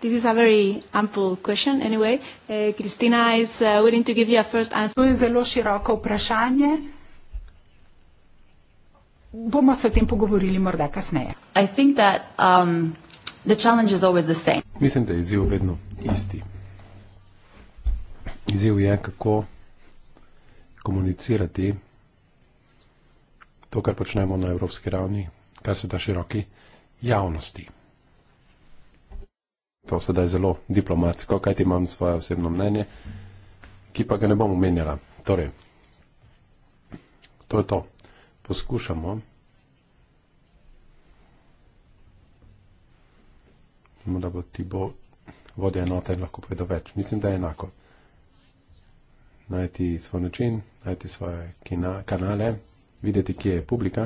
This is a very ample question anyway. Uh, eh, Christina is uh, willing to give you a first answer. To je zelo široko vprašanje bomo se o tem pogovorili morda kasneje. That, um, Mislim, da je izziv vedno isti. Izziv je, kako komunicirati to, kar počnemo na evropski ravni, kar se da široki javnosti. To se da zelo diplomatsko, kajti imam svoje osebno mnenje, ki pa ga ne bom omenjala. Torej, to je to poskušamo. Da bo ti bo vodja enota in lahko povedal več. Mislim, da je enako. Najti svoj način, najti svoje kina, kanale, videti, kje je publika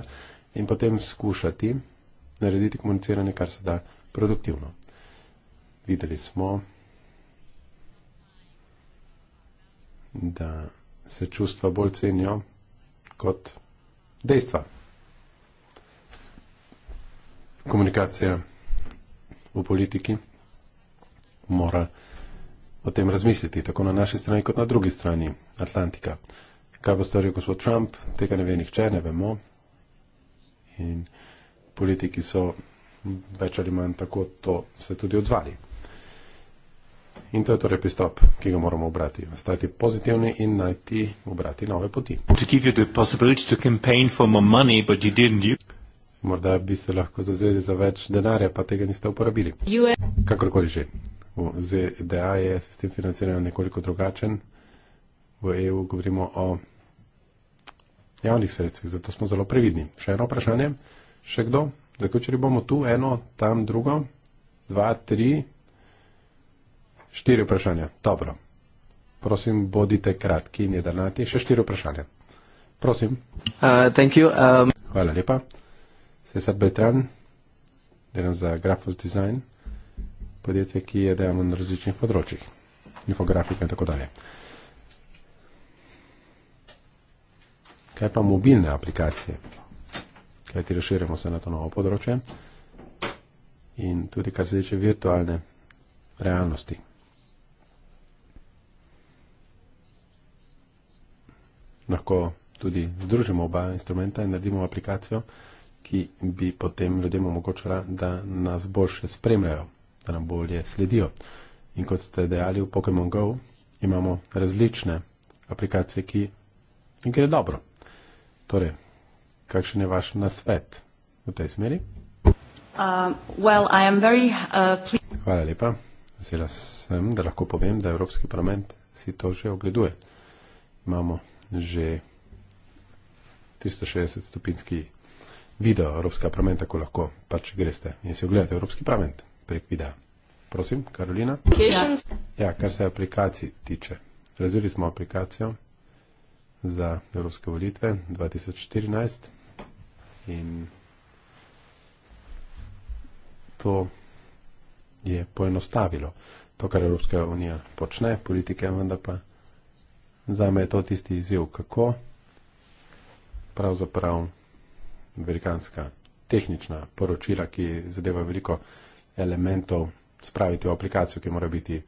in potem skušati narediti komuniciranje, kar se da produktivno. Videli smo, da se čustva bolj cenijo kot dejstva. Komunikacija v politiki mora o tem razmisliti, tako na naši strani kot na drugi strani Atlantika. Kaj bo storil gospod Trump, tega ne ve nihče, ne vemo. In politiki so več ali manj tako to se tudi odzvali. In to je torej pristop, ki ga moramo obrati. Stati pozitivni in najti, obrati nove poti. Money, Morda bi se lahko zazeli za več denarja, pa tega niste uporabili. Kakorkoli že. V ZDA je sistem financiranja nekoliko drugačen. V EU govorimo o javnih sredstvih, zato smo zelo previdni. Še eno vprašanje, še kdo? Zaključili bomo tu, eno, tam, drugo, dva, tri. Štiri vprašanja. Dobro. Prosim, bodite kratki in jedrnati. Še štiri vprašanja. Prosim. Uh, um... Hvala lepa. Sesar Beltran, delam za Graphos Design, podjetje, ki je delamo na različnih področjih, infografika in tako dalje. Kaj pa mobilne aplikacije? Kaj ti razširjamo se na to novo področje? In tudi kar se tiče virtualne realnosti. lahko tudi združimo oba instrumenta in naredimo aplikacijo, ki bi potem ljudem omogočila, da nas boljše spremljajo, da nam bolje sledijo. In kot ste dejali, v Pokémon Go imamo različne aplikacije, ki jim gre dobro. Torej, kakšen je vaš nasvet v tej smeri? Uh, well, very, uh, Hvala lepa. Vesela sem, da lahko povem, da Evropski parlament si to že ogleduje. Imamo že 360 stopinski video Evropska pramen, tako lahko pač greste in si ogledate Evropski pramen prek videa. Prosim, Karolina. Ja, kar se aplikacij tiče. Razvili smo aplikacijo za Evropske volitve 2014 in to je poenostavilo to, kar Evropska unija počne, politike vendar pa. Za me je to tisti izziv, kako pravzaprav velikanska tehnična poročila, ki zadeva veliko elementov, spraviti v aplikacijo, ki mora biti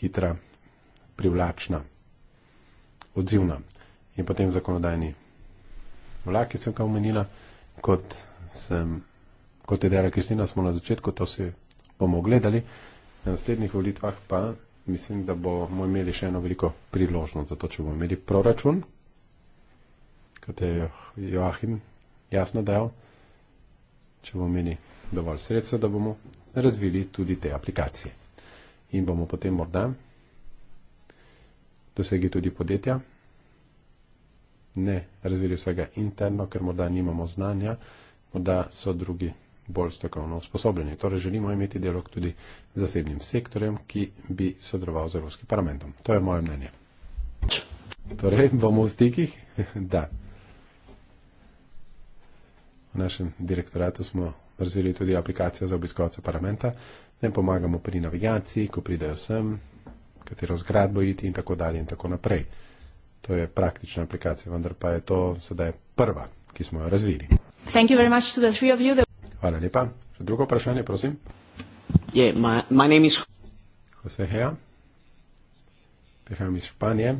hitra, privlačna, odzivna. In potem zakonodajni vlak, ki sem ga omenila, kot, sem, kot je dejala Kristina, smo na začetku, to si bomo ogledali, na naslednjih volitvah pa mislim, da bomo imeli še eno veliko priložnost za to, če bomo imeli proračun, kot je Joachim jasno dal, če bomo imeli dovolj sredstva, da bomo razvili tudi te aplikacije. In bomo potem morda dosegli tudi podjetja, ne razvili vsega interno, ker morda nimamo znanja, morda so drugi bolj strokovno usposobljeni. Torej želimo imeti dialog tudi z zasebnim sektorjem, ki bi sodeloval z Evropskim parlamentom. To je moje mnenje. Torej, bomo v stikih? da. V našem direktoratu smo razvili tudi aplikacijo za obiskovalce parlamenta. Ne pomagamo pri navigaciji, ko pridejo sem, katero zgradbo iti in tako dalje in tako naprej. To je praktična aplikacija, vendar pa je to sedaj prva, ki smo jo razvili. Thank you very much to the three of you. That... Hvala lepa. Še drugo vprašanje, prosim. Je, moj ime je Jose Hea. Prihajam iz Španije.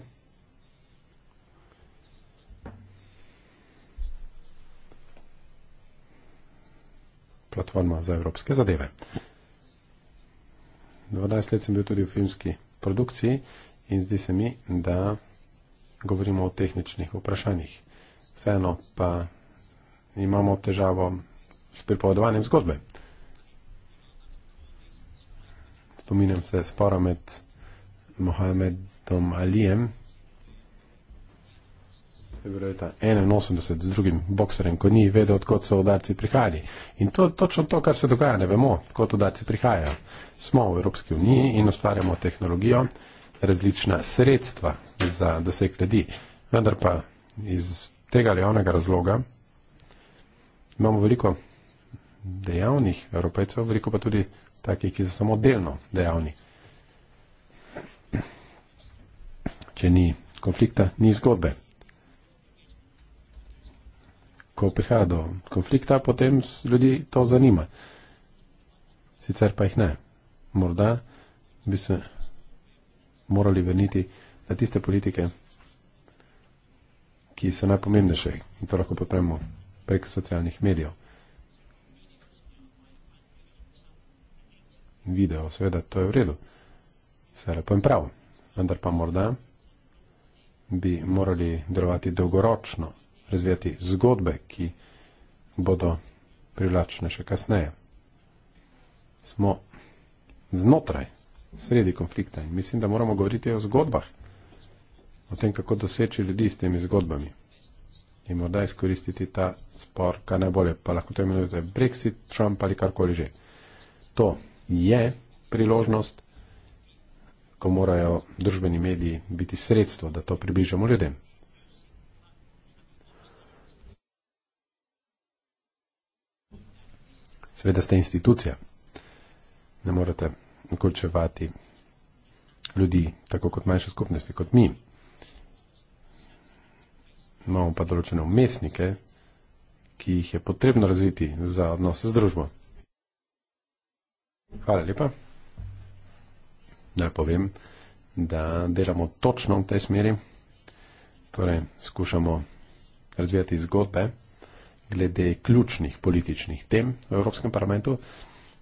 Platforma za evropske zadeve. 12 let sem bil tudi v filmski produkciji in zdi se mi, da govorimo o tehničnih vprašanjih. Vseeno pa imamo težavo s pripovedovanjem zgodbe. Spominjam se spora med Mohamedom Alijem, je bilo leta 81 z drugim bokserem, ko ni vedel, odkot so udarci prihajali. In to točno to, kar se dogaja, ne vemo, odkot udarci prihajajo. Smo v Evropski uniji in ustvarjamo tehnologijo, različna sredstva za doseg ljudi. Vendar pa iz tega ali onega razloga imamo veliko dejavnih evropejcev, veliko pa tudi takih, ki so samo delno dejavni. Če ni konflikta, ni zgodbe. Ko prihaja do konflikta, potem ljudi to zanima. Sicer pa jih ne. Morda bi se morali vrniti na tiste politike, ki so najpomembnejše in to lahko podpremo prek socialnih medijev. in video, seveda to je v redu, vse lepo in prav, vendar pa morda bi morali delovati dolgoročno, razvijati zgodbe, ki bodo privlačne še kasneje. Smo znotraj, sredi konflikta in mislim, da moramo govoriti o zgodbah, o tem, kako doseči ljudi s temi zgodbami in morda izkoristiti ta spor, kaj najbolje, pa lahko to imenujete Brexit, Trump ali karkoli že. To, je priložnost, ko morajo družbeni mediji biti sredstvo, da to približamo ljudem. Seveda ste institucija. Ne morete vključevati ljudi, tako kot manjše skupnosti, kot mi. Imamo pa določene umestnike, ki jih je potrebno razviti za odnose z družbo. Hvala lepa. Naj povem, da delamo točno v tej smeri. Torej, skušamo razvijati zgodbe glede ključnih političnih tem v Evropskem parlamentu.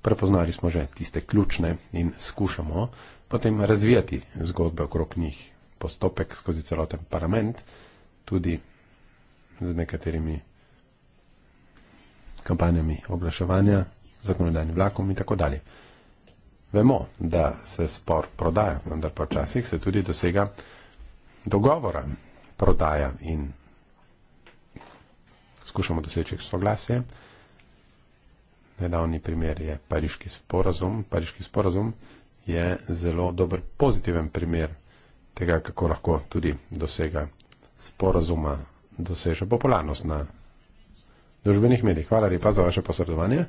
Prepoznali smo že tiste ključne in skušamo potem razvijati zgodbe okrog njih. Postopek skozi celoten parlament, tudi z nekaterimi kampanjami oglaševanja, zakonodajnim vlakom in tako dalje. Vemo, da se spor prodaja, vendar pa včasih se tudi dosega dogovora prodaja in skušamo doseči soglasje. Nedavni primer je Pariški sporazum. Pariški sporazum je zelo dober pozitiven primer tega, kako lahko tudi dosega sporazuma, doseže popularnost na. Družbenih medijih. Hvala lepa za vaše posredovanje.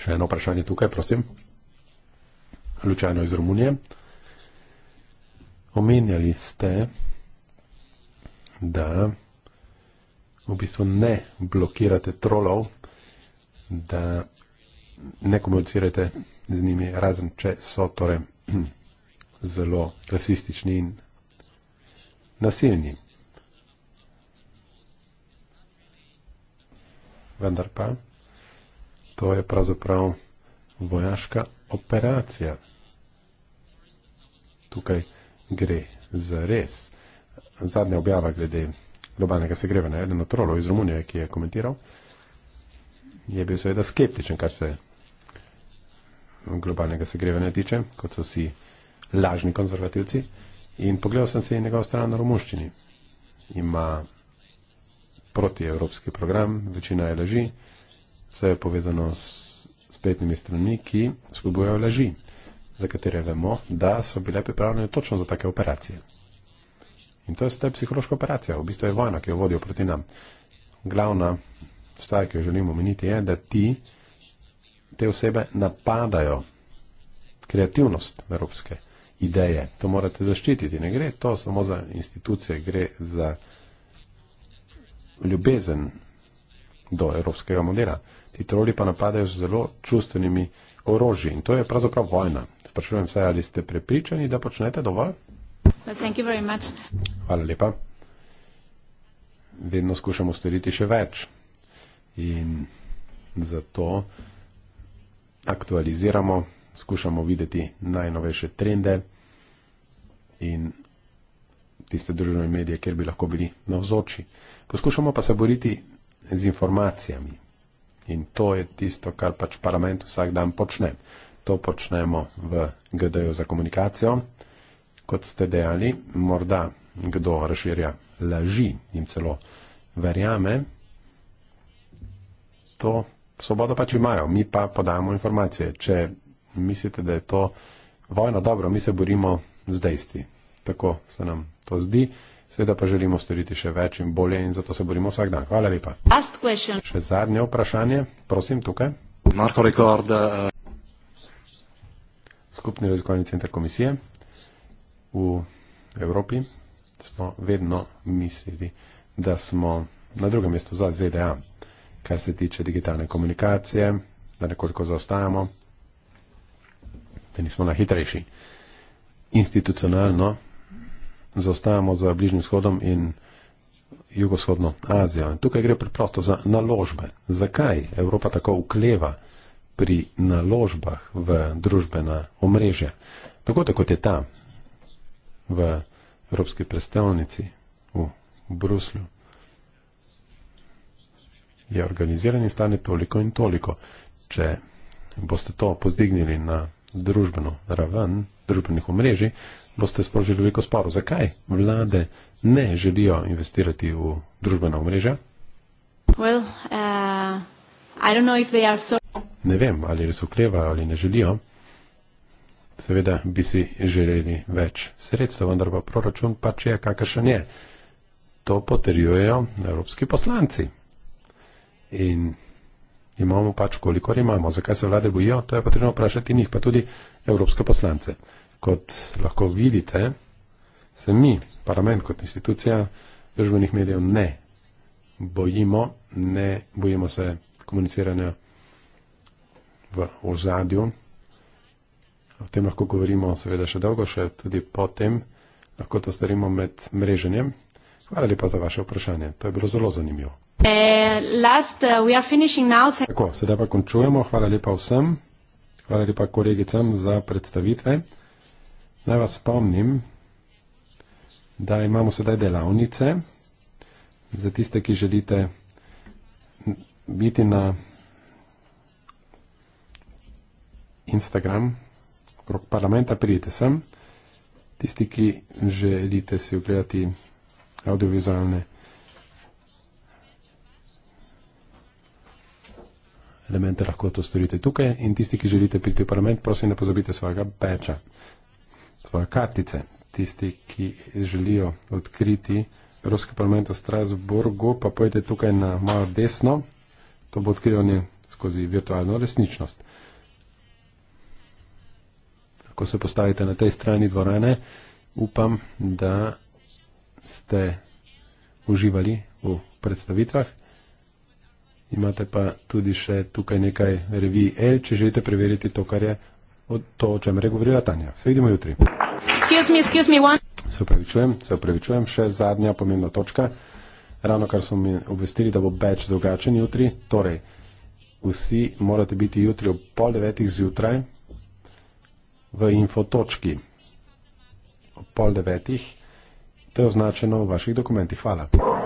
Še eno vprašanje tukaj, prosim. Lučano iz Romunije. Omenjali ste, da v bistvu ne blokirate trolov, da ne komunicirate z njimi, razen če so torej zelo rasistični in nasilni. Vendar pa to je pravzaprav vojaška operacija. Tukaj gre za res. Zadnja objava glede globalnega segrevanja, eden od trolov iz Romunije, ki je komentiral, je bil seveda skeptičen, kar se globalnega segrevanja tiče, kot so vsi lažni konzervativci. In pogledal sem si njegov stran na romuščini. Ima protievropski program, večina je laži. Vse je povezano s spletnimi strani, ki spodbujajo laži, za katere vemo, da so bile pripravljene točno za take operacije. In to je sedaj psihološka operacija, v bistvu je vojna, ki jo vodijo proti nam. Glavna stvar, ki jo želim omeniti, je, da ti, te osebe napadajo kreativnost evropske ideje. To morate zaščititi. Ne gre to samo za institucije, gre za ljubezen do evropskega modela. Ti troli pa napadajo z zelo čustvenimi orožji in to je pravzaprav vojna. Sprašujem se, ali ste prepričani, da počnete dovolj? Hvala lepa. Vedno skušamo storiti še več in zato aktualiziramo, skušamo videti najnovejše trende in tiste družbene medije, kjer bi lahko bili navzoči. Poskušamo pa se boriti z informacijami. In to je tisto, kar pač parlament vsak dan počne. To počnemo v GDO za komunikacijo. Kot ste dejali, morda kdo razširja laži in celo verjame, to svobodo pač imajo, mi pa podajamo informacije. Če mislite, da je to vojno dobro, mi se borimo z dejstvi. Tako se nam to zdi. Seveda pa želimo storiti še več in bolje in zato se borimo vsak dan. Hvala lepa. Še zadnje vprašanje, prosim, tukaj. Marko Rekord. Eh, Skupni raziskovni center komisije v Evropi smo vedno mislili, da smo na drugem mestu za ZDA, kar se tiče digitalne komunikacije, da nekoliko zaostajamo, da nismo najhitrejši. Institucionalno zaostajamo za Bližnjim shodom in jugoshodno Azijo. Tukaj gre preprosto za naložbe. Zakaj Evropa tako ukleva pri naložbah v družbena omrežja? Dogodek kot je ta v Evropski predstavnici v Bruslju je organiziran in stane toliko in toliko. Če boste to pozdignili na družbeno raven družbenih omrežij, boste sprožili veliko sporo. Zakaj vlade ne želijo investirati v družbena omrežja? Well, uh, so... Ne vem, ali res oklevajo ali ne želijo. Seveda bi si želeli več sredstev, vendar pa proračun pač je kakršen je. To potrjujejo evropski poslanci. In imamo pač, kolikor imamo. Zakaj se vlade bojijo, to je potrebno vprašati njih, pa tudi evropske poslance kot lahko vidite, se mi, parlament kot institucija družbenih medijev, ne bojimo, ne bojimo se komuniciranja v ozadju. O tem lahko govorimo seveda še dolgo, še tudi potem lahko to storimo med mreženjem. Hvala lepa za vaše vprašanje. To je bilo zelo zanimivo. Uh, last, uh, Tako, sedaj pa končujemo. Hvala lepa vsem. Hvala lepa kolegicam za predstavitve. Naj vas spomnim, da imamo sedaj delavnice za tiste, ki želite biti na Instagram, krok parlamenta, pridite sem. Tisti, ki želite si ogledati audiovizualne elemente, lahko to storite tukaj. In tisti, ki želite priti v parlament, prosim, ne pozabite svojega beča svoje kartice. Tisti, ki želijo odkriti Evropski parlament v Strasburgu, pa pojdite tukaj na mojo desno, to bo odkrivanje skozi virtualno resničnost. Ko se postavite na tej strani dvorane, upam, da ste uživali v predstavitvah. Imate pa tudi še tukaj nekaj revij L, e, če želite preveriti to, kar je to, o čem je govorila Tanja. Se vidimo jutri. Excuse me, excuse me, se upravičujem, se upravičujem. Še zadnja pomembna točka. Ravno kar so mi obvestili, da bo več drugačen jutri. Torej, vsi morate biti jutri ob pol devetih zjutraj v infotočki. Ob pol devetih. To je označeno v vaših dokumentih. Hvala.